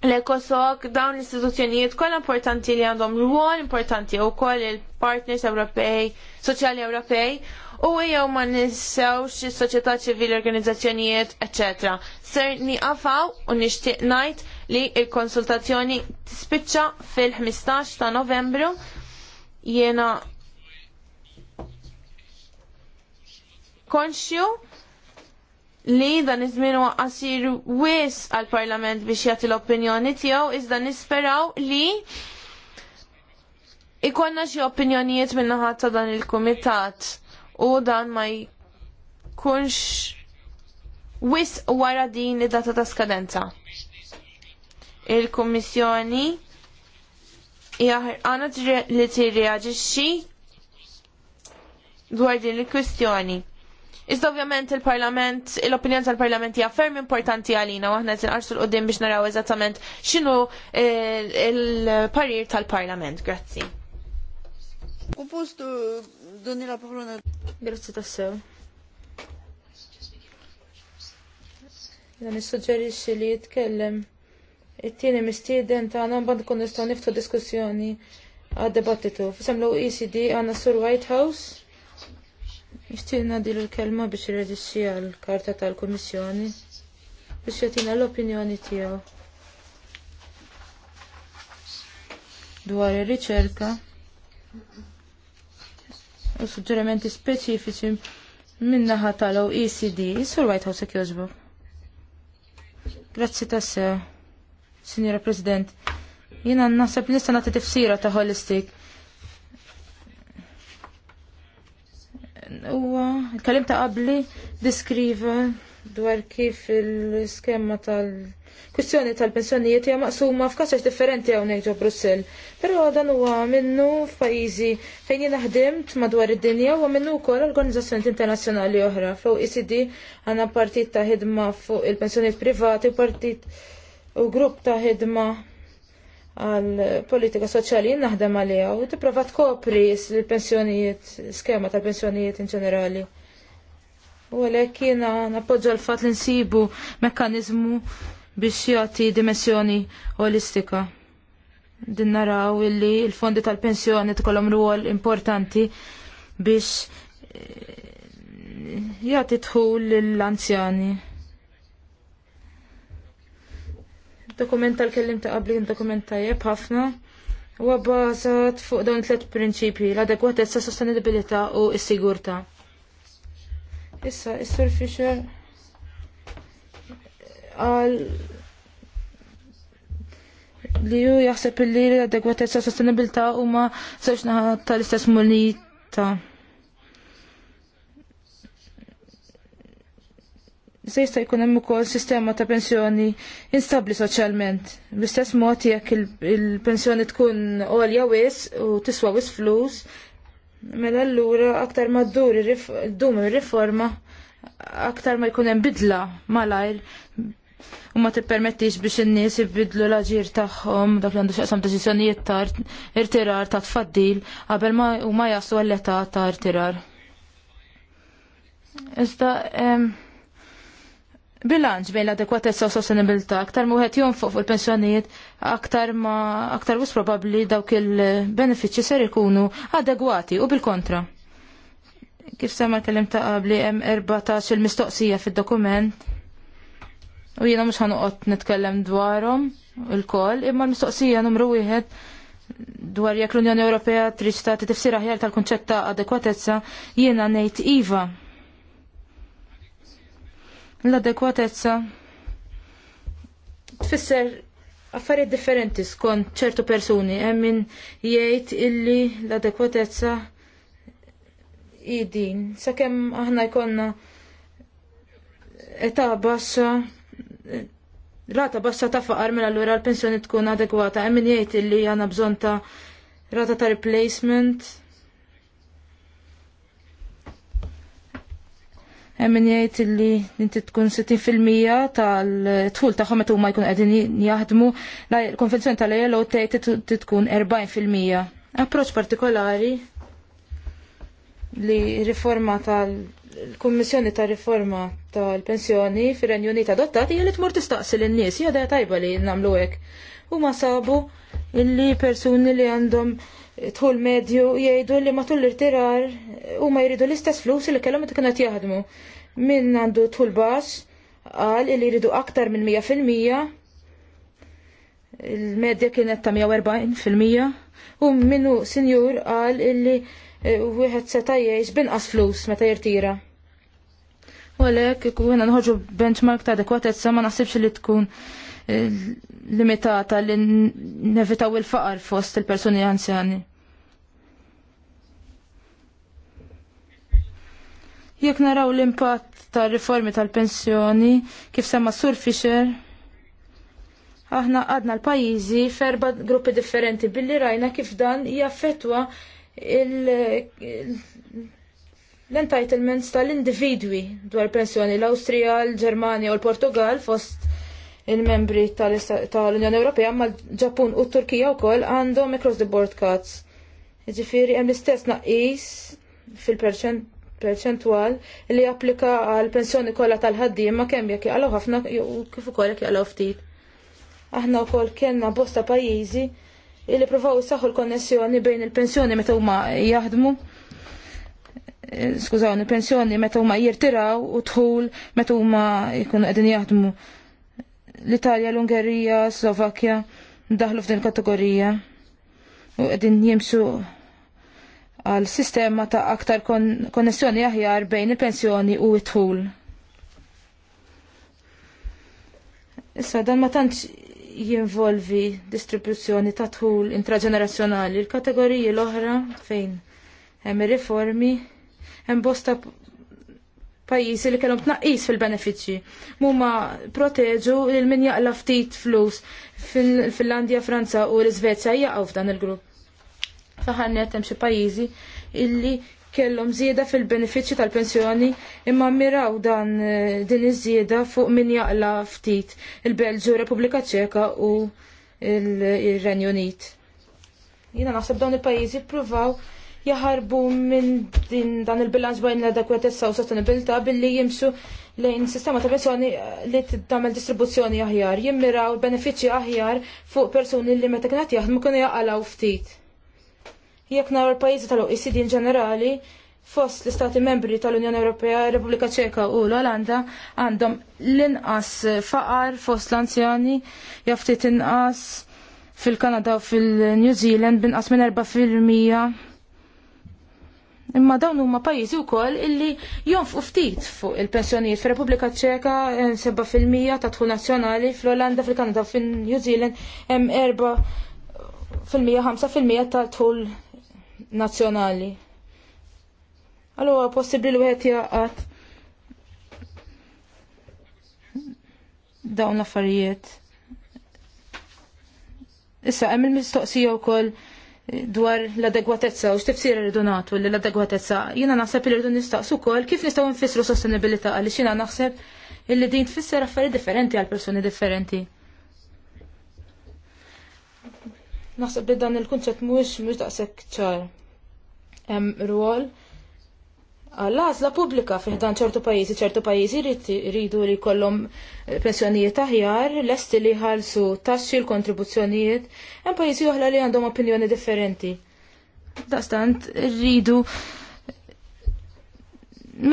L-ekosok dawn l-istituzzjonijiet kollha importanti li għandhom rwol importanti wkoll il-partners Ewropej, soċjali Ewropej u jew ma nissewx is-soċjetà ċivili, organizzazzjonijiet, eċetera. Ser niqafaw u nixtieq ngħid li l-konsultazzjoni tispiċċa fil-15 ta' Novembru jiena konxju li dan iż għasir qasir wis għall-Parlament biex jagħti l-opinjoni tiegħu iżda nisperaw li ikonna xi opinjonijiet min-naħa ta' dan il-kumitat u dan ma jkunx wis wara din id-data ta' skadenza. Il-Kummissjoni għana li tirreagixxi dwar din il-kwistjoni. Iżda ovvjament il-Parlament, l-opinjoni tal-Parlament hija ferm importanti għalina u aħna inqarsu l-qudiem biex naraw eżattament x'inhu eh, il-parir tal-Parlament. Grazzi. Propost doni la parola. Grazie tassew. Dan nissuġġerixxi li jitkellem it-tieni mistieden tagħna mbagħad nkun nistgħu niftu diskussjoni għad-debattitu. Fisemlu ECD għandna Sur White House. Nixtielna dilu l-kelma biex irreġixxi għall-karta tal-Kummissjoni biex jatina l-opinjoni tiegħu dwar ir-riċerka u suġġerimenti speċifiċi minnaħa tal ECD. sur White House jozbu. Grazzi ta' se, Signora President. Jena naħseb nista nagħti tifsira ta' holistik. U il-kalim ta' qabli diskriva dwar kif il-skemma tal- kwistjoni tal-pensjonijiet hija maqsuma f'kasax differenti hawnhekk ngħidu Brussell. Però dan huwa minnu f'pajjiżi fejn jien ħdimt madwar id-dinja u minnu wkoll organizzazzjonijiet internazzjonali oħra. Fuq ECD għandna partit ta' ħidma fuq il-pensjonijiet privati, partit u grupp ta' ħidma għal politika soċjali naħdem għaliha u tipprova tkopri l-pensjonijiet, skema tal-pensjonijiet in ġenerali. U għalhekk jiena nappoġġa l-fatt li nsibu mekkaniżmu biex jagħti dimensjoni olistika. Din naraw illi il-fondi tal-pensjoni tkollhom ruol importanti biex eh, jagħti dħul lill-anzjani. Dokument tal-kellim ta' qabli dokument tajjeb ħafna. Huwa bbażat fuq dawn tliet prinċipji l-adekwatezza, sostenibilità u s-sigurtà. Issa, is-Sur Fisher għal li ju jaħseb li l-adegwatezza sostenibilità huma żewġ naħat tal-istess munita. Se jista' jkun hemm ukoll sistema ta' pensjoni instabbli soċjalment. Bl-istess mod jekk il-pensjoni tkun għolja wis u tiswa wis flus, mela allura aktar ma ddur dum ir-riforma aktar ma jkun hemm bidla malajr u ma tippermettix biex in-nies ibidlu l-aġir tagħhom dak li għandu xaqsam deċiżjonijiet tar irtirar ta' tfaddil qabel ma huma jaslu l-età ta' irtirar. Iżda bilanċ bejn l-adekwatezza u sostenibilità aktar muħet jonfoq fuq il-pensjonijiet aktar ma aktar wis probabbli dawk il-benefiċċji ser ikunu adegwati u bil-kontra. Kif sema kellim kelim ta' qabli hemm 14 il-mistoqsija fid-dokument u jiena mhux ħanoqgħod nitkellem dwarhom il-koll, imma l-mistoqsija numru wieħed dwar jekk l-Unjoni Ewropea trid tagħti tifsir aħjar tal-kunċett ta' adekwatezza jiena ngħid iva. L-adekwatezza tfisser affarijiet differenti skont ċertu persuni hemm min jgħid illi l-adekwatezza din. sakemm aħna jkollna età bassa rata bassa ta' faqar mela allura l-pensjoni tkun adekwata. Hemm min jgħid li għandna bżonn ta' rata ta' replacement. Hemm min jgħid li ninti tkun 60% tal-tħul ta' xometu huma jkun qegħdin jaħdmu, l-konvenzjoni tal-ELO tgħid tkun 40%. Approċċ partikolari li riforma tal- l-Kummissjoni ta' Riforma tal-Pensjoni fir-Renju Unita Adottati hija li tmur tistaqsi lin-nies hija tajba li nagħmlu hekk. Huma sabu illi persuni li għandhom tħul medju jgħidu li matul l-irtirar huma jridu l-istess flus li kellhom meta qed jaħdmu. Min għandu tħul baż qal li jridu aktar minn 100% il-medja kienet ta' 140% u minnu sinjur qal illi E, wieħed seta' jgħix binqas flus meta jirtira. U għalhekk kienu nħoġu benchmark ta' adekwatezza ma naħsibx li tkun e, limitata li nevitaw il-faqar fost il-persuni anzjani. Jekk naraw l-impatt tar riformi tal-pensjoni, kif semma Sur Fisher, aħna għadna l-pajizi ferba gruppi differenti billi rajna kif dan jaffetwa l-entitlements tal-individwi dwar pensjoni l-Awstrija, l-Ġermanja u l-Portugal fost il-membri tal-Unjoni Ewropea ma l-Ġappun u t-Turkija wkoll għandhom across the board cuts. Ġifiri, hemm l-istess naqis fil-perċentwal li applika għal pensjoni kollha tal ma' kemm jekk jaqgħu ħafna kif ukoll jekk jaqgħu ftit. Aħna wkoll kellna bosta pajjiżi li provaw saħu l-konnessjoni bejn il-pensjoni meta huma jaħdmu e, skużawni, pensjoni meta huma jirtiraw u tħul meta huma jkunu qegħdin jaħdmu l-Italja, l-Ungerija, Slovakkja daħlu f'din kategorija u qegħdin jimxu għal sistema ta' aktar konnessjoni aħjar bejn il-pensjoni u t-tħul. Issa dan ma tantx jinvolvi distribuzzjoni ta' tħul intraġenerazzjonali. Il-kategoriji l-oħra fejn hemm riformi hemm bosta pajjiżi li kellhom tnaqqis fil-benefiċċji. huma proteġu lil min jaqla ftit flus fil-Finlandja, Franza u l-Iżvezja jaqgħu f'dan il-grupp. Faħarnet hemm xi pajjiżi illi kellhom żieda fil-benefiċċju tal-pensjoni imma miraw dan eh, din iż-żieda fuq min jaqla ftit il-Belġu, Repubblika Ċeka u il-Renju Unit. Jiena naħseb dawn il-pajjiżi ppruvaw jaħarbu minn dan il-bilanċ bejn l-adekwatezza u sostenibilità billi jimxu lejn sistema ta' pensjoni eh, li tagħmel distribuzzjoni aħjar, jimmiraw benefiċċji aħjar fuq persuni li meta kienet jaħdmu kienu jaqalaw ftit. Jekk naraw il-pajjiżi tal-OECD ġenerali, fost l-Istati membri tal-Unjoni Ewropea, Repubblika Ċeka u l-Olanda għandhom l-inqas faqar fost l-anzjani jaftit inqas fil-Kanada u fil-New Zealand binqas minn 4%. Imma dawn huma pajjiżi wkoll illi jonfqu ftit fuq il-pensjonijiet fir-Repubblika Ċeka 7% ta' dħul nazzjonali, fl-Olanda, fil-Kanada u fil-New Zealand hemm 4 5 tal dħul nazzjonali. Allora possibbli li wieħed jaqgħad dawn l-affarijiet. Issa hemm il-mistoqsija wkoll dwar l-adegwatezza u x'tifsir irridu nagħtu li l-adegwatezza. Jiena naħseb li rridu nistaqsu wkoll kif nistgħu nfissru sostenibilità għaliex jiena naħseb illi din tfisser affari differenti għal personi differenti. Naħseb li dan il-kunċett mhux mhux daqshekk ċar. Hemm rwol għall-għażla pubblika fih dan ċertu pajjiżi, ċertu pajjiżi jridu li jkollhom eh, pensjonijiet aħjar, lesti li jħallsu taxxi l-kontribuzzjonijiet, hemm pajjiżi oħra li għandhom opinjoni differenti. Daqstant rridu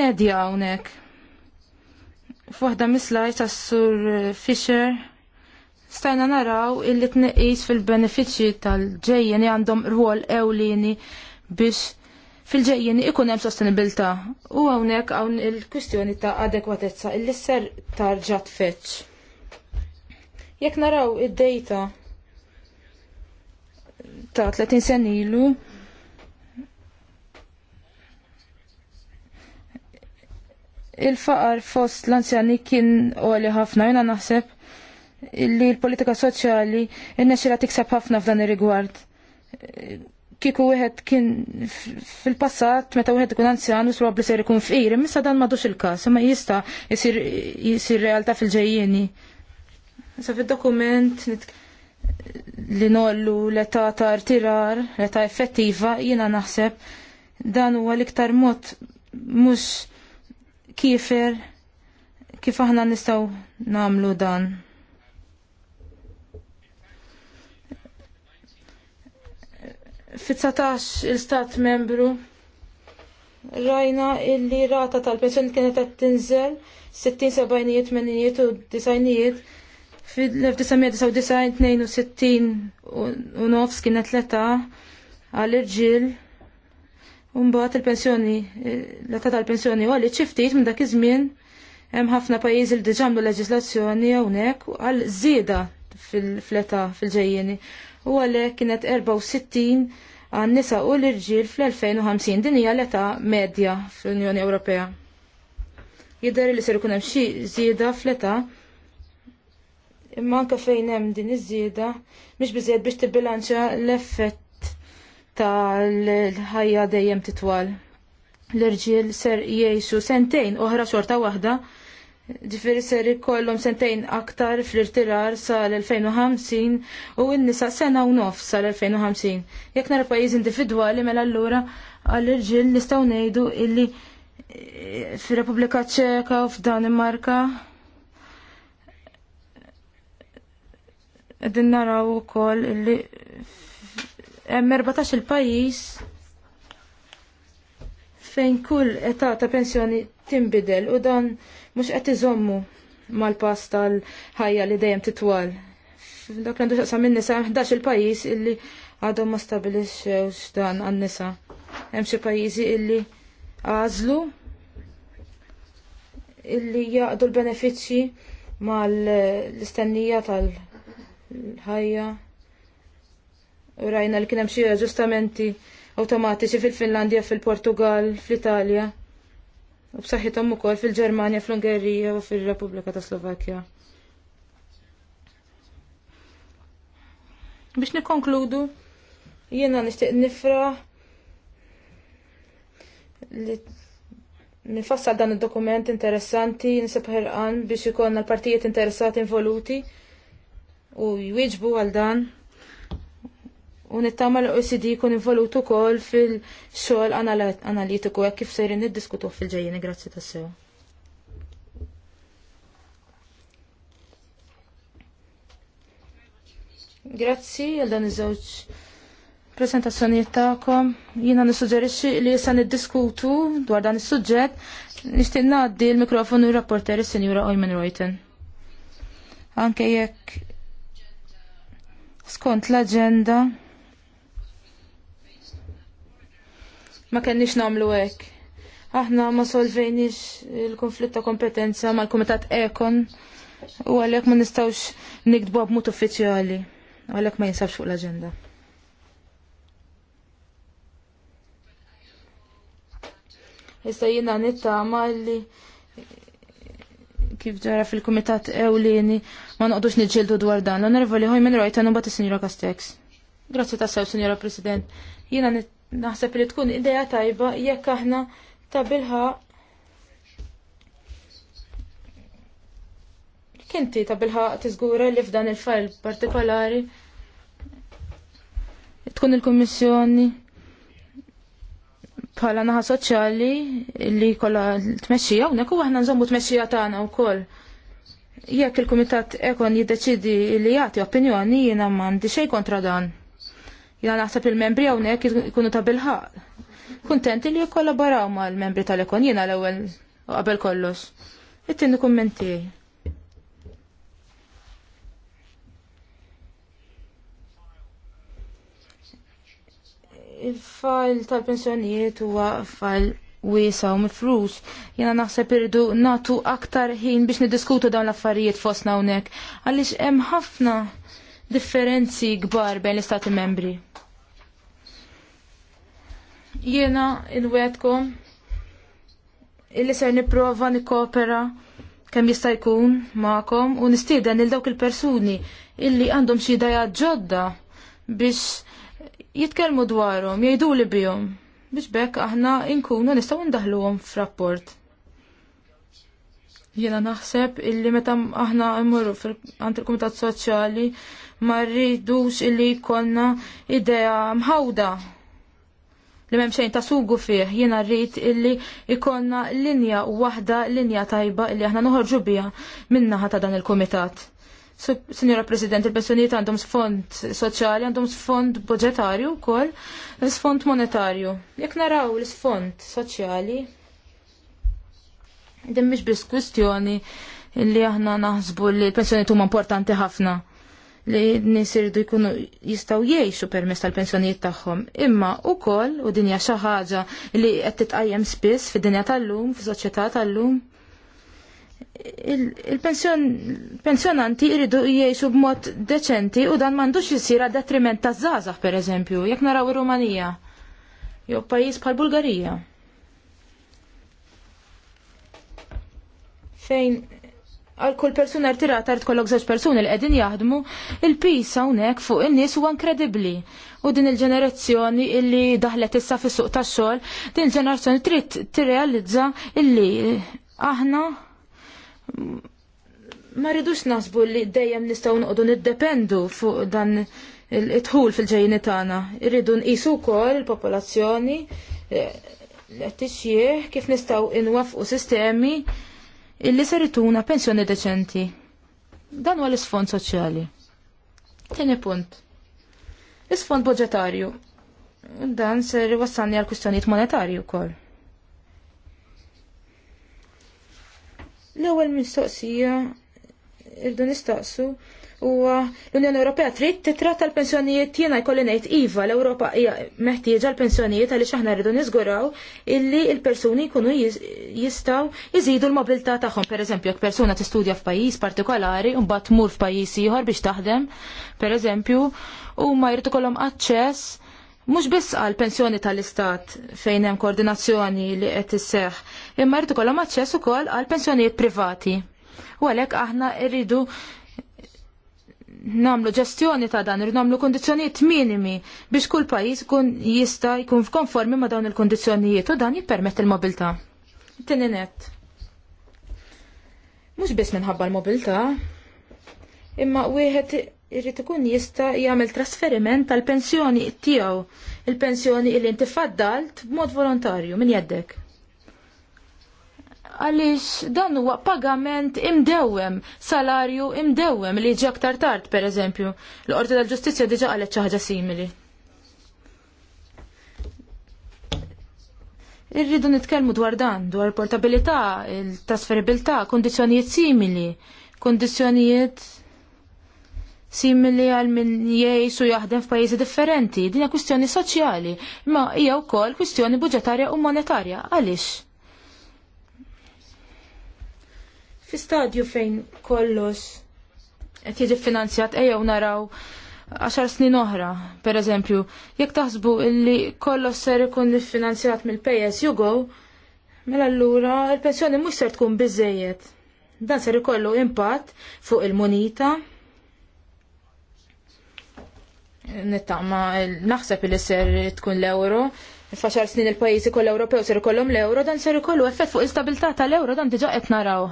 medja hawnhekk. F'waħda mis-slajd tas-sur Fisher stajna naraw illi tneqis fil-benefiċċji tal-ġejjeni għandhom rwol ewlieni biex fil-ġejjeni ikun hemm sostenibilità. U hawnhekk hawn il-kwistjoni ta' adekwatezza illi ser tarġa' tfetx. Jekk naraw id-dejta ta' 30 sen ilu il-faqar fost l-anzjani kien għoli ħafna jina naħseb li l-politika soċjali n-nexira tikseb ħafna f'dan ir-rigward. Kiku wieħed kien fil-passat meta wieħed ikun anzjan u probabbli ser ikun fqir, imma dan m'għadux il-każ, imma jista' jsir realtà fil-ġejjieni. Sa fil-dokument li nollu l-età ta' irtirar, l-età effettiva, jiena naħseb dan huwa l-iktar mod mhux kiefer kif aħna nistgħu nagħmlu dan. Fit-19 il-stat membru rajna illi rata tal-pensjoni kienet qed tinżel 60 70 80 u 90 fil-1999 62 u nofs kienet l-età għall-irġiel mbagħad il-pensjoni, l-età tal-pensjoni għalli ċiftit minn dak iż-żmien hemm ħafna pajjiżi li diġamlu leġislazzjoni hawnhekk għal żieda fil-età fil-ġejjeni u għalhekk kienet 64 għan nisa u l-irġiel fl-2050 din hija l-età medja fl-Unjoni Ewropea. Jider li ser ikunem hemm xi żieda fl-età imma anke fejn hemm din iż-żieda mhix biżejjed biex tibbilanċa l-effett tal-ħajja dejjem titwal. L-irġiel ser jgħixu sentejn oħra xorta waħda ġifiri ser ikollhom sentejn aktar fl-irtirar sal-2050 u n-nisa sena u nofs sal-2050. Jekk nara pajjiż individwali mela allura għall-irġiel nistgħu ngħidu illi eh, fir-Repubblika Ċeka u f'Danimarka qegħdin naraw ukoll illi hemm 14 il-pajjiż fejn kull età ta' pensjoni tinbidel u dan mhux qed iżommu mal-pass tal-ħajja li dejjem titwal. Dak l-għandu xaqsa minn nisa 11 il-pajis illi għadhom ma stabilixxewx dan għan-nisa. Hemm xi pajjiżi illi għażlu illi jaqdu l-benefiċċji mal-istennija tal-ħajja. U rajna li kien hemm xi aġġustamenti awtomatiċi fil-Finlandja, fil-Portugal, fl-Italja. fil finlandija fil portugal fl italja u b'saħħithom ukoll fil-Ġermanja, fl-Ungerija u fil-Repubblika ta' Slovakkja. Biex nikkonkludu, jiena nixtieq nifra li nifassal dan id-dokument interessanti, nisib ħirqan biex ikonna l-partijiet interessati involuti u jwieġbu għal dan u nittama l-OCD e kun involut ukoll fil-xogħol analitiku hekk kif sejrin niddiskutu fil-ġejjeni grazzi tassew. Grazzi għal dan iż-żewġ prezentazzjonijiet tagħkom. Jiena nissuġġerixxi li issa niddiskutu dwar dan is-suġġett nixtieq ngħaddi l-mikrofonu r-rapporter is-Sinjura Oyman Reuten. Anke jekk skont l-aġenda ma kenniex namlu hekk. Aħna ma solvejniex il-konflitt ta' kompetenza mal-Kumitat Ekon u għalhekk ma nistgħux nikdbu b'mod uffiċjali u għalhekk ma jinsabx fuq l-aġenda. Issa jiena nittama li kif ġara fil-Kumitat Ewlieni ma noqdux niġġieldu dwar dan. L-Onorevoli Hojmen Rojta nubbat is-Sinjura Castex. Grazzi tassew, Sinjura President. Jiena nittama Naħseb li tkun ideja tajba jekk aħna ta' kinti ta' tiżgura li f'dan il-fajl partikolari tkun il-Kummissjoni bħala naħa soċjali li kolla t-mexxija hawnhekk u aħna nżommu t tagħna wkoll. Jekk il-Kumitat Ekon jiddeċidi li jagħti opinjoni jiena m'għandi xejn kontra dan. Jina naħseb il-membri hawnhekk ikunu ta' bilħaq. Kuntenti li ma' mal-membri tal-ekon l-ewwel qabel kollox. It-tieni kummenti. Il-fajl tal-pensjonijiet huwa fajl wiesa u mifrux. Jena naħseb irridu natu aktar ħin biex nidiskutu dawn l-affarijiet fosna hawnhekk. Għaliex hemm ħafna differenzi kbar bejn l-istati membri. Jiena wetkom illi ser niprofa nikopera kemm jista' jkun magħkom u nistieden il dawk il-persuni illi għandhom xi idea ġodda biex jitkellmu dwarhom, jgħiduli bihom biex bekk aħna inkunu nistgħu ndaħluhom f'rapport. Jiena naħseb illi meta aħna mmorru għand il-Kumitat Soċjali ma rridux illi jkollna idea mħawda li m'hemm xejn ta' sugu fih jina rrid illi ikonna linja waħda linja tajba illi aħna noħorġu biha minnaħa ta' dan il-kumitat. Signora President, il-personijiet għandhom sfond soċjali, għandhom sfond budgetarju wkoll, l-sfond monetarju. Jekk naraw l-sfond soċjali, din mhix biss kwistjoni li aħna naħsbu li l-pensjoniet huma importanti ħafna li nisirdu jkunu jistaw jiexu permess tal-pensjoniet tagħhom. Imma ukoll u dinja xi ħaġa li qed titqajjem spiss fid-dinja tal-lum, f'soċjetà soċjetà tal-lum. Il-pensjonanti il irridu jiexu b'mod deċenti u dan m'għandux jisir għad detriment taż-żgħażagħ pereżempju, jekk naraw ir-Rumanija jew pajjiż bħal Bulgarija. Fejn għal kull persuna rtirat għart kollok żewġ persuni li qegħdin jaħdmu, il pisa hawnhekk fuq in-nies huwa inkredibbli. U din il-ġenerazzjoni illi daħlet issa fis-suq tax-xogħol, din il-ġenerazzjoni trid tirrealizza illi aħna ma rridux nasbu li dejjem nistgħu noqogħdu niddependu fuq dan il dħul fil-ġejjini tagħna. Irridu nqisu wkoll il-popolazzjoni eh, li qed tixjih kif nistgħu inwafqu sistemi illi ser ituna pensjoni deċenti. Dan huwa l-isfond soċjali. Tieni punt. Isfond budġetarju. Dan ser wassani għal kwistjonijiet monetarju wkoll. L-ewwel mistoqsija irdu nistaqsu u l-Unjoni Ewropea trid titratta tal pensjonijiet jiena jkolli ngħid iva l-Ewropa hija meħtieġa l-pensjonijiet għaliex aħna rridu niżguraw illi l-persuni jkunu jistgħu jżidu l-mobilità tagħhom. Pereżempju jekk persuna tistudja f'pajjiż partikolari u mbagħad tmur f'pajjiż ieħor biex taħdem, pereżempju, huma jrid ikollhom aċċess mhux biss għal pensjoni tal-istat fejn hemm koordinazzjoni li qed isseħħ, imma jrid ikollhom aċċess ukoll għal pensjonijiet privati. U għalhekk aħna rridu namlu ġestjoni ta' dan, irridu namlu kondizjonijiet minimi biex kull pajis kun jista' jkun f'konformi ma' dawn il-kondizjonijiet u dan jippermett il-mobilta. Tininet. Mhux biss minħabba l-mobilta, imma wieħed irrit ikun jista' jagħmel trasferiment tal-pensjoni tiegħu, il-pensjoni li inti faddalt b'mod volontarju minn jeddek għaliex dan huwa pagament imdewwem, salarju imdewwem li jiġi aktar tard pereżempju. L-Qorti tal-Ġustizzja diġà qalet xi ħaġa simili. Irridu nitkellmu dwar dan, dwar portabilità, il-trasferibilità, kondizjonijiet simili, kondizjonijiet simili għal min jgħix u jaħdem f'pajjiżi differenti. Din hija kwistjoni soċjali, imma hija wkoll kwistjoni budġetarja u monetarja. Għaliex? fi stadju fejn kollox qed jiġi finanzjat ejjew naraw għaxar snin oħra, per eżempju, jekk taħsbu illi kollox ser ikun niffinanzjat mill-PS jugo, mela allura l pensjoni mhux ser tkun biżejjed. Dan ser ikollu impatt fuq il-munita. Nittama, naħseb li ser tkun l-euro, faċar snin il-pajjiżi kol Ewropew ser ikollhom l-euro, dan ser ikollu effett fuq il-stabilità tal-euro dan diġa qed naraw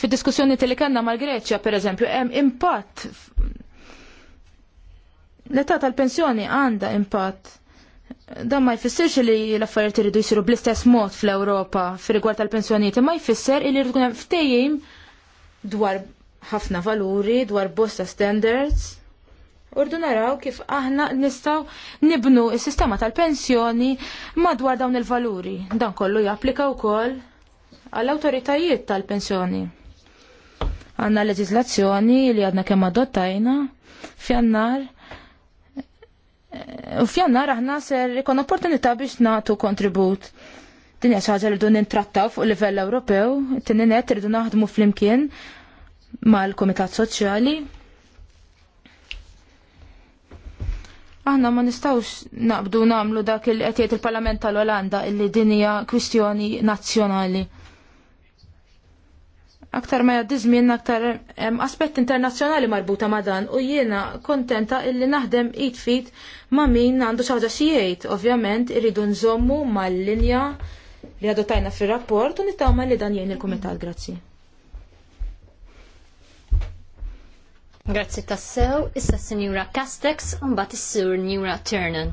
Fid-diskussjoni li kellna mal-Greċja, pereżempju, hemm impatt. L-età tal-pensjoni għandha impatt. Dan ma jfissirx li l-affarijiet iridu jsiru bl-istess mod fl-Ewropa fir-rigward tal-pensjonijiet, ma jfisser li jridu hemm ftejjim dwar ħafna valuri, dwar bosta standards. Urdu naraw kif aħna nistaw nibnu is sistema tal-pensjoni madwar dawn il-valuri. Dan kollu japplika u koll għall-autoritajiet tal-pensjoni. Għanna leġislazzjoni li għadna kemm adottajna fjannar. Eh, u fjannar aħna ser ikon opportunità biex natu kontribut. Din hija ħaġa li dun nintrattaw fuq livell Ewropew, tinni net irdu naħdmu flimkien mal-Kumitat Soċjali. Aħna ma nistawx naqbdu namlu dak il-qed il-Parlament tal-Olanda illi dinija kwistjoni nazzjonali aktar ma jaddi żmien aktar hemm aspett internazzjonali marbuta ma' dan u jiena kontenta illi naħdem id fit ma' min għandu xi ħaġa jgħid. Ovvjament irridu nżommu mal-linja li adottajna fir-rapport u ma li dan jgħin il-kumitat. Grazzi. Grazzi tassew, issa signora Castex, un bat is-sur Njura Turnan.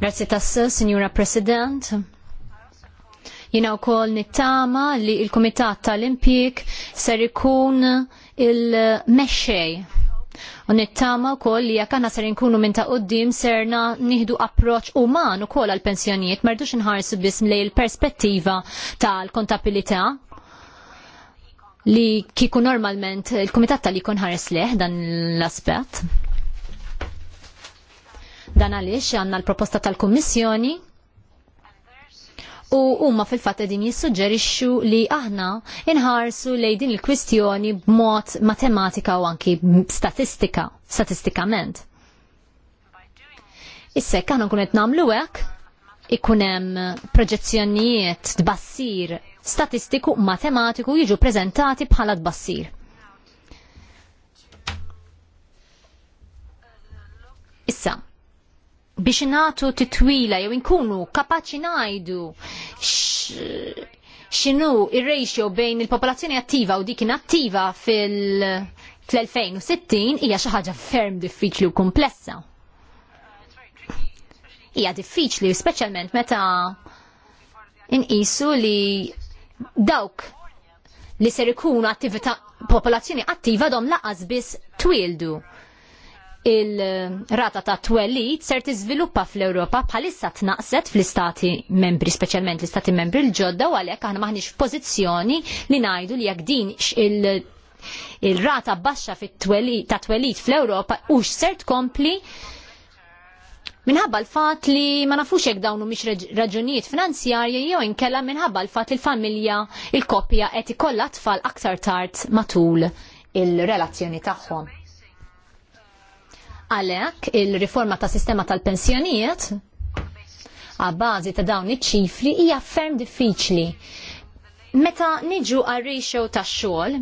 Grazzi tassew, Signora President. Jina u kol nittama li il-Komitat tal-Impik ser ikun il-mexxej. U nittama u kol li jekk aħna ser inkunu minn ta' qoddim serna nieħdu approċ uman u kol għal-pensjonijiet mardux nħarsu biss li il-perspettiva tal-kontabilità li kiku normalment il-komitat tal jkun ħares leħ dan l-aspet. Dan għaliex għanna l-proposta tal komissjoni u huma fil-fatt qegħdin jissuġġerixxu li aħna inħarsu lejn din il-kwistjoni b'mod matematika u anki statistika, statistikament. Issek aħna nkun qed nagħmlu hekk ikun hemm proġezzjonijiet tbassir statistiku matematiku jiġu preżentati bħala tbassir. Issa, biex natu titwila jew inkunu kapaċi ngħidu x'inhu r ratio bejn il-popolazzjoni attiva u dik inattiva fil- fl-2060 hija xi ħaġa ferm diffiċli u komplessa. Hija diffiċli speċjalment meta inqisu li dawk li ser ikunu attività popolazzjoni attiva dom laqas biss twildu il-rata ta' twellit ser tiżviluppa fl-Ewropa bħalissa tnaqset fl-istati membri, speċjalment l-istati membri l-ġodda u għalhekk aħna maħniex f'pożizzjoni li ngħidu li jekk din il- il-rata baxxa ta' twelit fl-Ewropa hux ser tkompli minħabba l-fat li ma nafux hekk dawnu mhumiex raġunijiet finanzjarji jew inkella minħabba l-fat li l-familja il-koppja qed ikollha tfal aktar tard matul il-relazzjoni tagħhom. Għalhekk il-riforma ta' sistema tal-pensjonijiet għabbażi ta' dawn iċ-ċifri hija ferm diffiċli. Meta niġu għar-ratio ta' xogħol,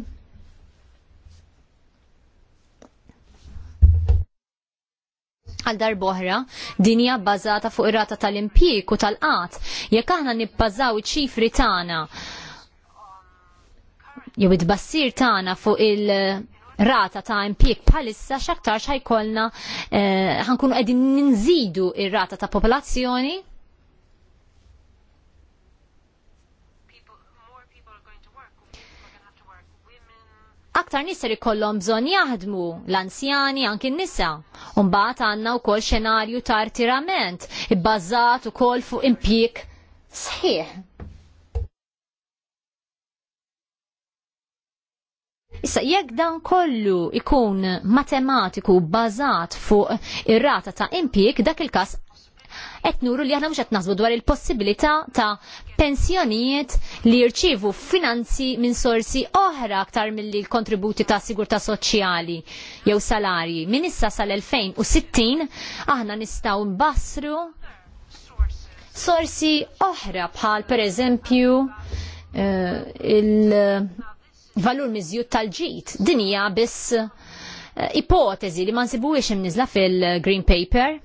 għal darboħra dinja bbażata fuq ir-rata tal-impjieg u tal-qat. Jekk aħna nibbażaw iċ-ċifri tagħna jew it-bassir tagħna fuq il- rata ta' impjieg bħalissa x'aktar xajkolna eh, ħankunu għedin qegħdin ninżidu ir-rata ta' popolazzjoni aktar nisser ikollhom bżonn jaħdmu l-anzjani anki n-nisa. għanna għandna wkoll xenarju ta' bazzat ibbażat ukoll fuq impjieg sħiħ. Issa, jekk dan kollu ikun matematiku bazat fuq ir-rata ta' impjieg, dak il-każ qed nuru li aħna mhux qed naħsbu dwar il-possibilità ta' pensjonijiet li jirċievu finanzi minn sorsi oħra aktar milli l-kontributi ta' sigurtà soċjali jew salarji. Min issa sal-2060 aħna nistgħu nbassru sorsi oħra bħal pereżempju uh, il- valur mizjut tal ġit Din hija biss eh, ipotezi li ma nsibuwiex imniżla fil-Green Paper.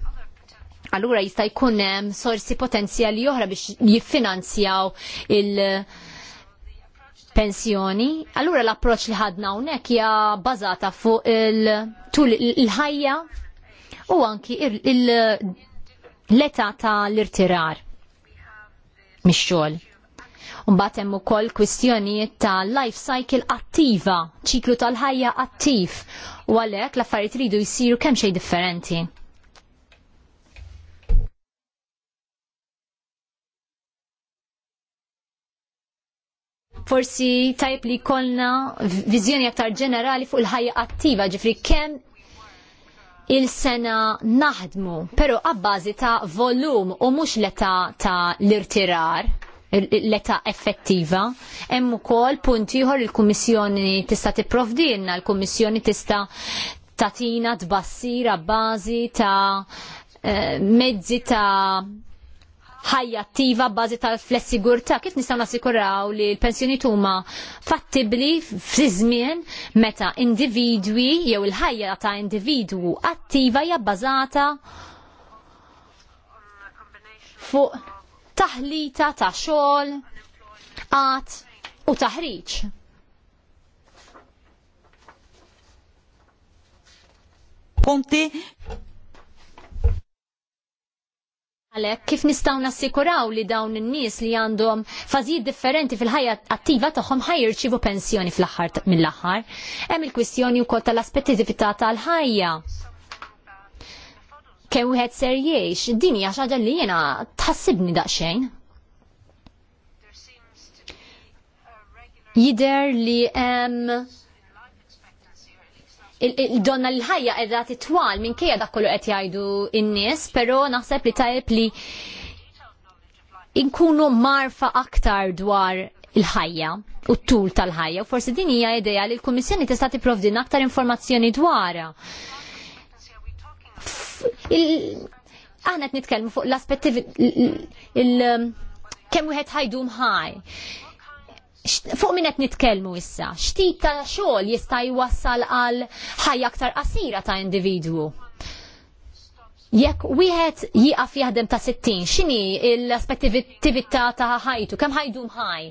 Allura jista' jkun hemm sorsi potenzjali oħra biex jiffinanzjaw il- pensjoni. Allura l-approċ li ħadna hawnhekk hija bażata fuq il-tul il-ħajja u anki l-età tal-irtirar mix-xogħol. Mbagħad hemm ukoll kwistjonijiet ta' life cycle attiva, ċiklu tal-ħajja attiv, u għalhekk l-affarijiet iridu jsiru kemm xejn differenti. forsi tajb li kolna viżjoni aktar ġenerali fuq il-ħajja attiva, ġifri kemm il-sena naħdmu, pero għabbażi ta' volum u mux leta ta' l-irtirar l-età effettiva. Hemm ukoll punt ieħor il-Kummissjoni tista' tipprovdilna, l-Kummissjoni tista' tatina tbassira bażi ta' eh, mezzi ta' ħajja attiva bażi tal-flessigurta, kif nistgħu nassikuraw li l pensjoni huma fattibli fi żmien meta individwi jew il-ħajja ta' individwu attiva hija bbażata fuq taħlita ta' xogħol, għat u taħriġ. Punti. Għalek, kif nistaw nassikuraw li dawn in-nies li għandhom fażijiet differenti fil-ħajja attiva tagħhom ħajrċivu pensjoni fl-aħħar mill-aħħar. Hemm il-kwistjoni wkoll tal-aspettività tal-ħajja kemm wieħed ser jgħix, din hija xi ħaġa li jiena tħassibni daqsxejn. Jider li hemm il-donna l-ħajja edha titwal minn kija dak qed jgħidu n-nies, però naħseb li tajb li inkunu marfa aktar dwar il-ħajja u t-tul tal-ħajja forsi din hija idea li l-Kummissjoni tista' tipprovdin aktar informazzjoni dwarha aħna qed nitkellmu fuq l aspetti il um, kemm wieħed ħajdum mħaj. Fuq min qed nitkellmu issa, x'tip ta' xogħol jista' jwassal għal ħajja aktar qasira ta' individwu. Jekk wieħed jieqaf jaħdem ta' 60, x'inhi l-aspettività ta' ħajtu, kemm ħajdum mħaj?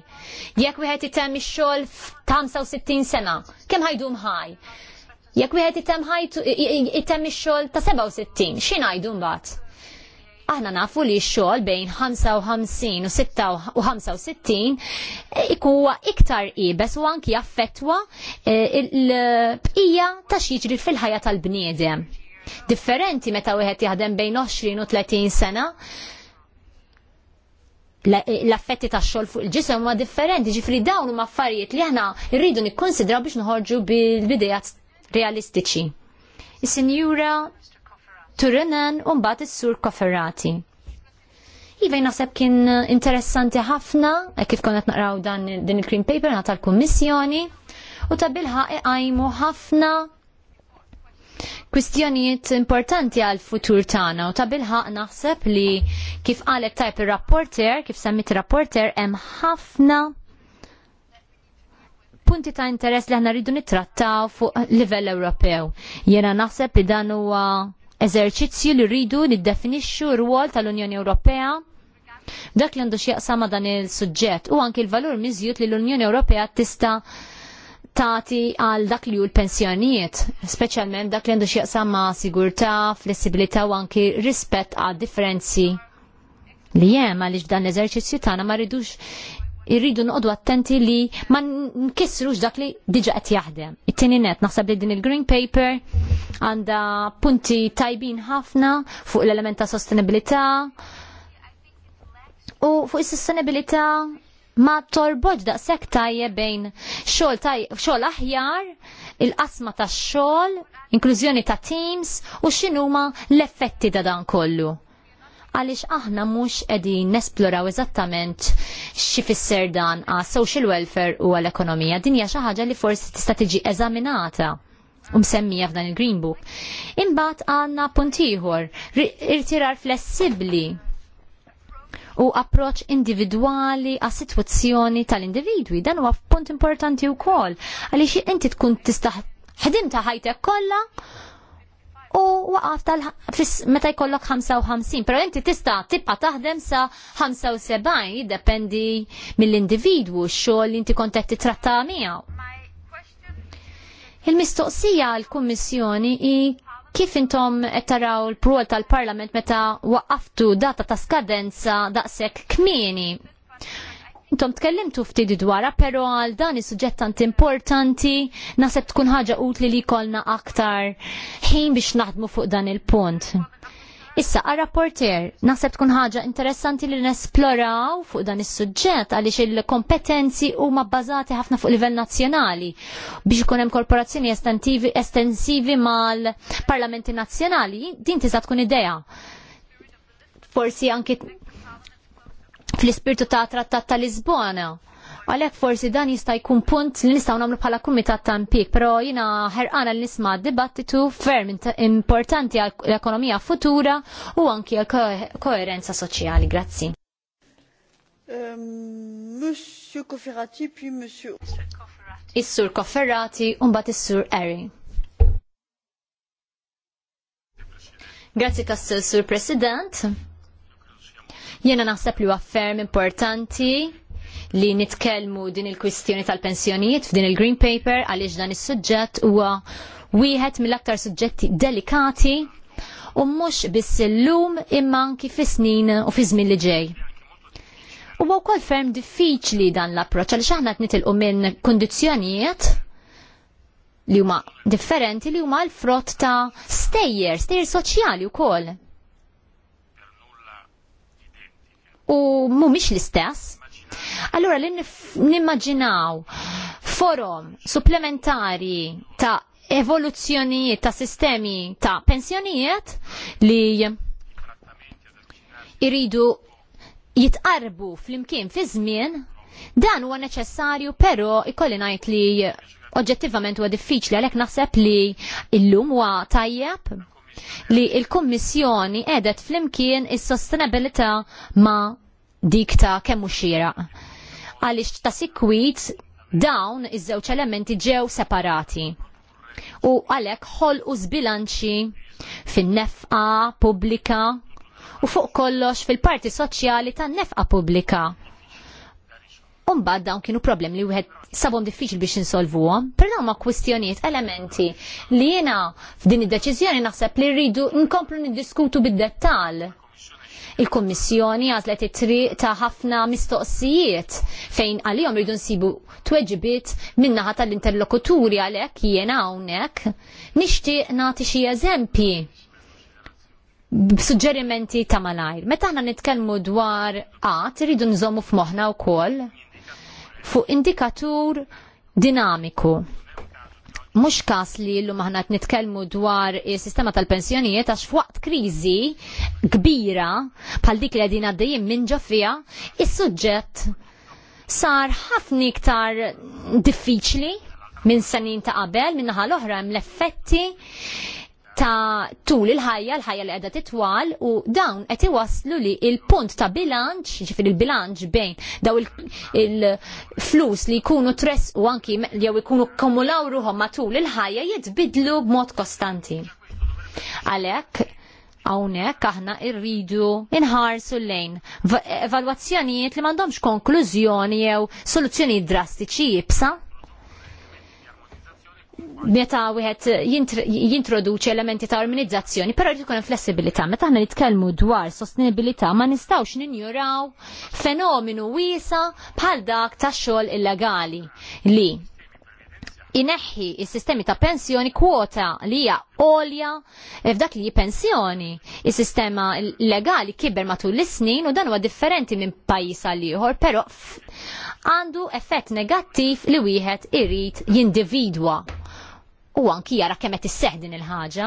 Jekk wieħed itemm ix-xogħol ta' 65 sena, kemm ħajdum mħaj? Jekk wieħed item ħajtu item ix-xogħol ta' 67, xi ngħidu mbagħad? Aħna nafu li x-xogħol bejn 55 u 65 huwa e, iktar qibes u anki jaffettwa e, l-bqija ta' xiġri fil-ħajja tal-bniedem. Differenti meta wieħed jaħdem bejn 20 u 30 sena, e, l-affetti ta' xol fuq il-ġisem ma' differenti, ġifri dawn huma affarijiet li aħna rridu nikkonsidraw biex nħorġu bil-bidejat realistiċi. Is-Sinjura Turinan u mbagħad is-Sur Kofferati. Iva naħseb kien interessanti ħafna, e kif konna naqraw dan din il cream Paper nata l-Kummissjoni, u ta' bilħaq iqajmu ħafna kwistjonijiet importanti għal futur tagħna u ta' bilħaq naħseb li kif qalet tajp ir rapporter kif semmit ir rapporter hemm ħafna punti ta' interess li ħna rridu nittrattaw fuq livell Ewropew. Jena naħseb li dan huwa eżerċizzju li rridu niddefinixxu r-rwol tal-Unjoni Ewropea dak li għandu x'jaqsam dan il-suġġett u anki l-valur miżjud li l-Unjoni Ewropea tista' tati għal dak li hu l-pensjonijiet, speċjalment dak li għandu x'jaqsam ma' sigurtà, flessibilità u anki rispett għad differenzi li jem għaliex dan l-eżerċizzju tagħna ma rridux irridu noqdu attenti li ma nkissrux dak li diġa qed jaħdem. It-tieni net naħseb li din il-Green Paper għandha punti tajbin ħafna fuq l-element ta' sostenibilità u fuq is-sostenibilità ma torboġ daqshekk tajjeb bejn xogħol xogħol aħjar il-qasma tax xogħol, inklużjoni ta' teams u x'inhuma l-effetti ta' dan kollu għaliex aħna mhux qegħdin nesploraw eżattament x'ifisser dan għas social welfare u għall ekonomija Din hija xi ħaġa li forsi tista' tiġi eżaminata u msemmija f'dan il-Green Book. Imbagħad għandna punt ieħor, irtirar flessibbli u approċ individwali għas sitwazzjoni tal-individwi. Dan huwa punt importanti wkoll għaliex inti tkun tista' ħedim ta' ħajtek kollha u waqaf tal meta jkollok 55, pero inti tista tibqa taħdem sa 75, jiddependi mill-individwu, x-xogħol li inti kont qed titratta miegħu. Il-mistoqsija l kummissjoni i kif intom qed taraw l-prol tal-Parlament meta waqaftu data ta' skadenza daqshekk kmieni. Intom tkellimtu ftit dwarha, però għal dan is-suġġett tant importanti naħseb tkun ħaġa utli li jkollna aktar ħin biex naħdmu fuq dan il-punt. Issa, għal rapporter, naħseb tkun ħaġa interessanti li nesploraw fuq dan is-suġġett għaliex il-kompetenzi huma bbażati ħafna fuq livell nazzjonali biex ikun hemm korporazzjoni estensivi mal-parlamenti nazzjonali. Din tista' tkun idea. Forsi anki fl-ispirtu ta' trattat ta' Lisbona. Għalek forsi dan jista' jkun punt li nistgħu nagħmlu bħala kumitat ta' impik, però jiena ħerqana li nisma' dibattitu ferm importanti għall ekonomija futura u anki għal koerenza soċjali. Grazzi. Ehm, Monsieur Kofferati, puis Monsieur... Is-sur Kofferati, unbat is-sur Eri. Grazzi tas-sur President. Jena naħseb li għafferm importanti li nitkellmu din il-kwistjoni tal-pensjonijiet f'din il-Green Paper għaliex dan is-suġġett huwa wieħed mill-aktar suġġetti delikati u mhux biss illum imma anki fi snin u fi żmien li ġej. Huwa wkoll ferm diffiċli dan l-approċċ għaliex aħna qed nitilqu minn kundizzjonijiet li huma differenti li huma l-frott ta' stejjer, stejjer soċjali wkoll u mhumiex l-istess. Allora li nimmaġinaw forum supplementari ta' evoluzzjonijiet ta' sistemi ta' pensjonijiet li iridu jitqarbu fl-imkien fi żmien Dan huwa neċessarju, però ikolli ngħid li oġġettivament huwa diffiċli għalhekk naħseb li illum huwa tajjeb li il-Kummissjoni edet flimkien is-sostenabilità ma dik ta' kemm xira. Għaliex ta' sikwit dawn iż-żewġ elementi ġew separati. U għalhekk ħolqu zbilanċi fin-nefqa pubblika u fuq kollox fil-parti soċjali tan nefqa pubblika Umbad dawn kienu problem li wieħed sabhom diffiċli biex insolvuhom, però ma kwistjonijiet elementi li jiena f'din id-deċiżjoni naħseb li rridu nkomplu niddiskutu bid-dettall. Il-Kommissjoni għazlet it-triq ta' ħafna mistoqsijiet fejn għalihom rridu nsibu tweġibiet min-naħa tal-interlokuturi għalhekk jiena hawnhekk nixtieq nagħti xi eżempji b'suġġerimenti ta' malajr. Meta aħna nitkellmu dwar qatt iridu nżommu f'moħħna wkoll fuq indikatur dinamiku. Mhux każ li llum aħna nitkellmu dwar is sistema tal-pensjonijiet għax f'waqt kriżi kbira bħal dik li qegħdin għaddejjin minn ġofija, is-suġġett sar ħafna iktar diffiċli minn senin ta' qabel, minn naħa l-oħra hemm l-effetti ta' tul il-ħajja, l-ħajja li għedha titwal u dawn qed iwasslu li il-punt ta' bilanċ, ġifir il-bilanċ bejn daw il-flus li jkunu tress u anki jew ikunu kumulaw ruhom matul il-ħajja jitbidlu b'mod kostanti. Għalhekk hawnhekk aħna rridu inħarsu lejn evalwazzjonijiet li m'għandhomx konklużjoni jew soluzzjonijiet drastiċi jibsa meta wieħed jintroduċi elementi ta' organizzazzjoni, però jrid ikun flessibilità. Meta aħna nitkellmu dwar sostenibilità ma nistgħux ninjuraw fenomenu wiesa bħal dak tax-xogħol illegali li ineħħi il-sistemi ta' pensjoni kwota li hija għolja f'dak li pensjoni, is sistema legali kiber matul l-snin u dan huwa differenti minn pajjiż għal ieħor, però għandu effett negattiv li wieħed irid jindividwa u anki jara kemm qed seħdin din il-ħaġa.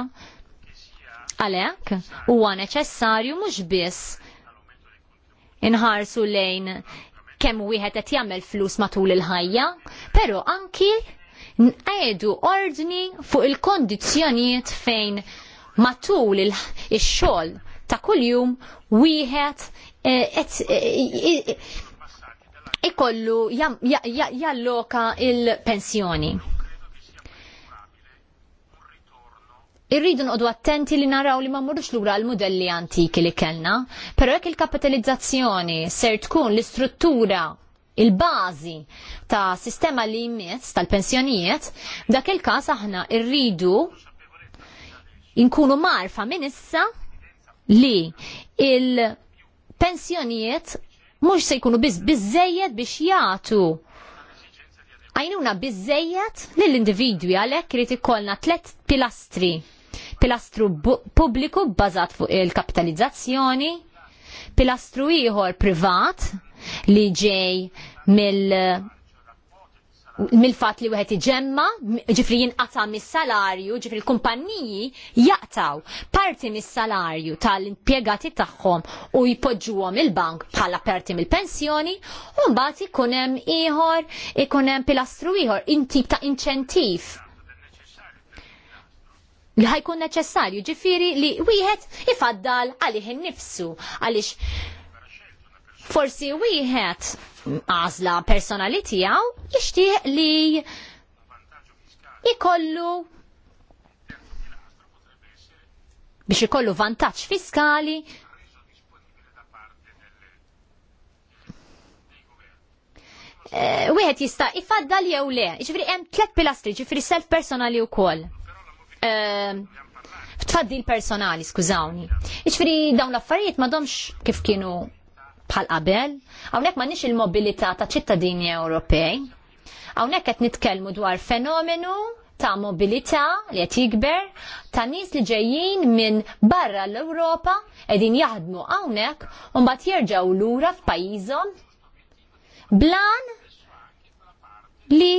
Għalhekk huwa neċessarju mhux biss inħarsu lejn kemm wieħed qed jagħmel flus matul il-ħajja, però anki nqedu ordni fuq il-kondizzjonijiet fejn matul il-xogħol ta' kuljum wieħed e, e, e, ikollu jalloka il-pensjoni. irridu nqodu attenti li naraw li ma mmurrux lura l-modelli antiki li kellna, però jekk il-kapitalizzazzjoni ser tkun l-istruttura il-bażi ta' sistema li jmiss tal-pensjonijiet, dak il-każ aħna rridu inkunu marfa minn issa li il-pensjonijiet mhux se jkunu biżejjed biex jagħtu għajnuna biżejjed lill individwi għalhekk irid ikollna tliet pilastri pilastru pubbliku bbażat fuq il-kapitalizzazzjoni, pilastru ieħor privat li ġej mill mill-fat li wieħed iġemma, ġifri jinqata mis-salarju, ġifri l-kumpanniji jaqtaw parti mis-salarju tal-impjegati tagħhom u jpoġġuhom il-bank bħala parti mill-pensjoni u mbagħad ikun hemm ieħor ikun hemm pilastru ieħor intib ta' inċentiv li ħajkun neċessarju ġifiri li wieħed ifaddal għalih innifsu għaliex forsi wieħed għażla personali tiegħu jixtieq li ikollu biex ikollu vantaġġ fiskali eh, wieħed jista' ifaddal jew le. Ġifri hemm tliet pilastri, ġifri self personali wkoll f'tfaddil ehm, personali, skużawni. Iġfiri dawn l-affarijiet ma domx kif kienu bħal qabel, hawnhekk m'għandniex il-mobilità ta' ċittadini Ewropej. Hawnhekk qed nitkellmu dwar fenomenu ta' mobilità li qed jikber ta' nies li ġejjin minn barra l-Ewropa qegħdin jaħdmu hawnhekk u mbagħad jerġgħu lura f'pajjiżhom blan li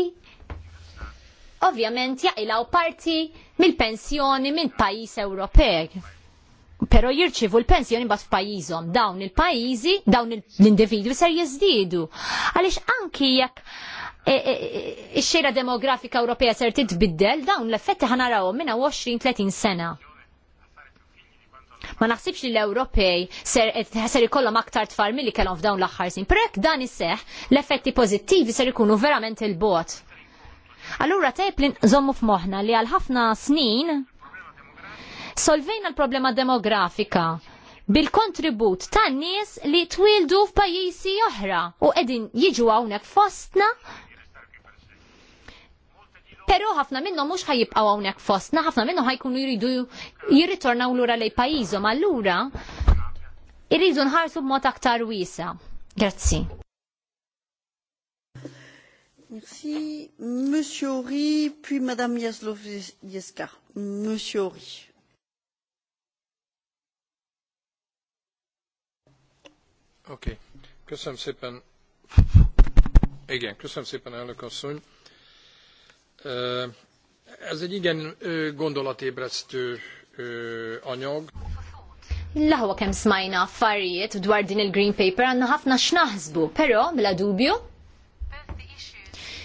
ovvjament jaqilgħu parti mill-pensjoni minn pajjiż Ewropej. Pero jirċivu l-pensjoni bat f'pajjiżhom. Dawn il-pajjiżi, dawn l-individwi ser jiżdiedu. Għaliex anki jekk ix-xejra e, e, e, demografika Ewropea ser titbiddel, dawn l-effetti ħanaraw minna 20-30 sena. Ma naħsibx li l-Ewropej ser ikollhom aktar tfal milli kellhom f'dawn l-aħħar sin. Prek dan iseħħ l-effetti pożittivi ser ikunu verament il-bot. Allura tajb li nżommu f'moħna li għal ħafna snin solvejna l-problema demografika bil-kontribut tan nies li twildu f'pajjiżi oħra u qegħdin jiġu hawnhekk fostna Pero ħafna minnhom mhux ħajibqgħu hawnhekk fostna, ħafna minnhom ħajkunu jridu jirritornaw lura lejn pajjiżhom allura irridu nħarsu b'mod aktar wiesa. Grazzi. Merci. Monsieur Horry, puis Madame Jaslovieska. Monsieur Horry. Oké, köszönöm szépen. Igen, köszönöm szépen, elnök asszony. Ez egy igen gondolatébresztő anyag. L-ħwa kem smajna affarijiet dwar din il-green paper għanna ħafna xnaħsbu, pero bla dubju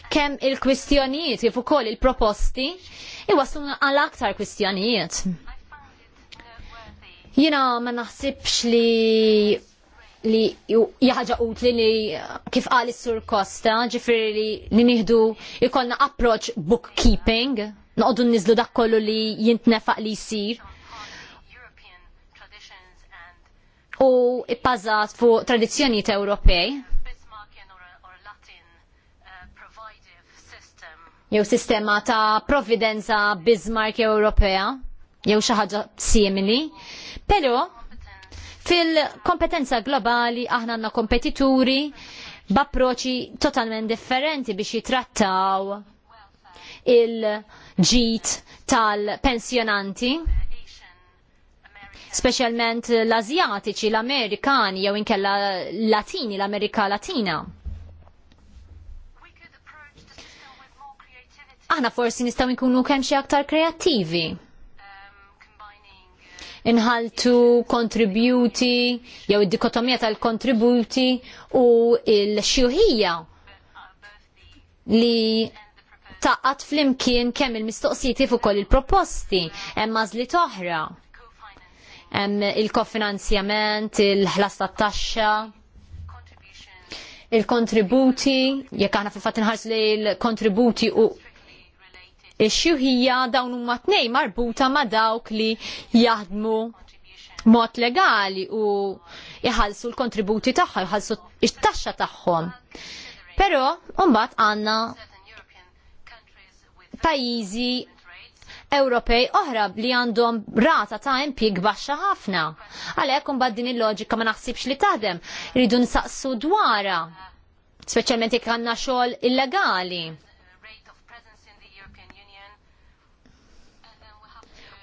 kemm il-kwistjonijiet kif ukoll il-proposti iwasluna għal aktar kwistjonijiet. Jiena ma naħsibx li li jħagġa utli li kif qal is-Sur Kosta, ġifieri li, li nieħdu jkollna approach bookkeeping, noqogħdu nizlu dak kollu li jintnefaq li jsir. U ppażat fuq tradizzjonijiet Ewropej jew sistema ta' provvidenza Bismarck Ewropea jew xi ħaġa simili. Però fil-kompetenza globali aħna għandna kompetituri b'approċċi totalment differenti biex jitrattaw il-ġit tal-pensjonanti specialment l-Azjatiċi, l-Amerikani, jew inkella l-Latini, l-Amerika Latina. aħna forsi nistgħu nkunu kemm xi aktar kreattivi. Inħaltu kontributi jew id-dikotomija tal-kontributi u l-xjuħija li taqqat flimkien kemm il-mistoqsijiet fuq ukoll il-proposti hemm mażli toħra. Hemm il-kofinanzjament, il-ħlas tat-taxxa, il-kontributi, jekk aħna fil-fatt inħarsu li l-kontributi u ix hija dawn huma tnej marbuta ma' dawk li jaħdmu mod legali u jħallsu l-kontributi tagħha, jħallsu it-taxxa tagħhom. Però mbagħad għandna pajjiżi Ewropej oħra li għandhom rata ta' impjieg baxxa ħafna. Għalhekk imbagħad din il-loġika ma naħsibx li taħdem, rridu nsaqsu dwarha, speċjalment jekk għandna xogħol illegali.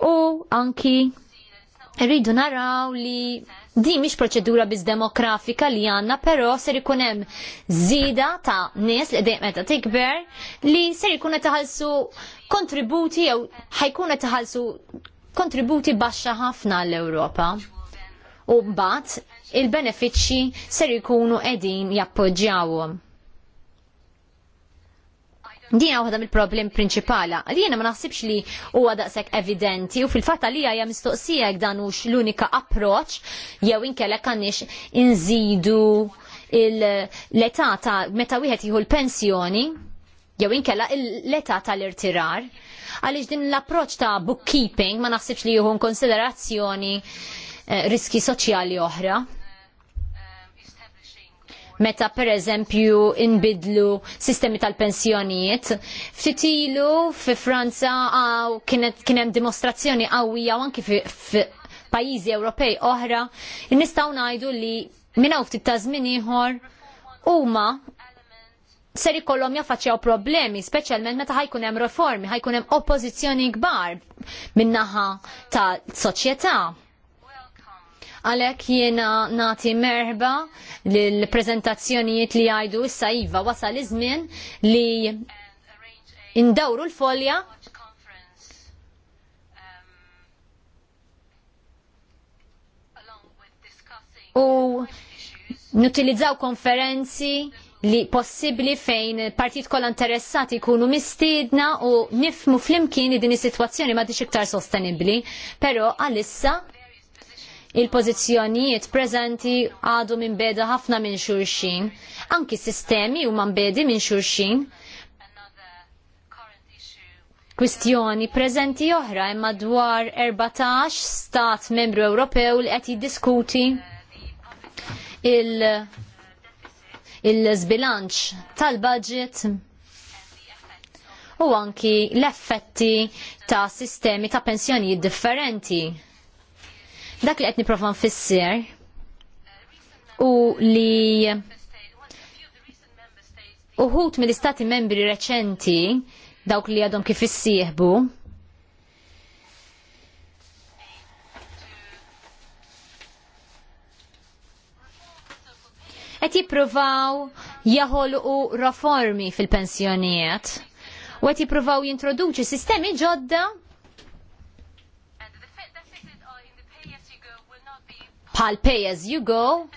u anki rridu naraw li di mhix proċedura biz demografika li għandna, però ser ikun hemm ta' nies li dejjem meta' tikber li ser ikun taħalsu kontributi jew ħajkun taħalsu kontributi baxxa ħafna l-Ewropa. U mbagħad il-benefiċċji ser ikunu qegħdin jappoġġjawhom. Dina waħda mill-problem prinċipala. Dina ma naħsibx li huwa daqshekk evidenti u fil-fatt li hija mistoqsija jekk dan l-unika approċċ jew inkellek għandix inżidu l-età ta' meta wieħed jieħu l-pensjoni jew inkella l-età tal-irtirar. Għaliex din l-approċċ ta' bookkeeping ma naħsibx li jieħu konsiderazzjoni eh, riski soċjali oħra meta pereżempju inbidlu sistemi tal-pensjonijiet. Ftit ilu fi Franza għaw ah, kien hemm dimostrazzjoni qawwija u anki fi pajizi Ewropej oħra, nistgħu ngħidu li minn hawn ftit ta' żmien ieħor huma ser ikollhom jaffaċċjaw problemi, speċjalment meta ħajkun hemm reformi, ħajkun hemm oppożizzjoni kbar min-naħa ta' soċjetà. Għalhekk jiena nagħti merħba lill prezentazzjonijiet li jgħidu issa iva wasal iż-żmien li indawru l-folja u nutilizzaw konferenzi li possibli fejn partit kolla interessati kunu mistiedna u nifmu flimkien li din is-sitwazzjoni ma diċ iktar sostenibli, pero għalissa il-pożizzjonijiet preżenti għadu minn beda ħafna minn xulxin. Anki sistemi huma bedi minn xulxin. Kwistjoni preżenti oħra imma dwar 14 stat membru Ewropew li qed jiddiskuti il- il tal-budget u anki l-effetti ta' sistemi ta' pensjonijiet differenti Dak li qed profan nfisser u li uħut mill-istati membri reċenti dawk li għadhom kif issieħbu qed jippruvaw jaħolqu reformi fil-pensjonijiet u qed jippruvaw jintroduċi sistemi ġodda bħal pay as you go.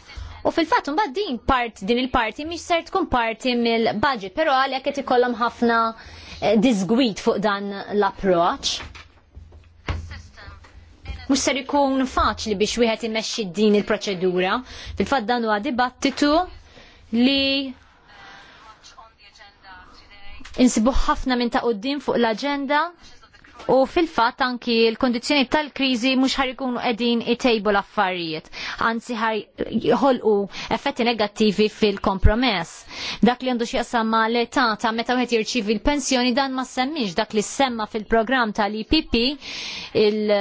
U fil-fatt mbagħad din part din il-parti mhix ser tkun parti mill-budget, però għalhekk qed ikollhom ħafna eh, disgwit fuq dan l-approċ. Mux ser ikun faċli biex wieħed imexxi din il-proċedura. Fil-fatt dan huwa dibattitu li insibu ħafna minn ta' qoddim fuq l-aġenda u fil-fatt anki l-kondizjoni tal-krizi mhux ħar ikunu qegħdin tejbu l-affarijiet, anzi ħar jħolqu effetti negattivi fil-kompromess. Dak li għandu x'jaqsam ma l-età ta' meta wieħed jirċievi l-pensjoni dan ma semmix dak li semma fil-programm tal-IPP il-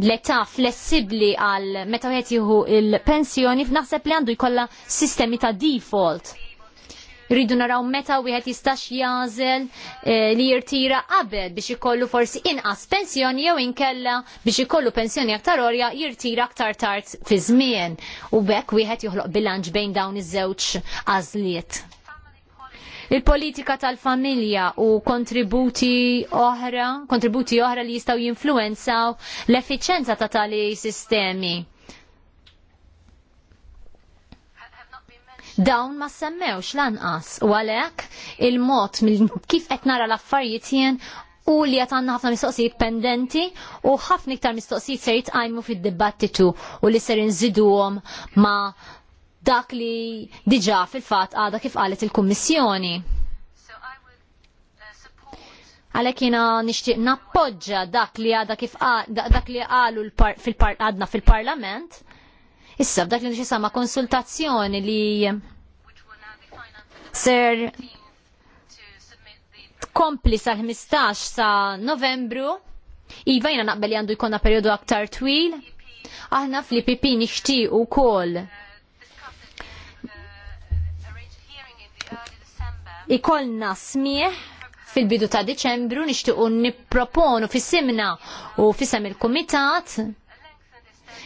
l-età flessibli għal meta wieħed jieħu il-pensjoni naħseb li għandu jkollha sistemi ta' default rridu naraw meta wieħed jistax jazel eh, li jirtira qabel biex ikollu forsi inqas pensjoni jew inkella biex ikollu pensjoni aktar orja jirtira aktar tard fi żmien u bekk wieħed joħloq bilanċ bejn dawn iż-żewġ għażliet. Il-politika tal-familja u kontributi oħra, kontributi oħra li jistgħu jinfluenzaw l-effiċenza ta' tali sistemi dawn ma semmewx lanqas u għalhekk il-mod kif qed nara l-affarijiet jien u li qed għandna ħafna mistoqsijiet pendenti u ħafna iktar mistoqsijiet se jitqajmu fid-dibattitu u li ser inżiduhom ma' dak li diġà fil-fatt għadha kif qalet il-Kummissjoni. Għalhekk jiena nixtieq nappoġġa dak li għadha kif dak li qalu fil-parlament fil parlament Issa, b'dak li sama konsultazzjoni li ser tkompli sa' 15 sa' novembru. Iva jina naqbel għandu jkonna periodu aktar twil. Aħna fl-IPP nixtiequ wkoll Ikolna smieħ fil-bidu ta' Deċembru nixtiequ nipproponu fis-simna u fisem il-Kumitat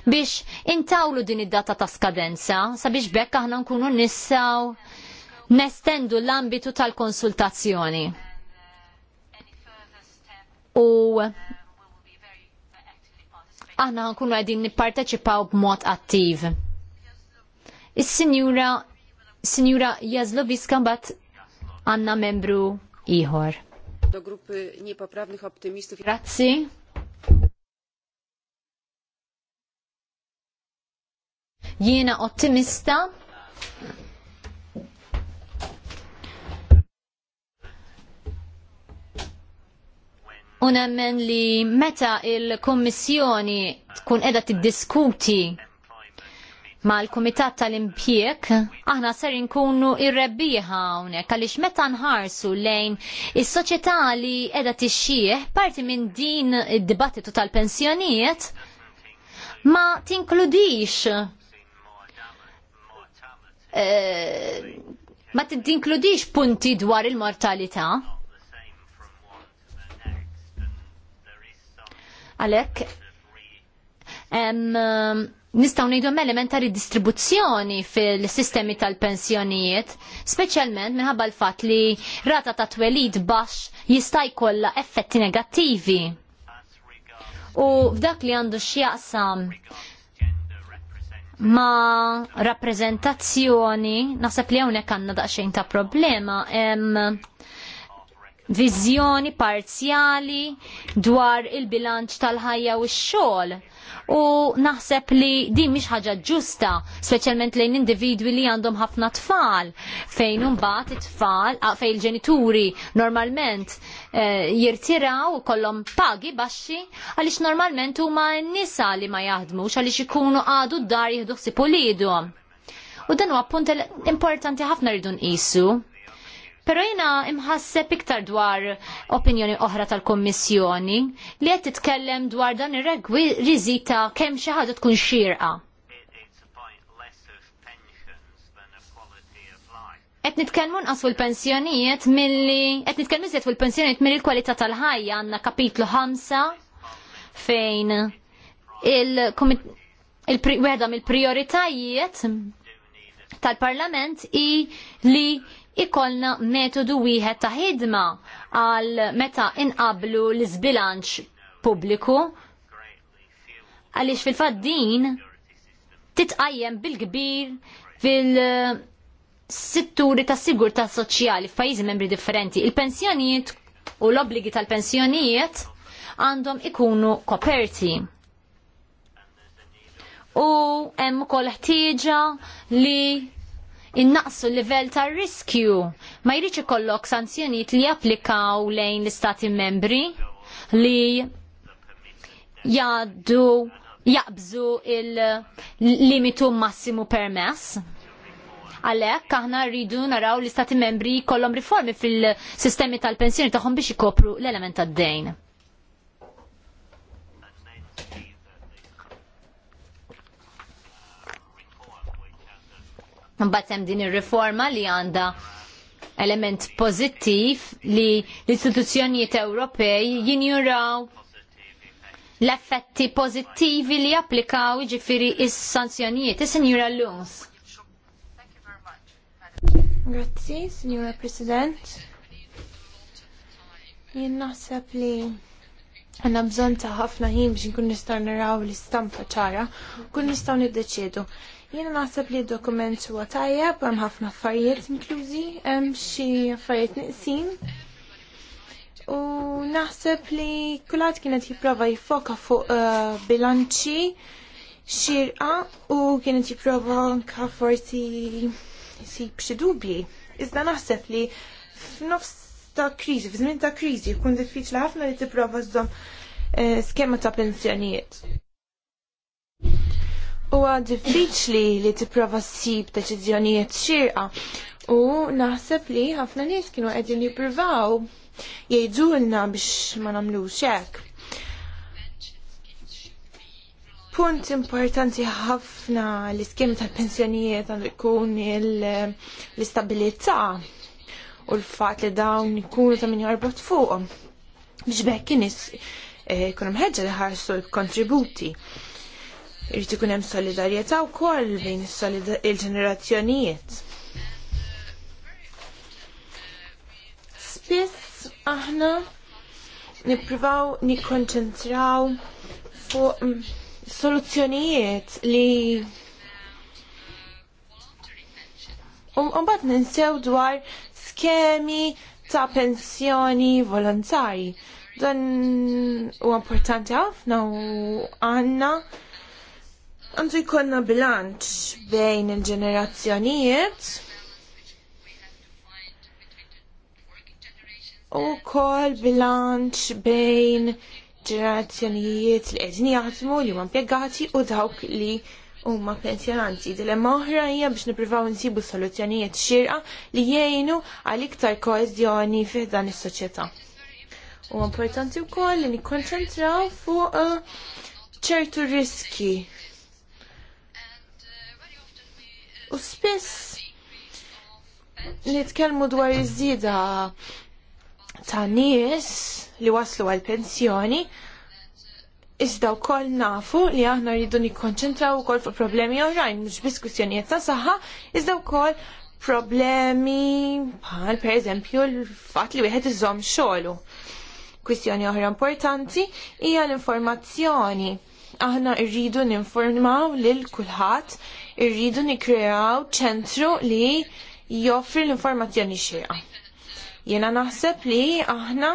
biex intawlu din id-data ta' skadenza sabiex bekk aħna nkunu nissaw nestendu l-ambitu tal-konsultazzjoni. U aħna nkunu għedin nipparteċipaw b'mod attiv. Is-sinjura Sinjura Jazloviska bat għanna membru ieħor. Do grupy niepoprawnych optymistów. Grazzi. Jiena ottimista unemmen li meta il-Kommissjoni tkun edha tiddiskuti ma l-Komitat tal-Impjek, aħna ser nkunu irrebbieħa hawnhekk għaliex meta nħarsu lejn is-soċjetà li qiegħda tixxieħ parti minn din id-dibattitu tal-pensjonijiet ma tinkludix Eh, ma tinkludix punti dwar il-mortalità. Għalek, nistaw nejdu elementari distribuzzjoni fil-sistemi tal-pensjonijiet, specialment minħabba l-fat li rata ta' twelid baxx jista' jkollha effetti negattivi. U f'dak li għandu x'jaqsam ma rappresentazzjoni, naħseb li hawnhekk għandna daqsxejn ta' problema, hemm viżjoni parzjali dwar il-bilanċ tal-ħajja u x-xogħol u naħseb li din mhix ħaġa ġusta, speċjalment lejn individwi li għandhom ħafna tfal fejn imbagħad it-tfal fejn il-ġenituri normalment eh, jirtiraw jirtiraw kollhom pagi baxxi għaliex normalment huma n-nisa li ma jaħdmux għaliex ikunu għadu d-dar jieħdu ħsibu lidhom. U dan huwa punt importanti ħafna rridu nqisu Pero jina imħasseb iktar dwar opinjoni oħra tal-Kommissjoni li qed titkellem dwar dan ir rizita kemm xi ħaġa tkun xirqa. Qed nitkellmu nqas il pensjonijiet milli qed nitkellmu fuq il pensjonijiet milli l-kwalità tal-ħajja għandna kapitlu 5 fejn il-wieħda mill-prioritajiet tal-Parlament i li ikolna metodu wieħed ta' ħidma għal meta inqablu l-sbilanċ pubbliku għaliex fil-fatt din titqajjem bil-kbir fil- setturi ta' sigurta soċjali f'pajjiżi membri differenti. Il-pensjonijiet u l-obbligi tal-pensjonijiet għandhom ikunu koperti. U hemm ukoll ħtieġa li innaqsu l-livell ta' riskju. Ma jridx ikollok sanzjoniet li japplikaw lejn l-istati membri li jaddu jaqbżu il-limitu massimu permess. Għalek, aħna rridu naraw l-istati membri kollom riformi fil-sistemi tal-pensjoni tagħhom biex ikopru l-element tad-dejn. Mbagħad hemm din ir-riforma li għandha element pożittiv li l-istituzzjonijiet Ewropej jinjuraw l-effetti pożittivi li applikaw jiġifieri is-sanzjonijiet. Is-Sinjura Luns. Grazzi, Signora President. Jien naħseb li għanna bżon ta' ħafna ħin biex nkun nistaw naraw l-istampa ċara, kun nistaw niddeċedu Jiena naħseb li dokument huwa tajjeb, hemm ħafna affarijiet inklużi, hemm xi affarijiet niqsin. U naħseb li kulħadd kienet jipprova jifoka fuq eh, bilanċi xirqa u kienet jipprova anka forsi jsib xi dubji. Iżda naħseb li f'nofs ta' kriżi, f'żmien ta' kriżi, jkun diffiċli ħafna li tipprova żżomm eh, skema ta' pensjonijiet huwa diffiċli li tipprova ssib deċiżjonijiet xirqa u naħseb li ħafna nies kienu qegħdin jippruvaw jgħidulna biex ma nagħmlux hekk. Punt importanti ħafna l skim tal-pensjonijiet għandu jkun l-istabilità u l-fat li dawn jkunu ta' min jarbot fuqhom biex bekk kienis jkunhom eh, ħeġġa li ħarsu l-kontributi. Irrid ikun hemm solidarjetà wkoll bejn il-ġenerazzjonijiet. Spiss aħna nippruvaw nikkonċentraw fuq mm, soluzzjonijiet li Umbat ninsew dwar skemi ta' pensjoni volontari. Dan u importanti ħafna u għanna Għandu jkollna bilanċ bejn il-ġenerazzjonijiet u kol bilanċ bejn ġenerazzjonijiet li qegħdin jaħdmu li huma impjegati u dawk li huma pensjonanti. Dile maħra hija biex nippruvaw nsibu soluzzjonijiet xirqa li jgħinu għal iktar koeżjoni fih dan is-soċjetà. U importanti wkoll li nikkonċentraw fuq uh, ċertu riski U spiss nitkellmu dwar iż-żieda ta' nies li waslu għal pensjoni Iżda wkoll nafu li aħna rridu nikkonċentraw ukoll fuq problemi oħrajn, mhux biss kwistjonijiet ta' saħħa, iżda wkoll problemi bħal pereżempju l-fatt li wieħed iżomm xogħlu. Kwistjoni oħra importanti hija l-informazzjoni. Aħna rridu ninformaw lil kulħadd irridu nikreaw ċentru li joffri l-informazzjoni xieqa. Jena naħseb li aħna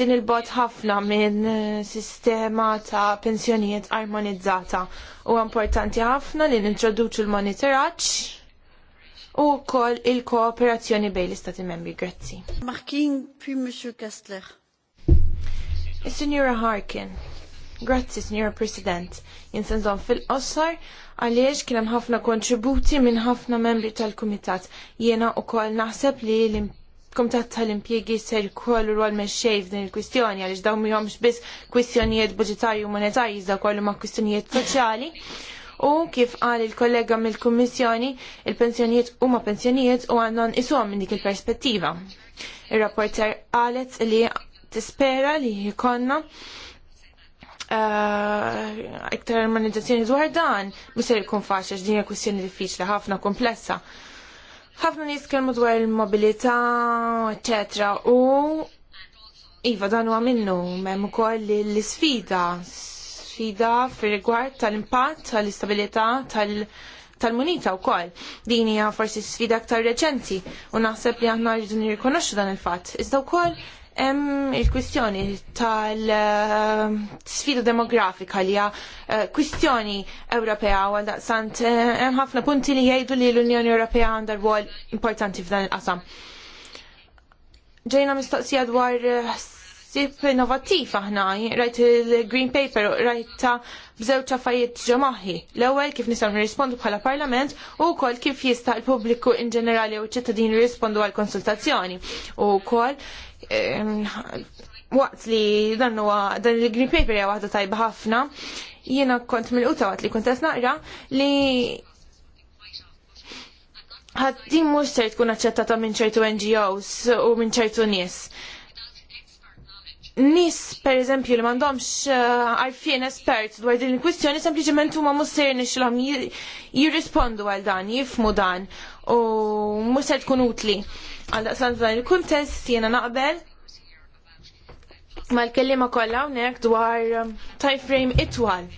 din il-bot ħafna minn sistema ta' pensjonijiet armonizzata u importanti ħafna li nintroduċu l-monitoraċ u kol il-kooperazzjoni bej l-Istati membri. Grazzi. Markin, pi Monsieur Kastler. Signora Harkin. Grazzi, Signor President. Jinsenżon fil-qossar għaliex kien hemm ħafna kontributi minn ħafna membri tal-Kumitat. Jiena wkoll naħseb li l-Kumitat tal-Impjiegi ser jkollu rwol meċċej f'din il-kwistjoni għaliex dawn mihomx biss kwistjonijiet budgetarju u monetarji iżda kollu ma' kwistjonijiet soċjali. U kif qal il-kollega mill-Kummissjoni, il-pensjonijiet huma pensjonijiet u għandhom isuhom minn dik il-perspettiva. Ir-rapporter qalet li tispera li jikonna Eh, iktar armonizzazzjoni dwar dan, miser ikun faċli din hija kwistjoni diffiċli ħafna komplessa. Ħafna nies kellmu dwar il-mobilità, eċetera, u iva dan huwa minnu hemm ukoll l-isfida, sfida fir-rigward tal-impatt, tal-istabilità, tal- tal-munita u koll. Din hija forsi sfida aktar reċenti u naħseb li aħna rridu nirrikonoxxu dan il-fatt. Iżda wkoll Hemm il-kwistjoni tal-sfida eh, demografika li hija eh, kwistjoni Ewropea għal daqsant eh, hemm ħafna punti li jgħidu li l-Unjoni Ewropea għandha rwol importanti f'dan il-qasam. Ġejna mistoqsija dwar sip innovattiv aħna, rajt il-Green Paper, rajt ta' bżewċ affarijiet ġomaħi. L-ewwel kif nistgħu nirrispondu bħala Parlament u wkoll kif jista' l-pubbliku in ġenerali u ċittadini jirrispondu għal konsultazzjoni. U wkoll waqt li dan huwa dan il-green paper hija waħda tajba ħafna, jiena kont mill-quta waqt li kont qed naqra li ħaddi mhux ser tkun aċċettata minn ċertu NGOs u minn ċertu nies. Nis, per eżempju, li mandomx eh, għarfien espert dwar din il-kwistjoni, sempliċement huma mhux ser nixilhom jirrispondu għal dan, jifmu dan u mhux tkun utli. Għal daqsan dan il-kuntest jiena naqbel mal-kellima kollha hawnhekk dwar um, time frame itwal.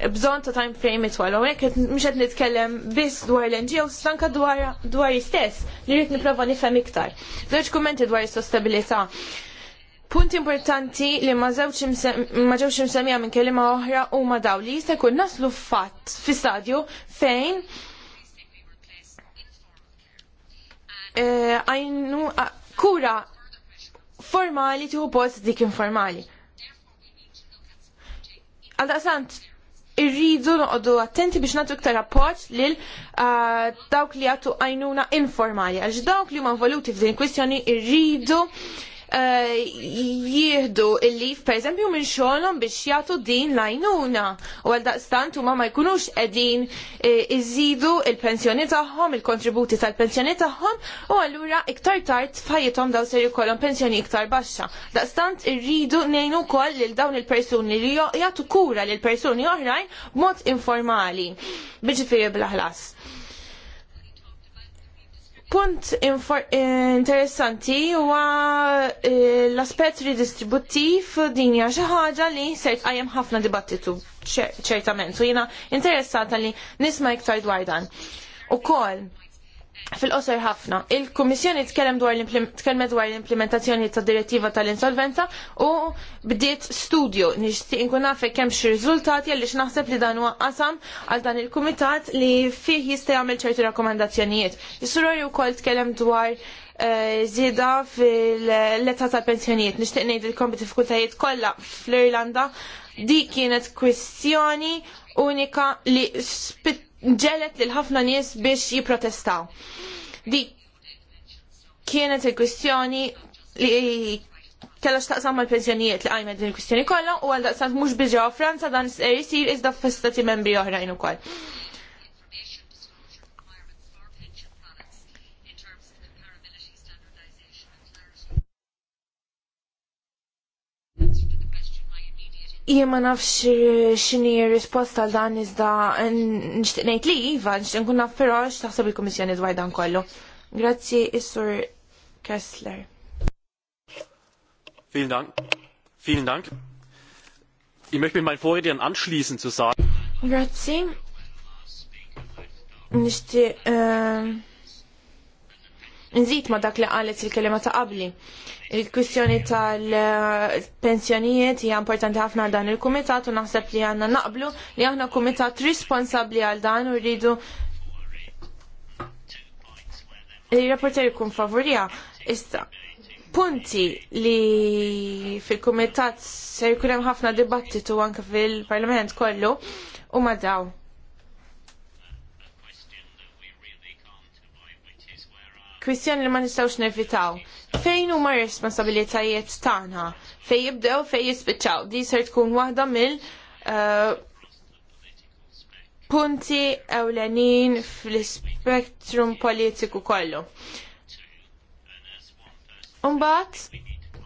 Bżon ta' time frame itwal. Hawnhekk mhux qed nitkellem biss dwar l-NGO stanka dwar dwar istess li rrit nipprova nifhem iktar. Żewġ kummenti dwar is-sostabilità. Punt importanti li ma ġewx imsemmija minn kelima oħra u ma daw li jista' jkun naslu fatt fi stadju fejn Eh, għajnu kura formali tu post dik informali. Għaldaqsant, irridu noqogħdu attenti biex nagħtu iktar appoġġ lil dawk li għatu għajnuna informali. Għax dawk li huma voluti f'din kwistjoni irridu jieħdu il-lif pereżempju minn xogħolhom biex jagħtu din l-għajnuna u għal daqstant huma ma jkunux qegħdin eh, iżidu il-pensjoni tagħhom, il-kontributi tal-pensjoni tagħhom u allura iktar tard f'ħajjithom daw ser jkollhom pensjoni iktar baxxa. Daqstant irridu ngħinu wkoll lil dawn il-persuni li jagħtu kura lil persuni oħrajn b'mod informali. Biġifieri bla ħlas. Punt interessanti huwa eh, l-aspett redistributiv din hija xi ħaġa li se tqajjem ħafna dibattitu ċertament u jiena interessata li nisma' iktar dwar dan. Ukoll fil-qosor ħafna. Il-Kummissjoni tkellem dwar tkellmet dwar l-implementazzjoni ta' direttiva tal-insolvenza u bdiet studju nixtieq inkun naf kemm xi riżultati għaliex naħseb li dan huwa qasam għal dan il-kumitat li fih jista' jagħmel ċerti rakkomandazzjonijiet. Is-surori wkoll tkellem dwar eh, żieda fil-letta tal-pensjonijiet. Nixtieq ngħidilkom bit-diffikultajiet kollha fl-Irlanda. Di kienet kwistjoni unika li spitt ġelet lil ħafna nies biex jipprotestaw. Di kienet il-kwistjoni li kellax taqsam mal pensjonijiet li għajmed din il-kwistjoni kollha u għal daqsam mhux biġġa Franza dan ser jsir iżda f'istati membri oħrajn ukoll. Jien ma nafx xini risposta għal dan iżda nixtieq li jiva nixtieq nkun naf però x'taħseb il komissjoni dwar dan kollu. Grazzi Isur Kessler. Vielen Dank. Vielen Dank. Ich möchte mit meinen Vorrednern anschließen zu sagen. Grazie. Nishti. Ehm, nżid ma dak li qalet il-kelima ta' qabli. Il-kwistjoni tal-pensjonijiet hija importanti ħafna dan il-kumitat u naħseb li għandna naqblu li aħna kumitat responsabbli għal dan u rridu il-rapporter ikun favorija. Issa, punti li fil-kumitat se jkun hemm ħafna dibattitu anke fil-parlament kollu huma daw. kwistjoni li ma nistawx nevitaw fejn huma responsabilitajiet tagħna, fejn jibdew fejn jispiċċaw. Di ser tkun waħda mill eh, punti ewlenin fl-spektrum politiku kollu. Umbagħad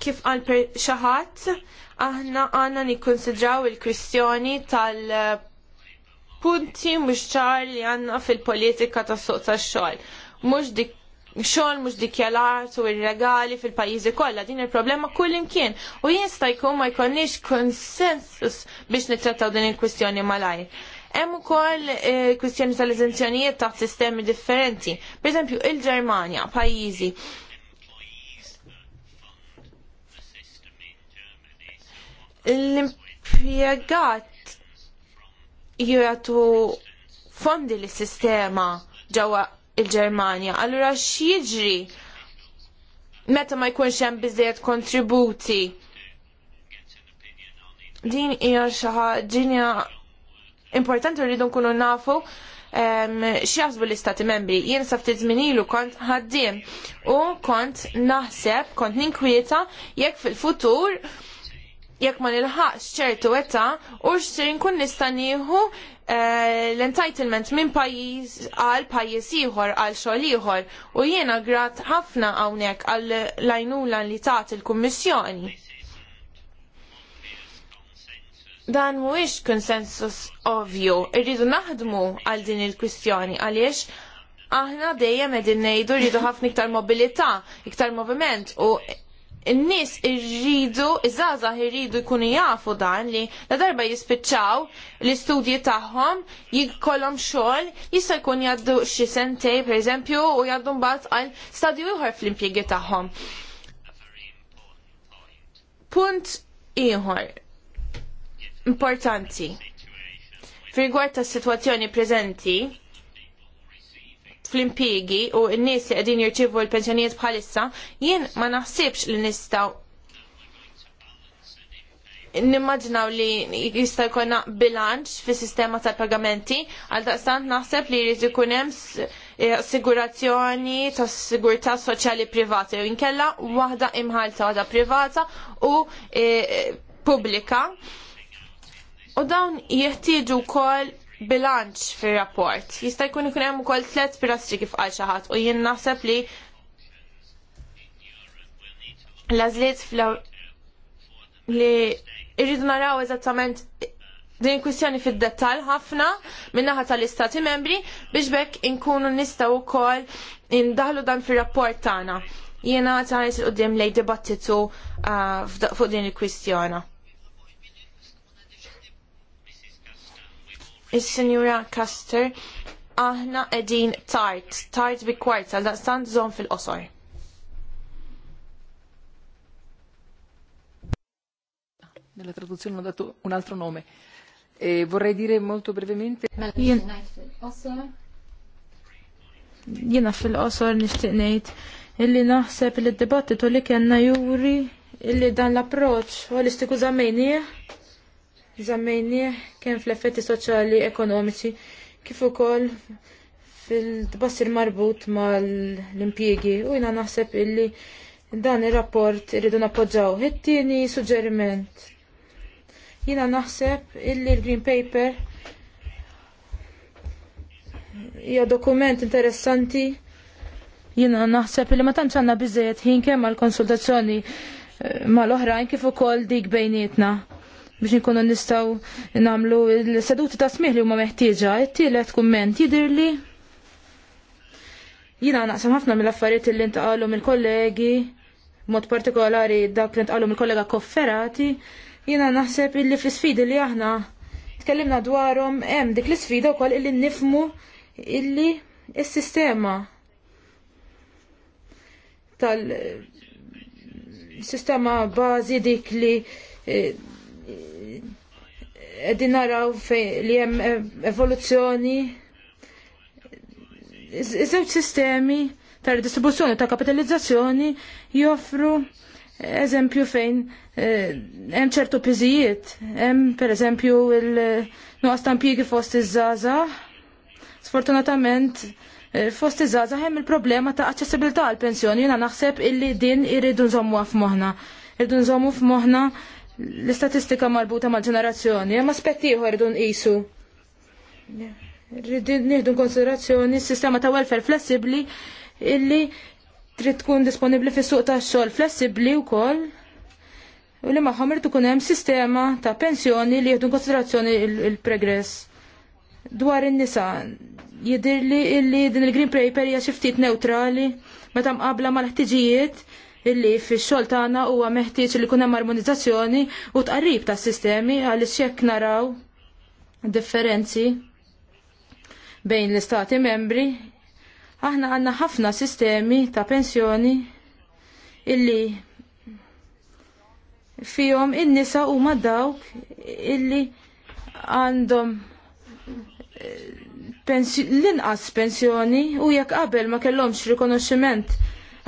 kif għal xaħat, aħna għanna nikkunsidraw il-kwistjoni tal-punti mux ċar li għanna fil-politika tas suq tax xogħol. Mux dik xogħol mhux dikjarat u ir-regali fil-pajjiżi kollha din il-problema kull imkien u jista' jkun ma jkollniex konsensus biex nittrattaw din il-kwistjoni malaj. Hemm ukoll eh, kwistjoni tal-eżenzjonijiet taħt sistemi differenti. Pereżempju il-Ġermanja, pajjiżi l-impjegat jgħatu fondi l-sistema ġewwa il-Ġermanja. Allura x'jiġri meta ma jkunx hemm biżejjed kontributi. Din hija xi ħaġa importanti rridu nkunu nafu xjaħsbu l-istati membri. Jien sa ftit ilu kont ħaddiem u kont naħseb, kont ninkwieta jekk fil-futur jekk ma nilħaqx ċertu età u xsir nkun nista' nieħu eh, l-entitlement minn pajjiż għal pajjiż ieħor għal xogħol ieħor u jiena grat ħafna hawnhekk għal lajnula li tat il-Kummissjoni. Dan mhuwiex konsensus ovvju, irridu naħdmu għal din il-kwistjoni għaliex aħna dejjem qegħdin ngħidu rridu ħafna iktar mobilità, iktar moviment u il nis irridu, iż żaza irridu jkunu jafu dan li la darba jispiċċaw l-istudji tagħhom jikollhom xogħol jista' jkun jgħaddu xi sentej pereżempju u jgħaddu mbagħad għal stadju ieħor fl-impjiegi tagħhom. Punt ieħor importanti. Fir-rigward tas-sitwazzjoni preżenti, fl impiegi u n-nies li qegħdin jirċievu l-pensjonijiet bħalissa, jien ma naħsibx li nistgħu nimmaġinaw li jista' jkollna bilanċ fis-sistema tal-pagamenti, għal daqstant naħseb li jrid ikun hemm eh, assigurazzjoni ta' sigurtà soċjali privata jew inkella waħda imħalta waħda privata u eh, pubblika. U dawn jeħtieġu wkoll bilanċ fir rapport Jista' jkun ikun hemm ukoll tliet pilastri kif qal xi ħadd u jien naħseb li l-għażliet li irridu naraw eżattament din kwistjoni fid-dettall ħafna minnaħa tal-istati membri biex bekk inkunu nistgħu ukoll indaħlu dan fir-rapport tagħna. Jiena ta' qudiem lej dibattitu ah, fuq din il-kwistjona. Is-Sinjura Kaster, aħna edin tard, tard bi kwart għal daqstant zon fil-qosor. Nella traduzione ho dato un altro nome. E vorrei dire molto brevemente. Mela, Jiena fil-qosor nishtiqnejt ngħid illi naħseb il d-dibattitu li kellna juri illi dan l-approċċ holistiku żammejnieh Zammejnieh kemm fl-effetti soċjali ekonomiċi kif ukoll fil-tbassir marbut mal-impjiegi u jina naħseb illi dan ir-rapport irridu nappoġġaw. It-tieni suġġeriment. Jina naħseb illi l-Green Paper hija dokument interessanti. Jina naħseb illi ma tantx għandna biżejjed ħin kemm għall konsultazzjoni eh, mal-oħrajn kif ukoll dik bejnietna biex nkunu nistaw namlu l-seduti ta' smih li huma meħtieġa. It-tielet kumment jidirli jina naqsam ħafna mill-affarijiet li ntqalu mill-kollegi, mod partikolari dak li ntqalu mill-kollega Kofferati, jina naħseb illi fl-sfidi li aħna tkellimna dwarhom hemm dik l-isfida wkoll illi nifmu illi s sistema tal-sistema bażi dik li eh, qegħdin naraw li hemm e-, evoluzzjoni iżewċ żewġ sistemi ta' redistribuzzjoni ta' kapitalizzazzjoni joffru eżempju fejn e, hemm ċertu piżijiet, hemm pereżempju il-nuqqas tampjiegi fost iż żaza Sfortunatament e, fost iż-żgħażagħ hemm il-problema ta' aċċessibilità għall pensjoni jiena naħseb illi din irridu nżommuha f'moħħna. Irridu nżommu f'moħħna l-istatistika marbuta mal-ġenerazzjoni, hemm aspetti ieħor irdu nqisu. Rridu nieħdu konsiderazzjoni s-sistema ta' welfare flessibbli illi trid tkun disponibbli fis-suq tax-xogħol flessibbli wkoll u li magħhom irid ikun hemm sistema ta' pensjoni li jieħdu konsiderazzjoni il-pregress. Dwar in-nisa jidirli illi din il-green paper hija xi ftit neutrali meta mqabla mal-ħtiġijiet illi fix-xogħol tagħna huwa meħtieġ li jkun hemm armonizzazzjoni u tqarrib tas-sistemi għaliex jekk naraw differenzi bejn l-istati membri aħna għanna ħafna sistemi ta' pensjoni illi fihom in-nisa huma dawk illi għandhom eh, l-inqas pensjoni u jekk qabel ma kellhomx rikonoxximent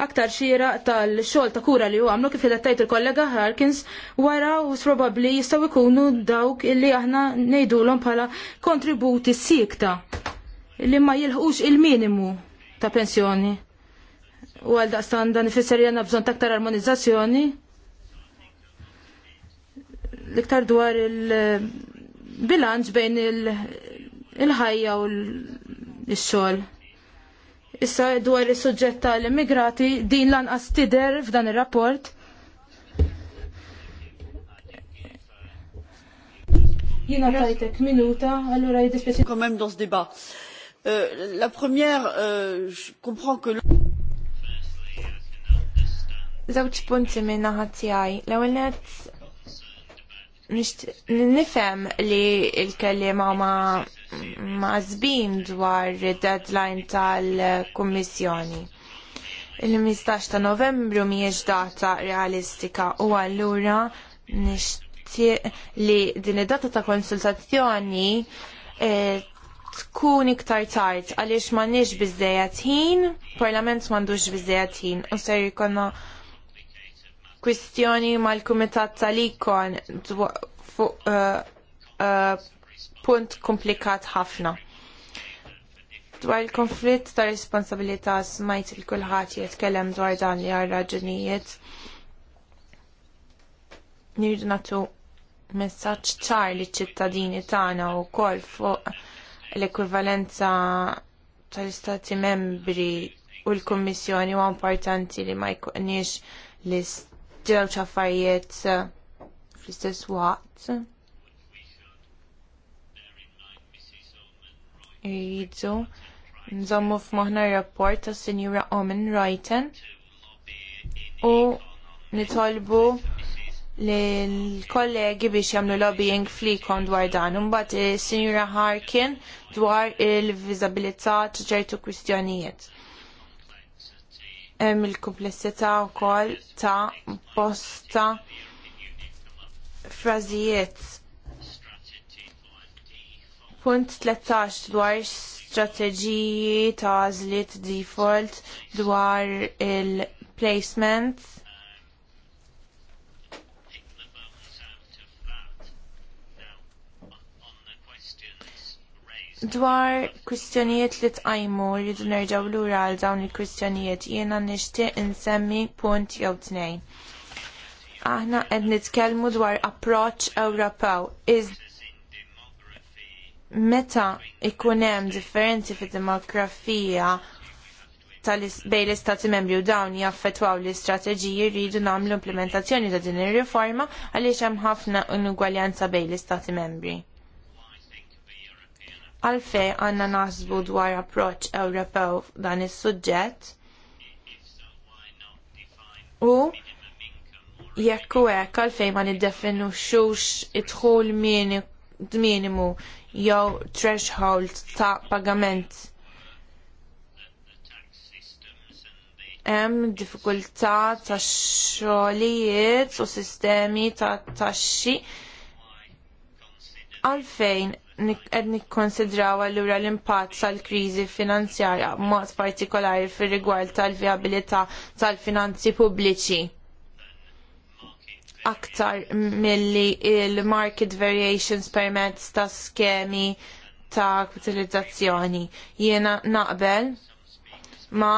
aktar xira tal-xogħol ta' kura li għamlu kif tajt il-kollega Harkins wara u probabbli jistgħu jkunu dawk illi aħna ngħidulhom bħala kontributi sikta li ma jilħqux il-minimu ta' pensjoni. U għal daqstan dan ifisser jena bżon aktar armonizzazzjoni. L-iktar dwar il-bilanċ bejn il-ħajja u l-xogħol. Issa dwar is-suġġett tal-immigrati din lanqas tidher f'dan ir-rapport. Jina tajtek minuta, allura jidispeċi. speċi. même dans ce débat. Euh, la première, euh, je comprends que... Zawċ punti minna ħatijaj. L-għonet nifem li il-kellima ma mażbin dwar deadline tal-Kummissjoni. Il-15 ta' novembru miex data realistika u allura nixtieq li din id-data ta' konsultazzjoni eh, tkun iktar tard għaliex m'għandniex biżejjed ħin, Parlament m'għandux biżejjed ħin u ser jkollna kwistjoni mal-kumitat tal-ikon fuq uh, uh, punt komplikat ħafna. Dwar il-konflitt ta' responsabilità smajt il-kulħat jitkellem dwar dan li għar raġunijiet. Nirdu natu messaċ ċar li ċittadini tagħna wkoll fuq l-ekwivalenza tal-istati membri u l-Kummissjoni huwa importanti li ma jkunix list żewġ affarijiet eh, fl-istess waqt. Iridżu, nżommu f'moħħna r-rapport tas Sinjura Omen Rajten u nitolbu l-kollegi biex jagħmlu lobbying flikom dwar dan. Imbagħad is-Sinjura eh, Harkin dwar il-viżabilità ta' ċertu kwistjonijiet hemm il-kumplessità wkoll ta' bosta frażijiet. Punt 13 dwar strateġiji ta' żliet default dwar il placements Dwar kwistjonijiet li tqajmu rridu nerġgħu lura għal dawn il-kwistjonijiet jiena nixtieq insemmi punt jew tnejn. Aħna qed nitkellmu dwar approċċ Ewropew. Iż meta ikun hemm differenzi fid-demografija bej l-istati membri u dawn jaffetwaw l-istrateġiji rridu nagħmlu implementazzjoni ta' din ir-riforma għaliex hemm ħafna inugwaljanza bej l-istati membri. Għalfejn għanna naħsbu dwar approċ Ewropew dan is-suġġett. U jekk u hekk għalfejn ma niddefinixux id-dħul minimu jew threshold ta' pagament. Hemm diffikultà ta' xogħlijiet u sistemi ta' taxxi għalfejn qed nikkonsidraw allura l-impatt tal-kriżi finanzjarja b'mod partikolari fir-rigward tal-vjabilità tal-finanzi pubbliċi aktar milli il-market variations permezz ta' skemi ta' kapitalizzazzjoni. Jiena naqbel ma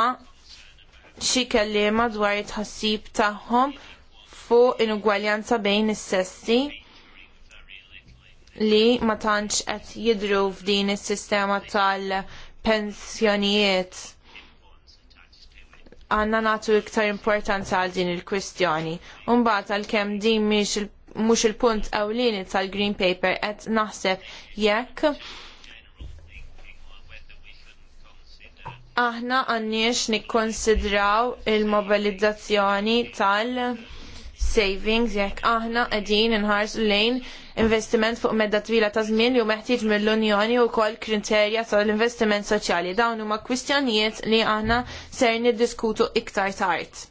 xi kelliema dwar it-ħassib tagħhom fuq inugwaljanza bejn is-sessi li ma tantx qed jidhru f'din is-sistema tal-pensjonijiet għanna natu iktar importanza għal din il-kwistjoni. Umbat għal-kem din mhux il-punt ewlieni tal-Green Paper qed naħseb jekk aħna għanniex nikkonsidraw il-mobilizzazzjoni tal- savings jekk aħna qegħdin inħarsu lejn investiment fuq medda twila ta' żmien li meħtieġ mill-Unjoni wkoll kriterja tal-investiment soċjali. Dawn huma kwistjonijiet li aħna ser niddiskutu iktar tard.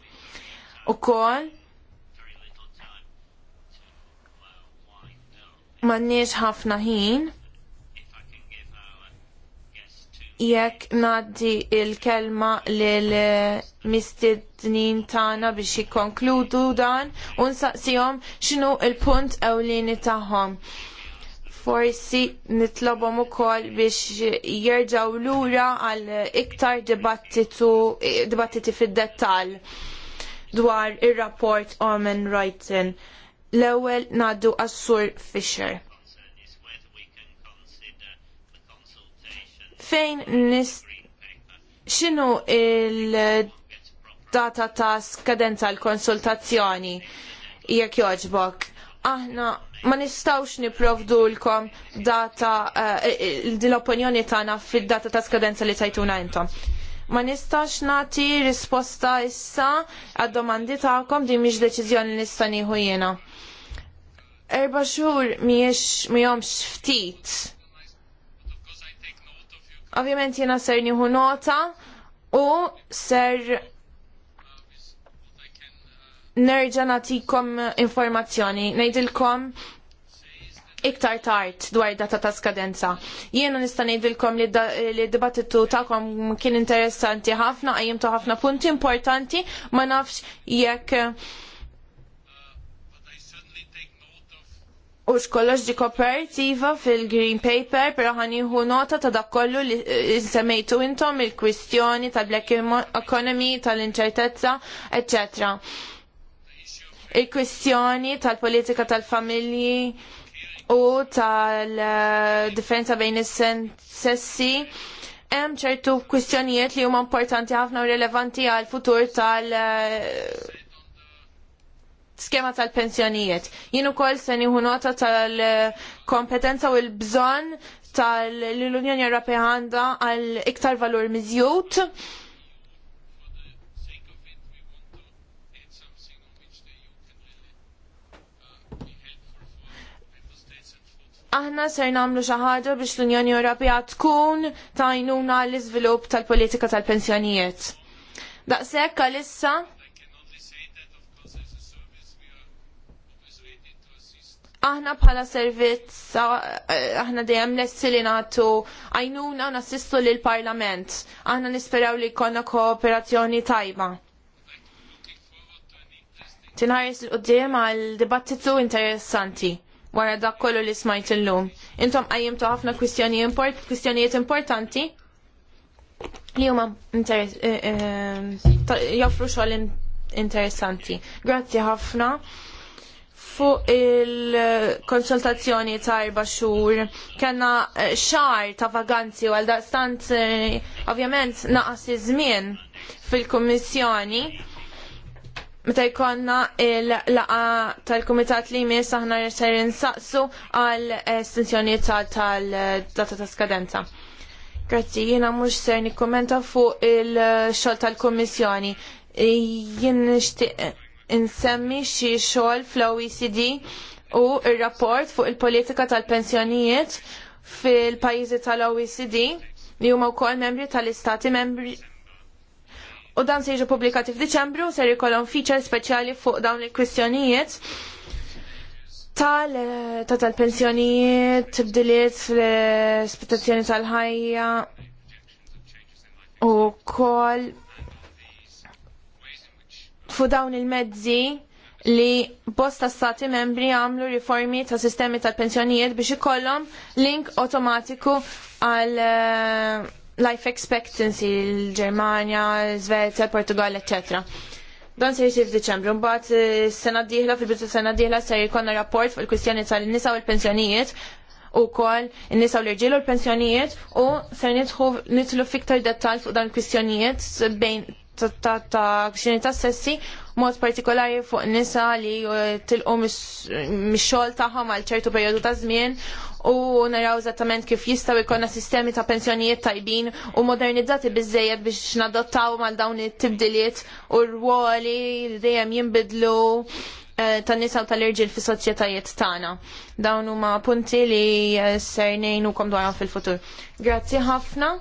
Ukoll m'għandniex ħafna ħin jekk naddi il-kelma l-mistednin eh, tagħna biex jikkonkludu dan u nsaqsihom x'inhu il punt ewlieni tagħhom. Forsi nitlobhom ukoll biex jerġgħu lura għal iktar dibattitu eh, dibattiti fid-dettall dwar ir-rapport Omen Wrighton. L-ewwel ngħaddu għas-Sur Fisher. fejn nis xinu il-data ta' skadenza l-konsultazzjoni jekk joġbok. Aħna ma nistawx niprovdulkom data eh, eh, l-opinjoni tagħna fid-data ta' skadenza li tajtuna intom ma nistax nati risposta issa għad-domandi ta'kom di miex deċizjoni nista' nieħu jiena. Erba' xhur miex mihomx ftit Ovvjament jena ser nieħu nota u ser nerġa natikom informazzjoni, nejdilkom iktar tard dwar data ta' skadenza. Jiena nista' ngħidilkom li d-dibattitu tagħkom kien interessanti ħafna, għajjimtu ħafna punti importanti, ma nafx jekk U xkollox di kooperativa fil-Green Paper, pero ħaniħu nota ta' dakollu li eh, semmejtu intom il-kwistjoni tal-Black Economy, tal-inċertezza, etc. Il-kwistjoni tal-politika tal-familji u tal-differenza bejn is-sessi. Hemm ċertu kwistjonijiet li huma importanti ħafna u rilevanti għal futur tal- eh, skema tal-pensjonijiet. Jien ukoll se nieħu nota tal-kompetenza u l-bżonn tal-Unjoni Ewropea għandha għal iktar valur miżjud. aħna ser namlu xi ħaġa biex l-Unjoni Ewropea tkun tajnuna l-iżvilupp tal-politika tal-pensjonijiet. Daqshekk għalissa Aħna bħala servizz, eh, aħna dejjem lessi li nagħtu għajnuna nassistu lill parlament Aħna nisperaw li jkollna kooperazzjoni tajba. Tinħares l-qoddim għal dibattitu interessanti wara dak kollu li smajt illum. Intom qajjimtu ħafna kwistjoni import, kwistjonijiet importanti li huma eh, eh, joffru xogħol interessanti. Grazzi ħafna fuq il-konsultazzjoni ta' erba xhur kellna eh, xar ta' vaganzi għal daqstant eh, ovvjament naqas iż-żmien fil-kummissjoni meta jkollna il-laqa tal-kumitat li jmiss aħna ser insaqsu għal eh, estensjoni tal-data ta' skadenza. Grazzi, jiena mhux ser nikkumenta fuq il-xogħol tal-Kummissjoni. Jien nixtieq insemmi xi xogħol fl-OECD u r-rapport fuq il-politika tal-pensjonijiet fil-pajjiżi tal-OECD li huma wkoll membri tal-istati membri u dan se jiġu pubblikati f'Diċembru ser jkollhom feature speċjali fuq dawn il-kwistjonijiet tal tal-pensjonijiet, tibdiliet fl-aspettazzjoni tal-ħajja u wkoll fu dawn il-mezzi li bosta stati membri għamlu riformi ta' sistemi tal-pensjonijiet biex ikollhom link automatiku għal eh, life expectancy l-Germania, Svezja, Portugal, etc. Dan se jisir f'Diċembru, mbagħad eh, sena dieħla fil-bidu sena dieħla se jkollna rapport fuq il-kwistjoni tal-nisa u l-pensjonijiet u kol n-nisa u l-irġil u l-pensjonijiet u ser nitlu fiktar dettal fuq dan kwistjonijiet bejn ta' xini ta' sessi mod partikolari fuq nisa li uh, tilqu mix-xogħol tagħhom għal ċertu perjodu ta' żmien u naraw eżattament kif jistgħu jkollna sistemi ta' pensjonijiet tajbin u modernizzati biżejjed biex nadottaw mal dawn it-tibdiliet u rwoli li dejjem jinbidlu uh, tan nisa u tal irġiel fi soċjetajiet tagħna. Dawn huma punti li uh, ser ngħinukom dwarhom fil-futur. Grazzi ħafna.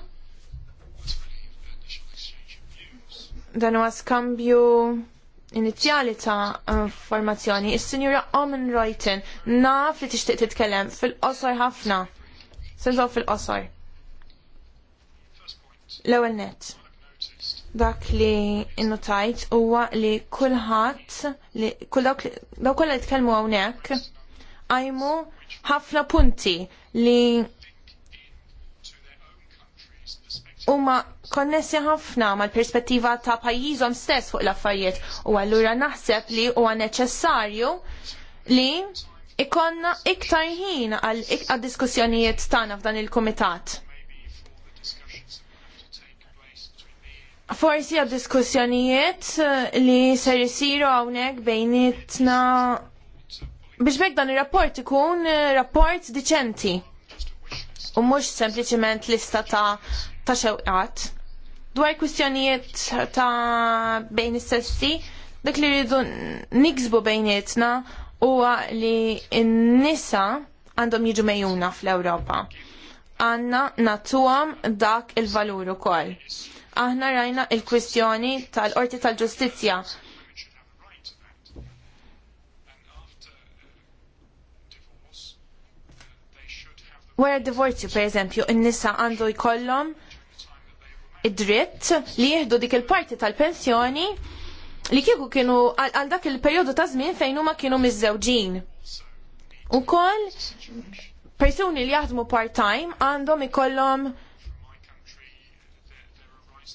dan huwa skambju inizjali ta' informazzjoni. Is-Sinjura Omen Reuten naf li tixtieq titkellem fil-qosor ħafna. Senżaw fil-qosor. L-ewwel net. Dak li innotajt huwa li kulħadd li kull dawk li tkellmu hawnhekk għajmu ħafna punti li huma konnessi ħafna mal-perspettiva ta' pajjiżhom stess fuq l-affarijiet u allura naħseb li huwa neċessarju li ikonna iktar ħin għal diskussjonijiet tagħna f'dan il-kumitat. Forsi għad diskussjonijiet eh, li ser jisiru hawnhekk bejnietna biex bekk dan ir-rapport ikun eh, rapport diċenti u mhux sempliċement lista ta' ta' xewqat. Dwar kwistjonijiet ta' bejn is-sessi, dak li rridu niksbu bejnietna huwa li n-nisa għandhom jiġu mejuna fl-Ewropa. Għanna natuhom dak il-valur ukoll. Aħna rajna il-kwistjoni tal-Qorti tal-Ġustizzja Wara divorzju, per eżempju, n-nisa għandu jkollhom id-dritt li jieħdu dik il-parti tal-pensjoni li kieku kienu għal dak il-perjodu ta' żmien fejn huma kienu miż-żewġin. Ukoll persuni li jaħdmu part-time għandhom ikollhom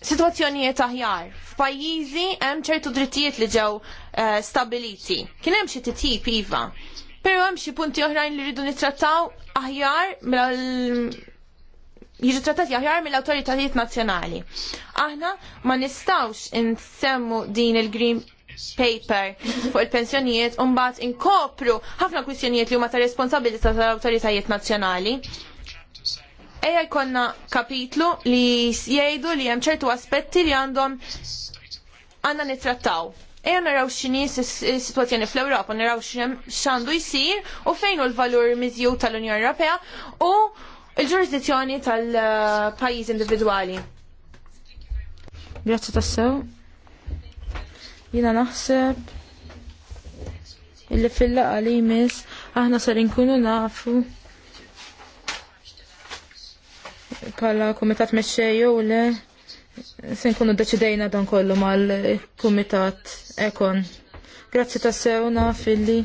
situazzjonijiet aħjar. F'pajjiżi hemm ċertu drittijiet li ġew eh, stabiliti. Kien hemm xi titjib iva. Però hemm xi punti oħrajn li rridu nittrattaw aħjar mela jiġu trattati aħjar mill-autoritajiet nazzjonali. Aħna ma nistawx insemmu din il-Green paper fuq il-pensjonijiet u mbagħad inkopru ħafna kwistjonijiet li huma ta' responsabilità tal-awtoritajiet nazzjonali. Ejja jkollna kapitlu li jgħidu li hemm ċertu aspetti li għandhom għandna nittrattaw Eja naraw s situazzjoni fl-Europa, naraw xandu jisir u fejn u l-valur mizju tal-Unjoni Ewropea u l ġurisdizzjoni tal-pajjiż individwali. Grazzi tassew. Jina naħseb illi fil-laqa li jmiss aħna sar inkunu nafu pala komitat meċċeju u le se nkunu deċidejna dan kollu mal-Kumitat Ekon. Grazzi ta' sewna filli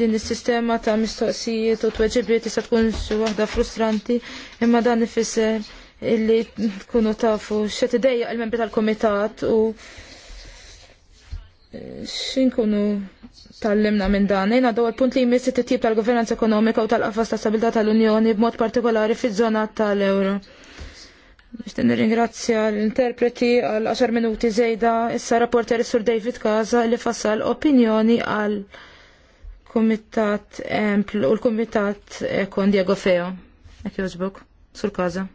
din is-sistema ta' mistoqsijiet u tweġibiet sa tkun xi waħda frustranti, imma dan ifisser illi tkunu tafu xe tidejja il-membri tal-Kumitat u xinkunu tal-limna minn dan. Ejna daw il-punt li jmissi t-tip tal-governanza ekonomika u tal-qafas ta' stabilità tal-Unjoni b'mod partikolari fiż-żona tal-Euro. Nishtin ringrazzja l-interpreti għal 10 minuti zejda issa rapporter Sur David Kaza li fassal opinjoni għal kumitat Empl u l-kumitat kon Diego Feo. Ekki uzbuk, Sur Kaza.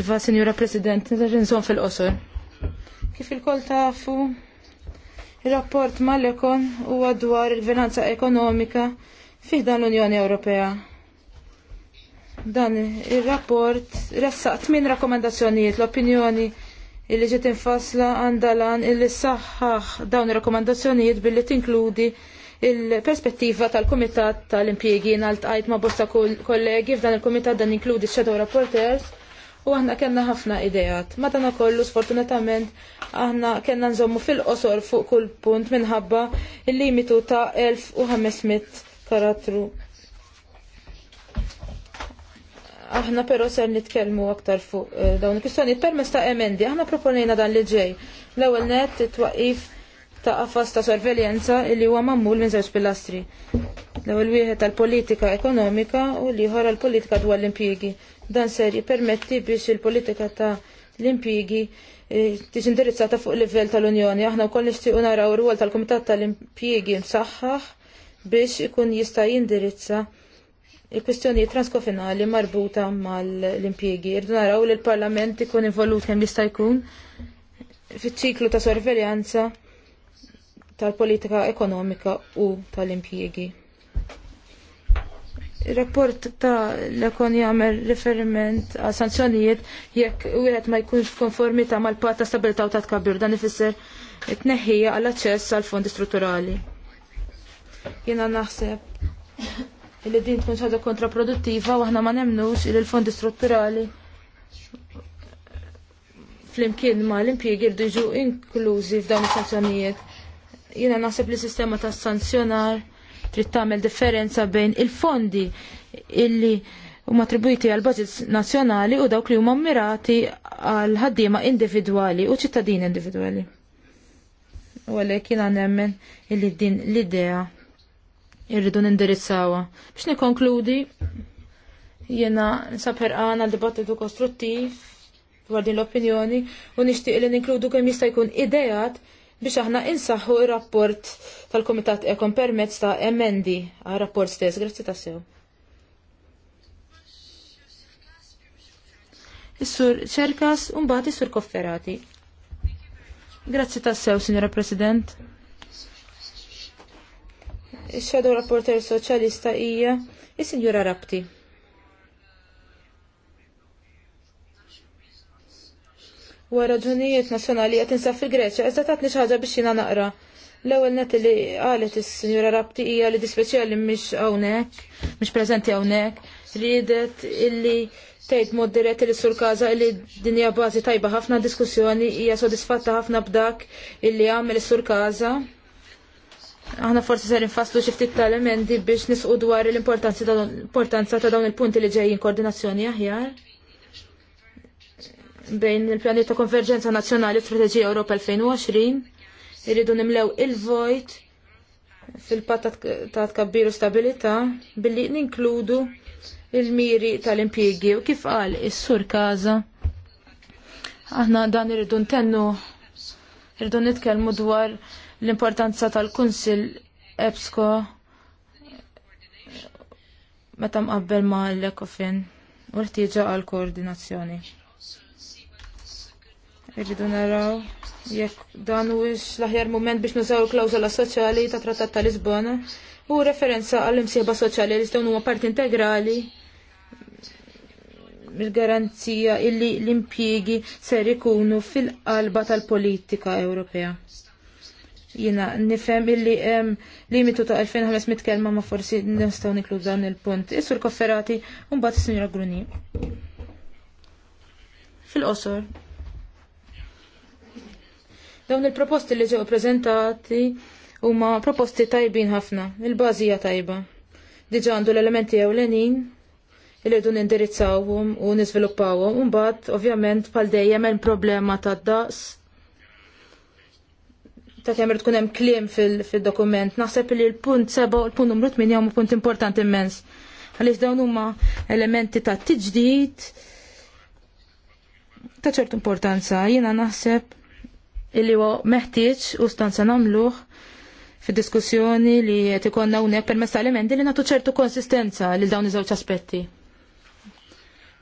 Iva, Senjura President, zon fil-qosor. Kif il-kol tafu? Il-rapport mal-ekon huwa dwar il-venanza ekonomika fih dan l-Unjoni Ewropea. Dan il-rapport ressaq tmin rakkomandazzjonijiet l-opinjoni illi ġiet infasla għandalan illi saħħaħ dawn il rakkomandazzjonijiet billi tinkludi il-perspettiva tal-Kumitat tal-Impjegi għal tqajt ma' bosta kollegi f'dan il-Kumitat dan inkludi shadow rapporters u aħna kellna ħafna idejat. Madana kollu sfortunatament aħna kellna nżommu fil-qosor fuq kull punt minħabba il-limitu ta' 1500 karatru. Aħna però ser nitkellmu aktar fuq eh, dawn il-kwistjoni permess ta' emendi. Aħna proponejna dan li ġej. L-ewwel net it-twaqif ta' qafas ta' sorveljenza li huwa mammul minn żewġ pilastri. L-ewwel wieħed tal-politika ekonomika u l-ieħor għall-politika dwar l-impjiegi. Dan ser jippermetti biex il-politika ta' l-impjiegi eh, tiġi indirizzata fuq livell tal-Unjoni. Aħna wkoll nixtiequ naraw ir-rwol tal-Kumitat tal-Impjiegi msaħħaħ biex ikun jista' jindirizza il-kwistjonijiet transkofinali marbuta mal-impjiegi. Irdu naraw li l-Parlament ikun involut kemm jista' jkun fiċ-ċiklu ta' sorveljanza tal-politika ekonomika u tal-impjiegi. Il-rapport ta' l-ekon jagħmel riferiment għal sanzjonijiet jekk wieħed ma jkunx ta' mal-pat ta' stabilita' u ta' tkabbir dan ifisser tneħħija għall aċċess għal fondi strutturali. Jiena naħseb li din tkun ħaġa kontraproduttiva u aħna ma nemnux li l-fondi strutturali flimkien ma l-impjiegi rridu jiġu inklużi f'dawn is-sanzjonijiet Jiena naħseb li sistema ta' sanzjonar trid tagħmel differenza bejn il-fondi illi huma matribuiti għal budget nazzjonali u dawk li huma mirati għal ħaddiema individwali u ċittadini individwali. U għalhekk jiena nemmen illi din l-idea irridu nindirizzawa. Biex nikkonkludi jiena nsabħer għal l-dibattitu kostruttiv dwar din l-opinjoni u nixtieq li ninkludu kemm jista' jkun idejat biex aħna insaħħu ir-rapport tal-Kumitat Ekon permezz ta' emendi għal rapport stess. Grazzi ta' sew. Is-sur ċerkas u mbagħad is-sur kofferati. Grazzi ta' sew, Sinjora President. Is-shadow rapporter soċjalista hija is sinjora Rapti. u raġunijiet nazjonali qed nsaf fil-Greċja, iżda tatni xi ħaġa biex jiena naqra. L-ewwel net li qalet is-Sinjura Rabti hija li dispeċjali mhix hawnhekk, mhix preżenti hawnhekk, ridet illi tgħid mod diretti li sur kaza illi din hija bażi tajba ħafna diskussjoni hija sodisfatta ħafna b'dak illi għamel is-sur kaza. Aħna forsi ser infaslu xi ftit tal-emendi biex nisqu dwar l-importanza ta' dawn il-punti li ġejjin koordinazzjoni aħjar bejn il-pjani ta' konverġenza nazzjonali u strategija Ewropa 2020 irridu nimlew il-vojt fil-patta ta' tkabbiru stabilita billi ninkludu il-miri tal-impjegi u kif qal is-sur kaza aħna dan irridu ntennu irridu nitkellmu dwar l-importanza tal-Kunsil EBSCO meta mqabbel ma' l-Ekofin u l-ħtieġa għal koordinazzjoni. Irridu naraw jekk dan huwiex l-aħjar mument biex nużaw klawżola soċjali ta' Trattat ta' Lisbona u referenza għall-imsieba soċjali li stgħu huwa parti integrali mill-garanzija illi l-impjiegi ser ikunu fil-qalba tal-politika Ewropea. Jina nifhem illi hemm limitu ta' 2500 kelma ma' forsi nistgħu niklu dan il-punt. Is-sur kofferati u mbagħad is-Sinjura Gruni. Fil-qosor. Dawn il-proposti li ġew prezentati huma proposti tajbin ħafna, il-bażija tajba. Diġa għandu l-elementi ewlenin li dun indirizzawhom u niżviluppawhom, u mbagħad ovvjament bħal dejjem hemm problema tad daqs ta' kemm tkun hemm kliem fil-dokument. Naħseb li l-punt seba' u l-punt numru 8 huma punt importanti immens. Għaliex dawn huma elementi ta' tiġdid ta' ċertu importanza. Jiena naħseb illi huwa meħtieġ u stanza nagħmluh fid-diskussjoni li qed ikollna hawnhekk permezz tal emendi li nagħtu ċertu konsistenza lil dawn iż-żewġ aspetti.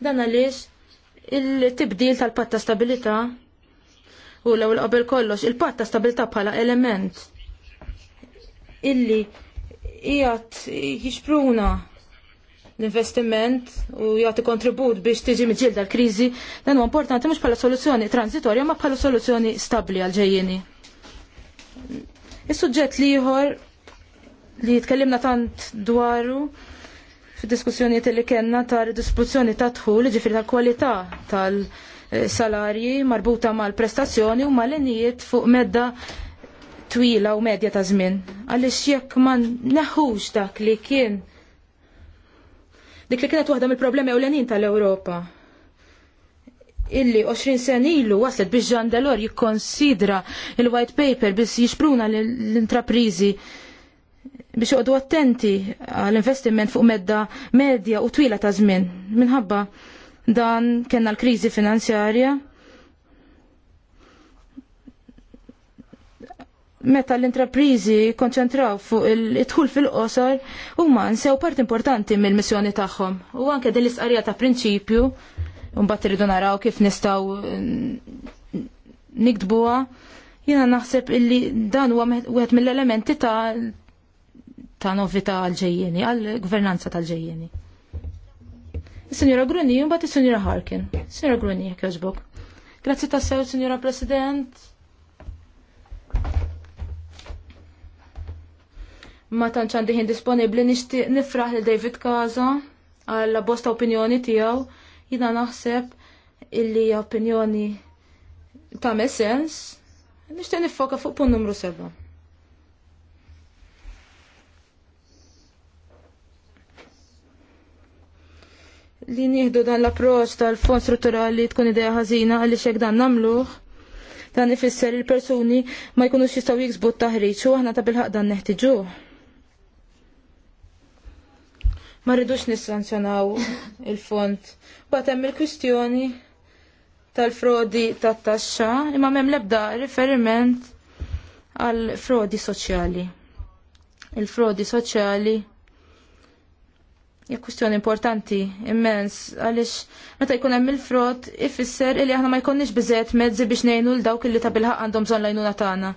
Dan għaliex il-tibdil tal-patt ta' stabilità u l-ewwel qabel kollox il-patt ta' stabilità bħala element illi qiegħed jixpruna l-investiment u jagħti kontribut biex tiġi miġilda l-kriżi, dan huwa importanti mhux bħala soluzzjoni transitorja ma bħala soluzzjoni stabbli għal ġejjieni. Is-suġġett liħor li tkellimna tant dwaru fid-diskussjonijiet li kellna ta' redistribuzzjoni ta' dħul, ġifieri tal kwalità tal-salarji marbuta mal-prestazzjoni u mal linijiet fuq medda twila u medja ta' żmien. Għaliex jekk ma neħux dak li kien Dik li kienet waħda mill-problemi ewlenin tal-Ewropa illi 20 sen ilu waslet biex Jean Delors jikkonsidra il-white paper biex jixpruna l-intraprizi biex għodu attenti għal-investiment fuq medda medja u twila ta' żmien minħabba dan kena l-krizi finanzjarja meta l-intraprizi konċentraw fuq il dħul fil-qosor huma nsew part importanti mill-missjoni tagħhom. U anke din l isqarija ta' prinċipju mbagħad irridu naraw kif nistgħu nikdbuha. Jiena naħseb illi dan huwa wieħed mill-elementi ta' ta' novità għal-ġejjeni, għal-gvernanza tal-ġejjeni. Signora sinjora Gruni, mbagħad is-Sinjora Harkin. Sinjora Gruni, jekk jogħġbok. Grazzi tassew, Sinjora President ma tantx għandi ħin disponibbli nixtieq nifraħ li David Kaza għal bosta opinjoni tiegħu jiena naħseb illi opinjoni ta' sens nixtieq nifoka fuq pun numru seba'. Li nieħdu dan l-approċċ tal-fond strutturali tkun idea ħażina għaliex hekk dan nagħmluh dan ifisser il-persuni ma jkunux jistgħu jiksbu t-taħriġ u aħna ta' bilħaq dan neħtiġuh ma rridux nissanzjonaw il-fond. hemm il-kwistjoni tal-frodi tat-taxxa imma m'hemm l-ebda riferiment għal frodi soċjali. Il-frodi soċjali hija kwistjoni importanti immens għaliex meta jkun hemm il-frod ifisser li aħna ma jkunniex biżejjed mezzi biex ngħinu l dawk illi ta' għandhom bżonn lajnuna tagħna.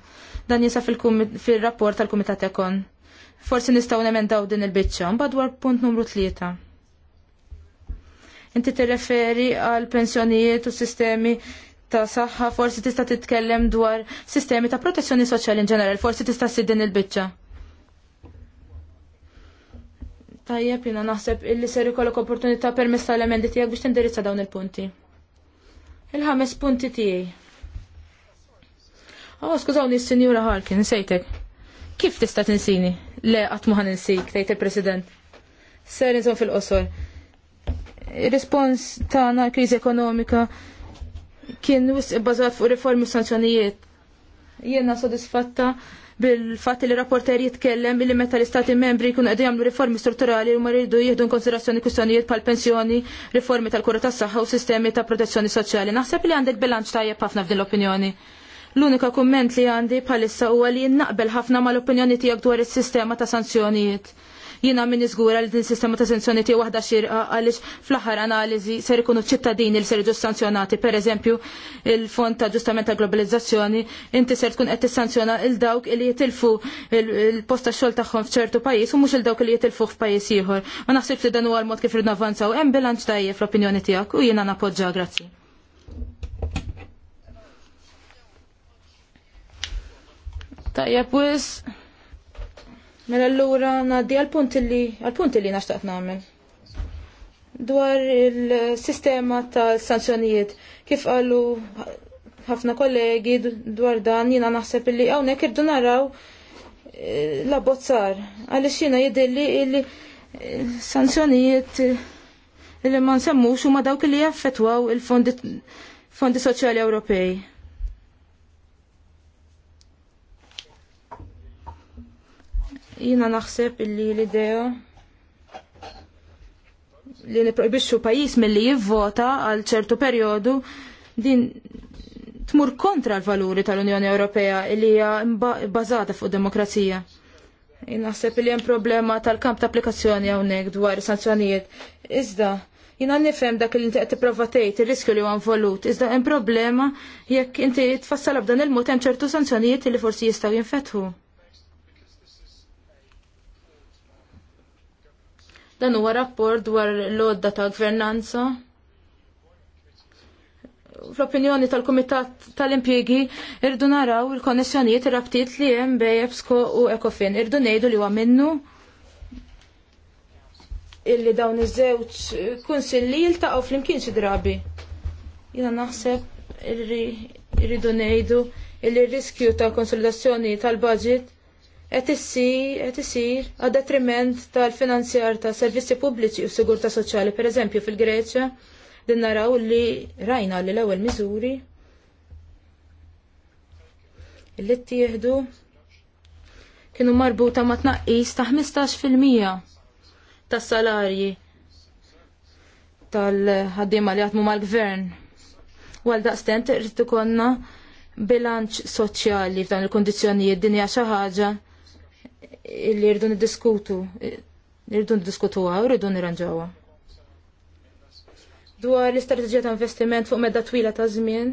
Dan jisa fil-rapport tal-Kumitat Ekon. Forsi nistgħu nemendaw din il-biċċa, mbagħad punt numru tlieta. Inti tirreferi għal pensjonijiet u sistemi ta' saħħa, forsi tista' titkellem dwar sistemi ta' protezzjoni soċjali in ġeneral, forsi tista' sid din il-biċċa. Tajjeb, jina naħseb illi ser ikollok opportunità permess tal-emendi tiegħek biex tindirizza dawn il-punti. Il-ħames punti tiegħi. Oh, skużawni, s-Sinjura Harkin, sejtek. Kif tista' tinsini? Le qatt ma ħaninsik, tgħid il-President. Ser nżomm fil-qosor. Ir-rispons tagħna l-kriżi ekonomika kien ibbażat fuq riformi sanzjonijiet. Jiena sodisfatta bil-fatt li rapporter jitkellem li meta l-istati membri jkunu qegħdu jagħmlu riformi strutturali u jridu jieħdu konsiderazzjoni kwistjonijiet bħal pensjoni, riformi tal-kura tas-saħħa u sistemi ta' protezzjoni soċjali. Naħseb li għandek bilanċ tajjeb ħafna f'din l-opinjoni. L-unika kumment li għandi bħalissa huwa li naqbel ħafna mal-opinjoni tiegħek dwar is-sistema ta' sanzjonijiet. Jiena min iżgura li din sistema ta' sanzjonijiet waħda xirqa għaliex fl-aħħar analiżi ser ikunu ċittadini li ser jiġu sanzjonati, pereżempju il-Fond ta' Ġustament ta' Globalizzazzjoni, inti ser tkun qed tissanzjona il dawk li jitilfu il posta ta' xogħol tagħhom f'ċertu pajjiż u mhux il dawk li jitilfu f'pajjiż ieħor. Ma naħsibx li dan huwa l-mod kif rinnavanzaw hemm bilanċ tajjeb fl-opinjoni tiegħek u jiena napoġġa grazzi. Tajjeb wis. Mela allura ngħaddi għall-punt li għal punt li naxtaqt nagħmel. Dwar il-sistema tal-sanzjonijiet, kif qalu ħafna kollegi dwar dan jina naħseb li hawnhekk irdu naraw eh, la bozzar, għalix jina jidilli il eh, sanzjonijiet illi eh, ma nsemmux u ma dawk li jaffetwaw il-fondi soċjali Ewropej. Jina naħseb illi l-idea li niprojbixxu pajjiż milli jivvota għal ċertu periodu din tmur kontra l-valuri tal-Unjoni Ewropea li hija bbażata fuq demokrazija. Naħseb li hemm problema tal-kamp ta' applikazzjoni hawnhekk dwar sanzjonijiet. Iżda, jina nifhem dak li inti qed tipprova tgħid ir-riskju li huwa involut, iżda hemm problema jekk inti tfassal b'dan il-mod hemm ċertu sanzjonijiet li forsi jistgħu jinfetħu. Dan huwa rapport dwar l-odda ta' gvernanza. Fl-opinjoni tal-Kumitat tal-Impjegi irdu naraw il-konnessjonijiet ir-rabtiet li hemm bej EBSCO u ECOFIN. Irdu ngħidu li huwa minnu illi dawn iż-żewġ kunsilli jiltaqgħu flimkien xi drabi. Jiena naħseb irridu ngħidu illi r riskju tal konsolidazzjoni tal-budget qed isir għad detriment tal-finanzjar ta' servizzi pubbliċi u sigurtà soċjali. Pereżempju fil-Greċja din naraw li rajna li l-ewwel miżuri li ttieħdu kienu marbuta ma' tnaqqis ta' 15% tas-salarji tal-ħaddiema li jaħdmu mal-gvern. Għal daqstent irrid ikollna bilanċ soċjali f'dan il kundizzjonijiet din hija xi ħaġa li rridu niddiskutu, rridu niddiskutuha u rridu nirranġawha. Dwar l-istrateġija ta' investiment fuq medda twila ta' żmien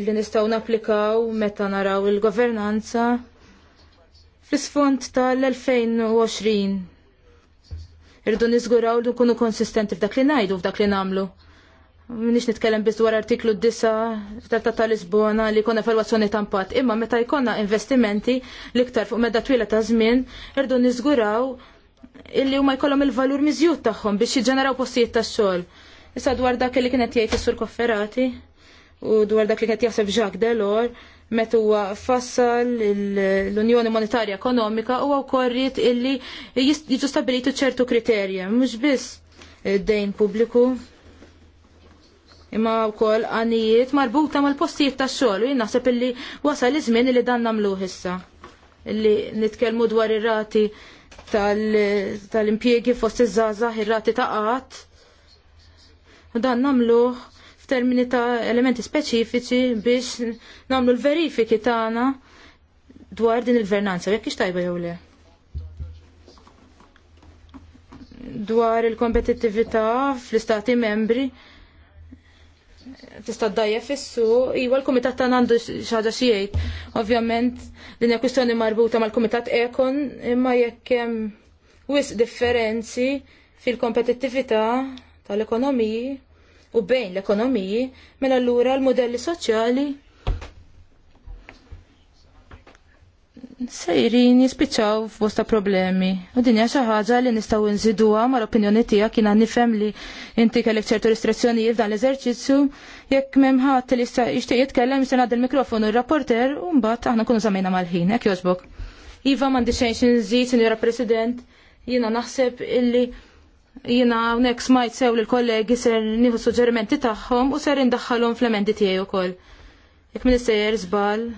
illi nistgħu napplikaw meta naraw il-governanza fl-isfond tal-2020 irridu niżguraw li nkunu konsistenti f'dak li ngħidu f'dak li nagħmlu. Minix nitkellem biz dwar artiklu 9 tal ta' Lisbona li jkollna evalwazzjoni ta' impatt, imma meta jkollna investimenti l-iktar fuq medda twila ta' żmien, irdu niżguraw illi huma jkollhom il-valur miżjud tagħhom biex jiġġeneraw postijiet tax-xogħol. Issa dwar dak li kienet jgħid is-sur kofferati u dwar dak li kienet jaħseb Jacques Delors met huwa fassal l-Unjoni Monetarja Ekonomika huwa wkorrit illi jiġu stabilitu ċertu kriterji, mhux biss dejn pubbliku imma wkoll għanijiet marbuta mal-postijiet tax-xogħol u jien naħseb illi wasal iż-żmien li dan nagħmluh issa. Illi nitkellmu dwar ir-rati tal-impjiegi tal fost iż-żgħażagħ ir-rati ta' qatt. U dan nagħmluh f'termini ta' elementi speċifiċi biex nagħmlu l-verifiki tagħna dwar din il-vernanza, jekk ix tajba jew le. Dwar il-kompetittività fl-istati membri, tista' ddajja fissu, iwa l-kumitat tan għandu xaġa xiejt. Ovvjament din hija kwistjoni marbuta mal-kumitat ekon, imma jekk hemm wis differenzi fil-kompetittività tal-ekonomiji u bejn l-ekonomiji, mela allura l-modelli soċjali sejrin jispiċċaw f'bosta problemi. U din hija xi ħaġa li nistgħu nżiduha mal-opinjoni tiegħek kien nifhem li inti kellek ċertu restrizzjonijiet f'dan l-eżerċizzju jekk m'hemm ħadd li jixtieq jitkellem jista' ngħaddi l-mikrofonu r-rapporter u mbagħad aħna nkunu żamejna mal-ħin, hekk jogħġbok. Iva m'għandix xejn xi nżid, Sinjora President, jiena naħseb illi jiena hawnhekk smajt sew lill-kollegi ser nieħu suġġerimenti tagħhom u ser indaħħalhom fl-emendi tiegħi wkoll. Jekk minister żball,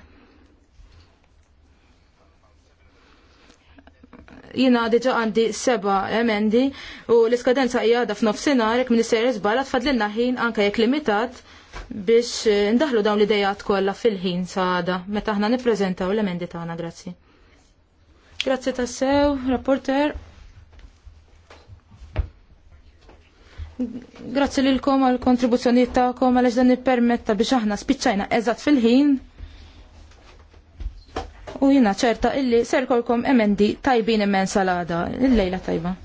jina diġa għandi seba emendi u l-iskadenza jgħada f'nofsinar jek minister jizbala tfadlinna ħin anka jek limitat biex ndaħlu dawn l-idejat kolla fil-ħin saħda meta ħna niprezentaw l-emendi taħna, grazzi. Grazzi tassew, rapporter. Grazzi lilkom għal kontribuzzjoniet taħkom għal dan permetta biex aħna spiċċajna eżat fil-ħin u jina ċerta illi serkolkom emendi tajbin immen salada. Il-lejla tajba.